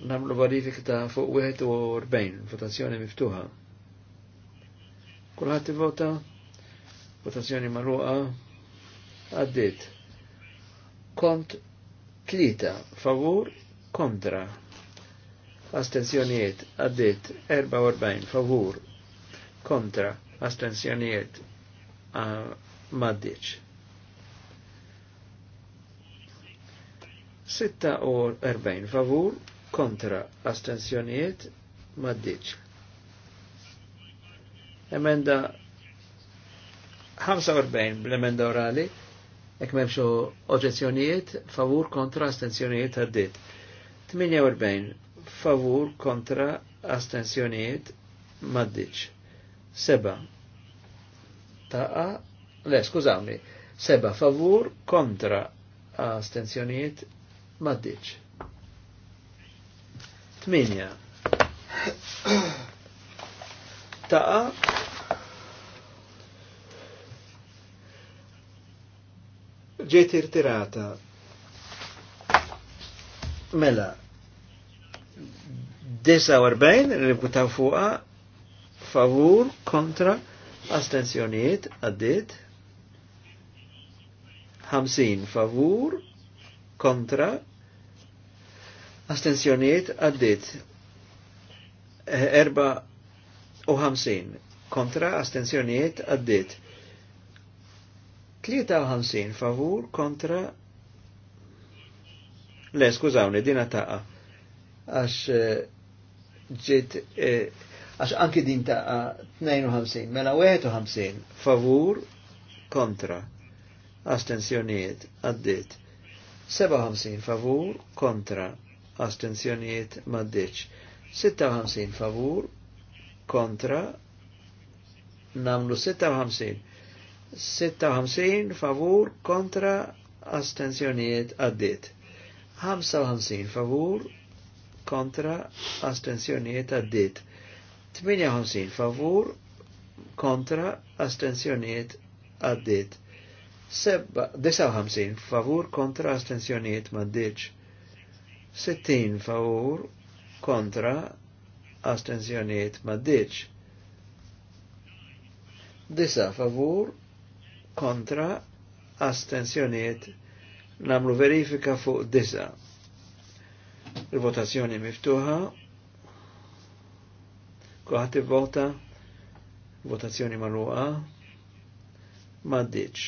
namlu verifik ta' fuq 41, votazzjoni miftuħa. Kulħat vota, votazzjoni marruqa, għaddit. Kont tlita, favur, kontra. Astenzjonijiet, għaddit, 44, favur, kontra, astenzjonijiet, maddiċ. 46 favur, kontra astensjonijiet maddiċ. Emenda 45 bl-emenda orali, ek memxu oġezzjonijiet, favur kontra astensjonijiet għaddit. 48 favur kontra astensjonijiet maddiċ. Seba. Taqa, le, skużawni, seba favur kontra astensjonijiet maddiċ. Tminja. Taqa. Ġiet irtirata. Mela. 49 li fuqa favur kontra astenzjoniet għaddit 50 favur kontra astensjoniet għaddit 54 kontra astensjoniet għaddit 53 favur kontra le skużawni dina taqa għax eh, ġit eh, għax anki din taqa 52 mela 51 favur kontra astensjoniet għaddit 57 favur kontra astenzjonijiet maddiċ. 56 favur kontra namlu 56. 56 favur kontra astenzjonijiet għaddit. 55 favur kontra astenzjonijiet għaddit. 58 favur kontra astenzjonijiet għaddit. 59 favur kontra astenzjonijiet maddiċ. Settin favur kontra astenzjoniet maddiċ. Disa favur kontra astenzjoniet namlu verifika fuq disa. Il-votazzjoni miftuħa. Kuħat vota votazzjoni maluqa. maddiċ.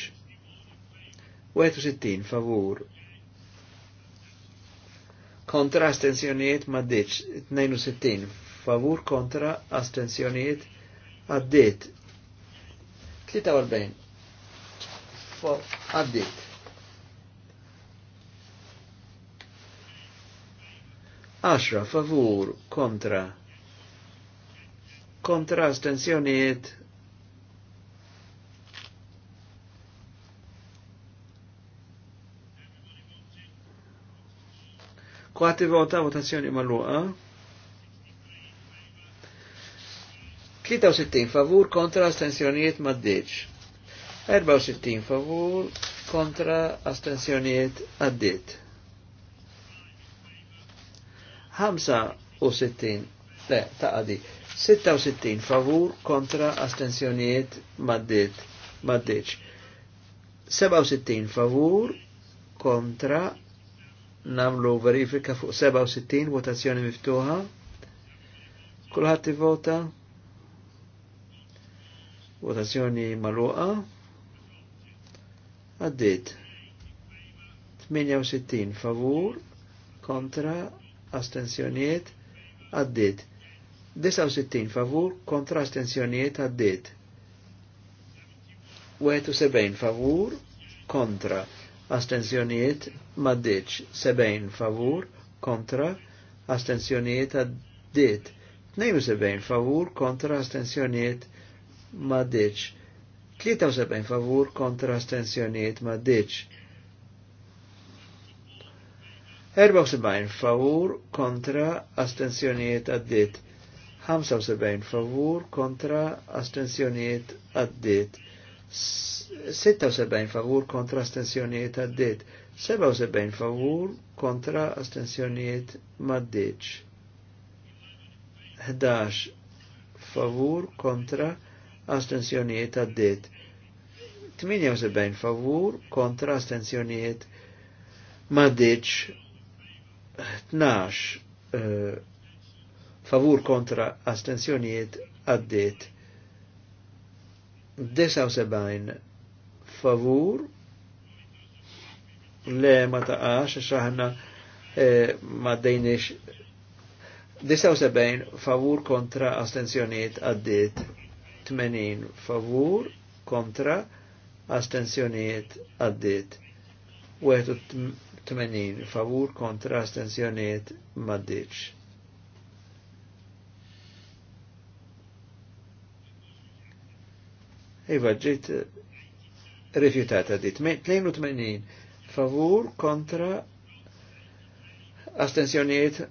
61 favur kontra astensjonijiet ma deċ, 62 favur kontra astenzjonijiet għaddit 43 fo għaddit Ashra favur kontra kontra astensjonijiet Kwati vota votazzjoni maluqa. 63 favur kontra astensjonijiet maddeċ. 64 favur kontra astensjonijiet għaddit. 65, le, taqadi, 66 favur kontra astensjonijiet maddit, maddiċ. 67 favur kontra namlu verifika fuq 67 votazzjoni miftuħa. Kulħadd ivota. Votazzjoni magħluqa. Għaddiet. 68 favur kontra astensjonijiet għaddiet. 69 favur kontra astensjonijiet għaddiet. 71 favur kontra astenzjonijiet maddiċ 70 favur kontra astenzjonijiet għaddit 72 favur kontra astenzjonijiet maddiċ 73 favur kontra astenzjonijiet maddiċ 74 favur kontra astenzjonijiet għaddit 75 favur kontra astenzjonijiet għaddit 76 favur kontra astensjonijiet għaddit, 77 favur kontra astensjonijiet maddiċ, 11 favur kontra astensjonijiet għaddit, 78 favur kontra astensjonijiet maddiċ, 12 uh, eh, favur kontra astensjonijiet għaddit, 79 favur le ma taqax xaħna eh, ma dejnix 79 favur kontra astenzjoniet għaddit 80 favur kontra astenzjoniet għaddit 80 favur kontra astenzjoniet maddiċ. Iva ġit rifjutata di 82 favur kontra astensjoniet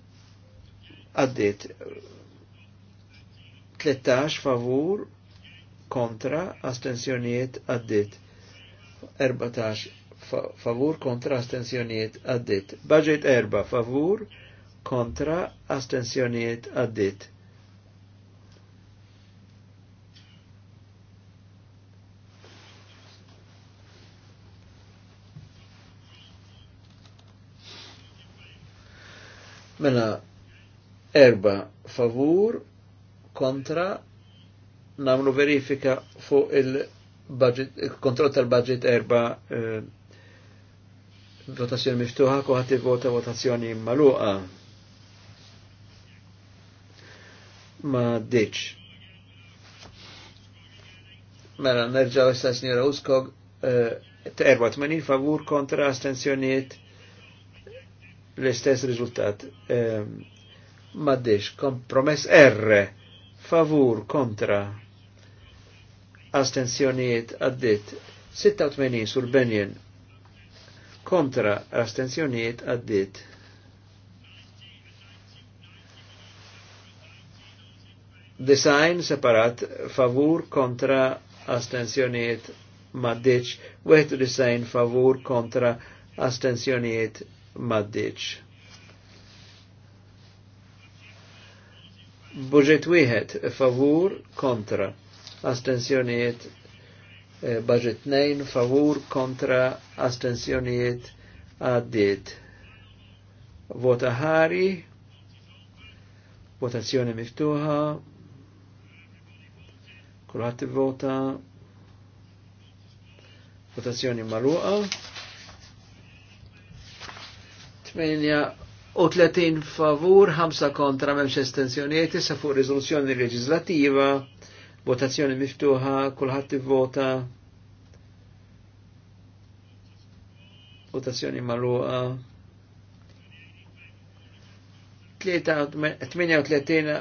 għaddit 13 favur kontra astensjoniet għaddit 14 favur kontra astensjoniet għaddit budget 4 favur kontra astensjoniet għaddit Mela, erba favur kontra namlu verifika fuq il-budget, il-kontroll tal-budget erba eh, votazzjoni miftuħa, kuħat vota votazzjoni maluqa. Ma ditx. Mela, nerġaw issa snira uskog, eh, 84 favur kontra astenzjoniet l-istess riżultat. Eh, Maddix, kompromess R, favur, kontra, astenzjonijiet għaddit 86 sur Benjen, kontra astenzjonijiet għaddit. Design separat favur kontra astenzjonijiet maddiċ, weħt design favur kontra astenzjonijiet maddiċ. Budget wieħed favur kontra astensjonijiet eh, budget nejn favur kontra astensjonijiet għaddiet. Vota ħari, votazzjoni miftuħa, kulħadd vota, votazzjoni maluqa. 38 favur, 5 kontra memx estensjoniet, sa fuq rizoluzzjoni legislativa, votazzjoni miftuħa, kulħadd vota. Votazzjoni maluqa. 38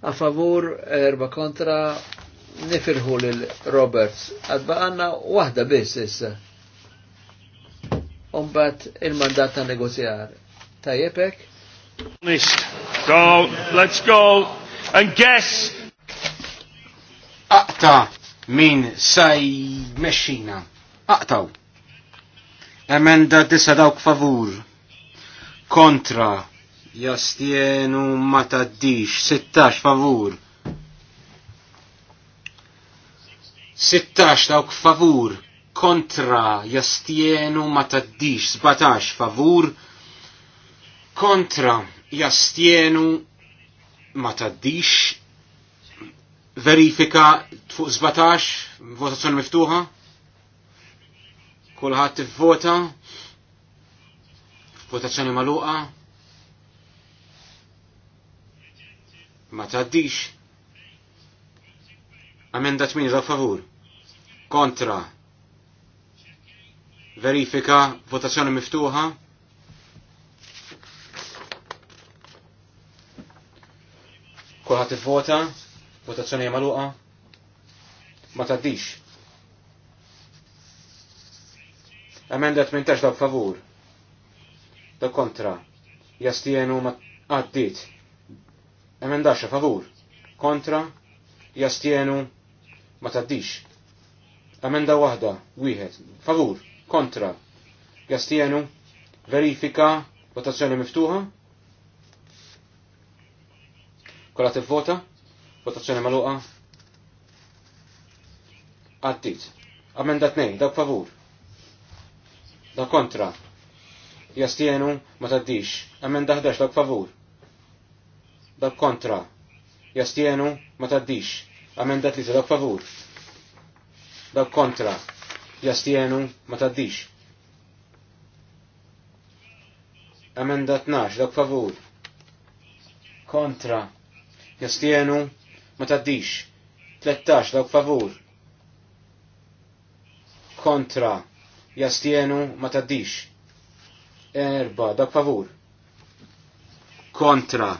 a favur, 4 kontra, nifirħu lil Roberts. Għadba għanna wahda biss issa umbat il-mandat ta' negozjar. Tajjepek? List. So, let's go and guess. Aqta min saj meċina. Aqtaw. Emenda disa dawk favur. Kontra. Jastienu ma taddix. 16 favur. Sittax dawk favur kontra jastienu ma taddix 17 favur kontra jastienu ma taddix verifika fuq 17 votazzjoni miftuħa kulħadd vota votazzjoni magħluqa ma taddix amenda 8 favur kontra verifika, votazzjoni miftuħa. Kulħadd ivvota, votazzjoni jemaluqa. magħluqa. Ma taddix. Emenda 18 dak favur. Da kontra. Jastienu ma għaddit. Emenda 10 favur. Kontra. Jastienu ma taddix. Emenda waħda, wieħed, favur, kontra. Jastienu, verifika, votazzjoni miftuħa. Kolla t-vota, votazzjoni maluqa. Għaddit. Amenda 2, dak favur. Dak kontra. Jastienu, ma taddix. Amenda 11, dak favur. Dak kontra. Jastienu, ma taddix. Amenda 3, dak favur. Dak kontra jastienu ma taddix. Emenda 12, dak favur. Kontra. Jastienu ma taddix. 13, dak favur. Kontra. Jastienu ma taddix. Erba, dak favur. Kontra.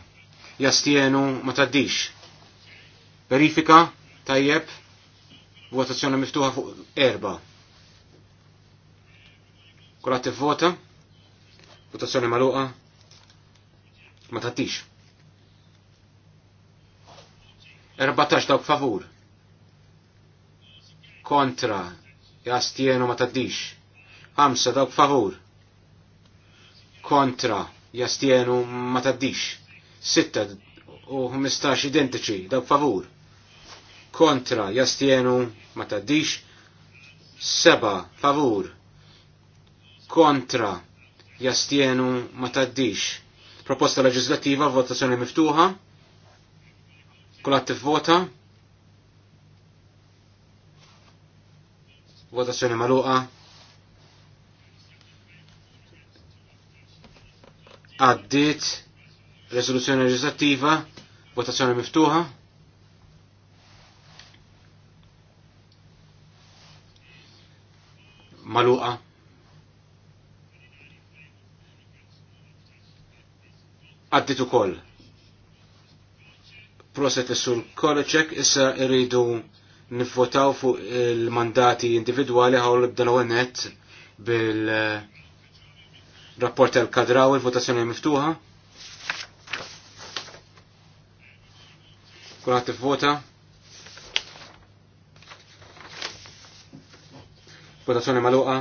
Jastienu ma taddix. Verifika, tajjeb, votazzjoni miftuħa fuq erba t-vota, Votazzjoni magħluqa. Ma tattix. 14 dawk favur. Kontra. Jastienu ma taddix. 5 dawk favur. Kontra. Jastienu ma taddix. 6 u 15 identiċi dawk favur. Kontra. Jastienu ma taddix. 7 favur kontra jastienu ma taddix. Proposta leġislativa, votazzjoni miftuħa, kulat tivvota, votazzjoni maluqa, għaddit resoluzzjoni leġislattiva, votazzjoni miftuħa. Maluqa. għaddit ukoll. Proset is-sur issa irridu nifvotaw fuq il-mandati individwali ħawl b'dan għennet bil-rapport tal-kadraw il-votazzjoni miftuħa. Kulħat tivvota. Votazzjoni maluqa.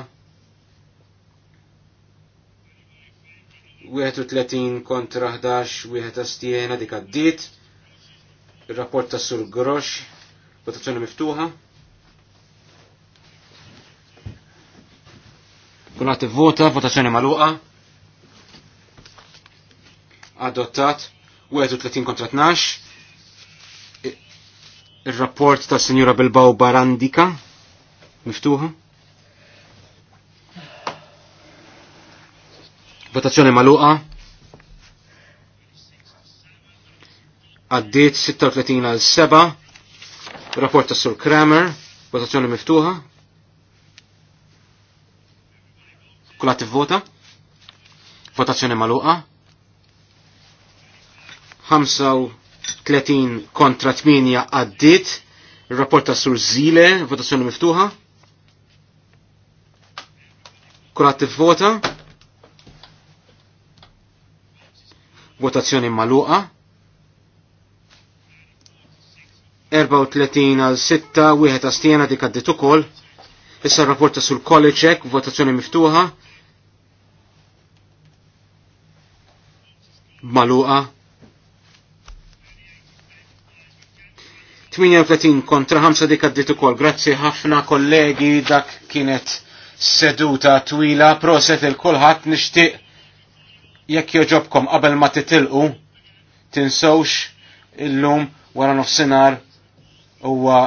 31 kontra 11, wieħed astiena dik għaddit. Il-rapport ta' Sur Grosh, votazzjoni miftuħa. Kulħat vota, votazzjoni maluqa. Adottat, 31 kontra 12. Il-rapport ta' Signora Bilbao Barandika, miftuħa. Votazzjoni maluqa. Għaddit 36 għal 7. Rapport ta' Sur Kramer. Votazzjoni miftuħa. Kulat vota. Votazzjoni maluqa. 35 kontra 8 għaddit. rapport ta' Sur Zile. Votazzjoni miftuħa. Kulat vota. Votazzjoni maluqa. 34 għal 6, wieħed astjena dik għaddit ukoll. Issa r-rapporta sul kolleġek, votazzjoni miftuħa. Maluqa. 38 kontra 5 dik għaddit ukoll. Grazzi ħafna kollegi dak kienet seduta twila proset il-kulħadd nixtieq jekk joġobkom qabel ma titilqu tinsewx illum wara nofsinhar huwa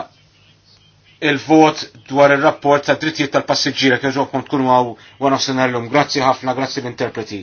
il-vot dwar ir-rapport ta' drittijiet tal-passiġġiera kif joġobkom tkunu għaw wara nofsinhar illum. Grazzi ħafna, grazzi l-interpreti.